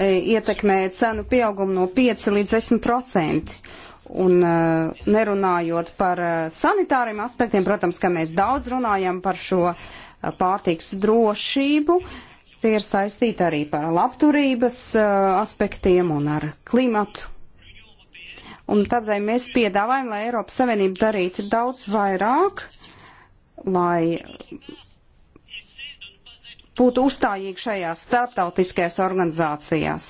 E, ietekmē cenu pieaugumu no 5 līdz 10 procenti. Un e, nerunājot par e, sanitāriem aspektiem, protams, ka mēs daudz runājam par šo pārtiks drošību, tie ir saistīti arī par labturības aspektiem un ar klimatu. Un tādēļ mēs piedāvājam, lai Eiropas Savienība darītu daudz vairāk, lai būtu uzstājīgi šajās starptautiskajās organizācijās.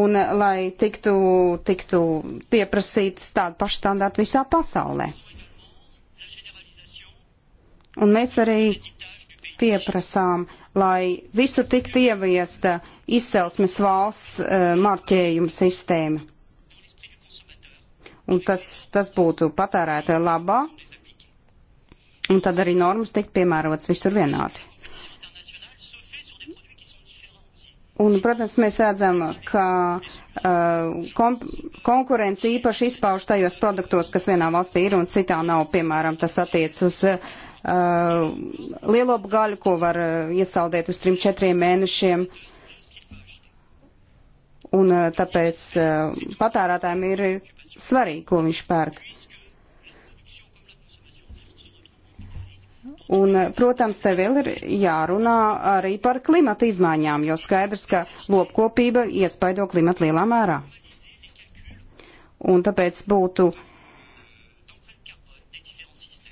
Un lai tiktu, tiktu pieprasīt tādu pašu standārtu visā pasaulē. Un mēs arī pieprasām, lai visur tiktu ieviesta izcelsmes valsts uh, marķējuma sistēma. Un tas, tas būtu patērētāja labā, un tad arī normas tikt piemērotas visur vienādi. Un, protams, mēs redzam, ka uh, konkurence īpaši izpauž tajos produktos, kas vienā valstī ir un citā nav. Piemēram, tas attiec uz uh, lielo gaļu, ko var uh, iesaldēt uz 3-4 mēnešiem. Un uh, tāpēc uh, patērētājiem ir svarīgi, ko viņš pērk. Uh, Un, eh, protams, te vēl ir jārunā arī par klimata izmaiņām, jo skaidrs, ka lopkopība iespaido klimatu lielā mērā. Un tāpēc būtu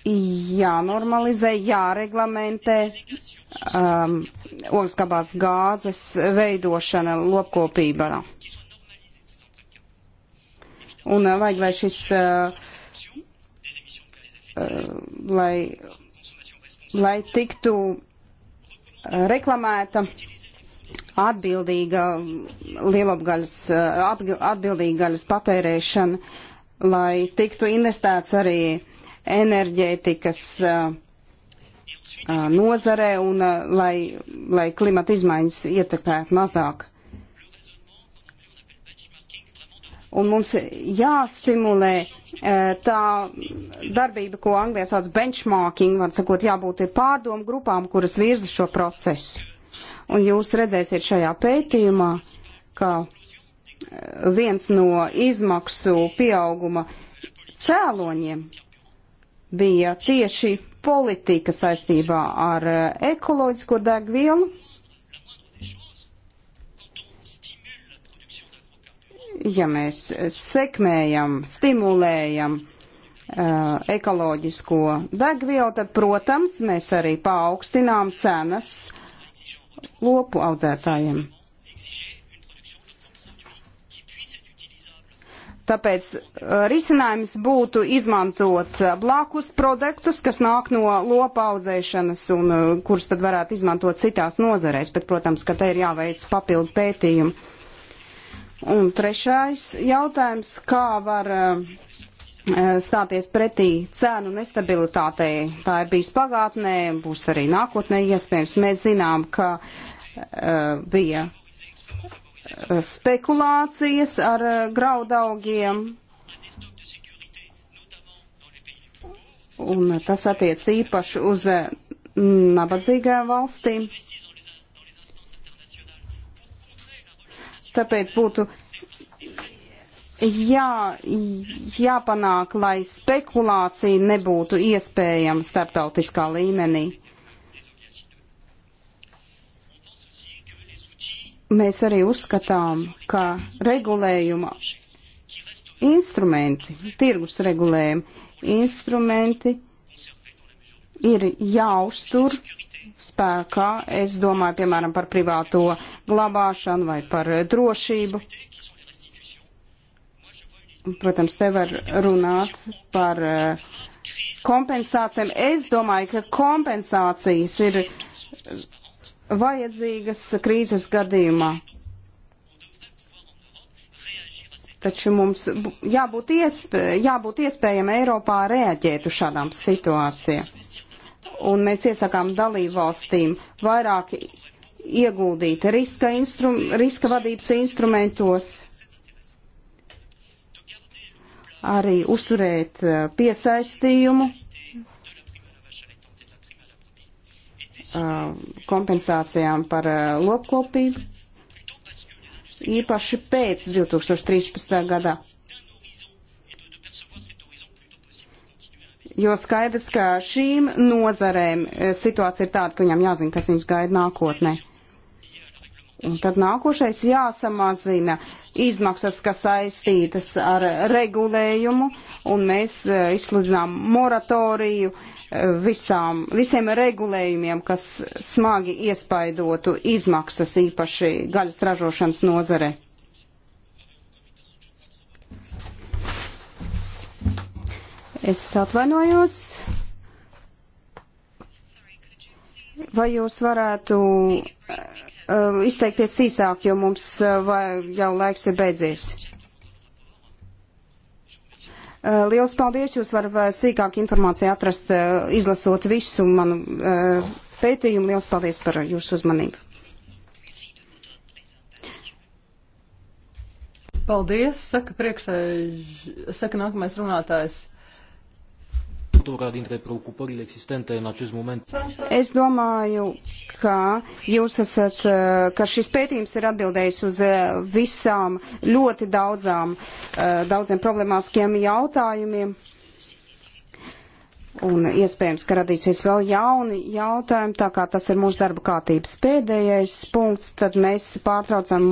jānormalizē, jāreglamentē um, ogliskābās gāzes veidošana lopkopībā. Un eh, vajag, lai šis, uh, uh, lai lai tiktu uh, reklamēta atbildīga uh, lielopgaļas, uh, atbildīga gaļas patērēšana, lai tiktu investēts arī enerģētikas nozarē un lai, lai klimata izmaiņas ietekmētu mazāk un mums jāstimulē e, tā darbība, ko Anglijā sauc benchmarking, var sakot, jābūt ir pārdomu grupām, kuras virza šo procesu. Un jūs redzēsiet šajā pētījumā, ka e, viens no izmaksu pieauguma cēloņiem bija tieši politika saistībā ar e, ekoloģisko degvielu ja mēs sekmējam, stimulējam uh, ekoloģisko degvielu, tad, protams, mēs arī paaugstinām cenas lopu audzētājiem. Tāpēc uh, risinājums būtu izmantot uh, blakus produktus, kas nāk no lopa audzēšanas un uh, kurus tad varētu izmantot citās nozarēs, bet, protams, ka te ir jāveic papildu pētījumu. Un trešais jautājums, kā var eh, stāties pretī cēnu nestabilitātei. Tā ir bijis pagātnē, būs arī nākotnē iespējams. Mēs zinām, ka eh, bija eh, spekulācijas ar graudaugiem. Un tas attiec īpaši uz nabadzīgām valstīm. Tāpēc būtu jā, jāpanāk, lai spekulācija nebūtu iespējama starptautiskā līmenī. Mēs arī uzskatām, ka regulējuma instrumenti, tirgus regulējuma instrumenti ir jāuztur spēkā. Es domāju, piemēram, par privāto glabāšanu vai par drošību. Protams, te var runāt par eh, kompensācijām. Es domāju, ka kompensācijas ir vajadzīgas krīzes gadījumā. Taču mums jābūt, iespē, jābūt iespējami Eiropā reaģēt uz šādām situācijām un mēs iesakām dalībvalstīm vairāk ieguldīt riska, instru, riska vadības instrumentos, arī uzturēt eh, piesaistījumu, eh, kompensācijām par eh, lopkopību, īpaši pēc 2013. gadā Jo skaidrs, ka šīm nozarēm e, situācija ir tāda, ka viņām jāzina, kas viņas gaida nākotnē. Un tad nākošais jāsamazina izmaksas, kas saistītas ar regulējumu, un mēs e, izsludinām moratoriju e, visām, visiem regulējumiem, kas smagi iespaidotu izmaksas īpaši gaļas ražošanas nozare. Es atvainojos. Vai jūs varētu uh, izteikties īsāk, jo mums uh, vai, jau laiks ir beidzies? Uh, liels paldies! Jūs varat uh, sīkāk informāciju atrast, uh, izlasot visu manu uh, pētījumu. Liels paldies par jūsu uzmanību! Paldies, saka, prieksēž, saka nākamais runātājs câtorva dintre preocupările existente în acest moment? Es domāju, ka jūs esat, uh, ka šis pētījums ir atbildējis uz uh, visām ļoti daudzām, uh, daudziem problemātiskiem jautājumiem. Un iespējams, ka radīsies vēl jauni jautājumi, tā kā tas ir mūsu darba kārtības pēdējais punkts, tad mēs pārtraucam.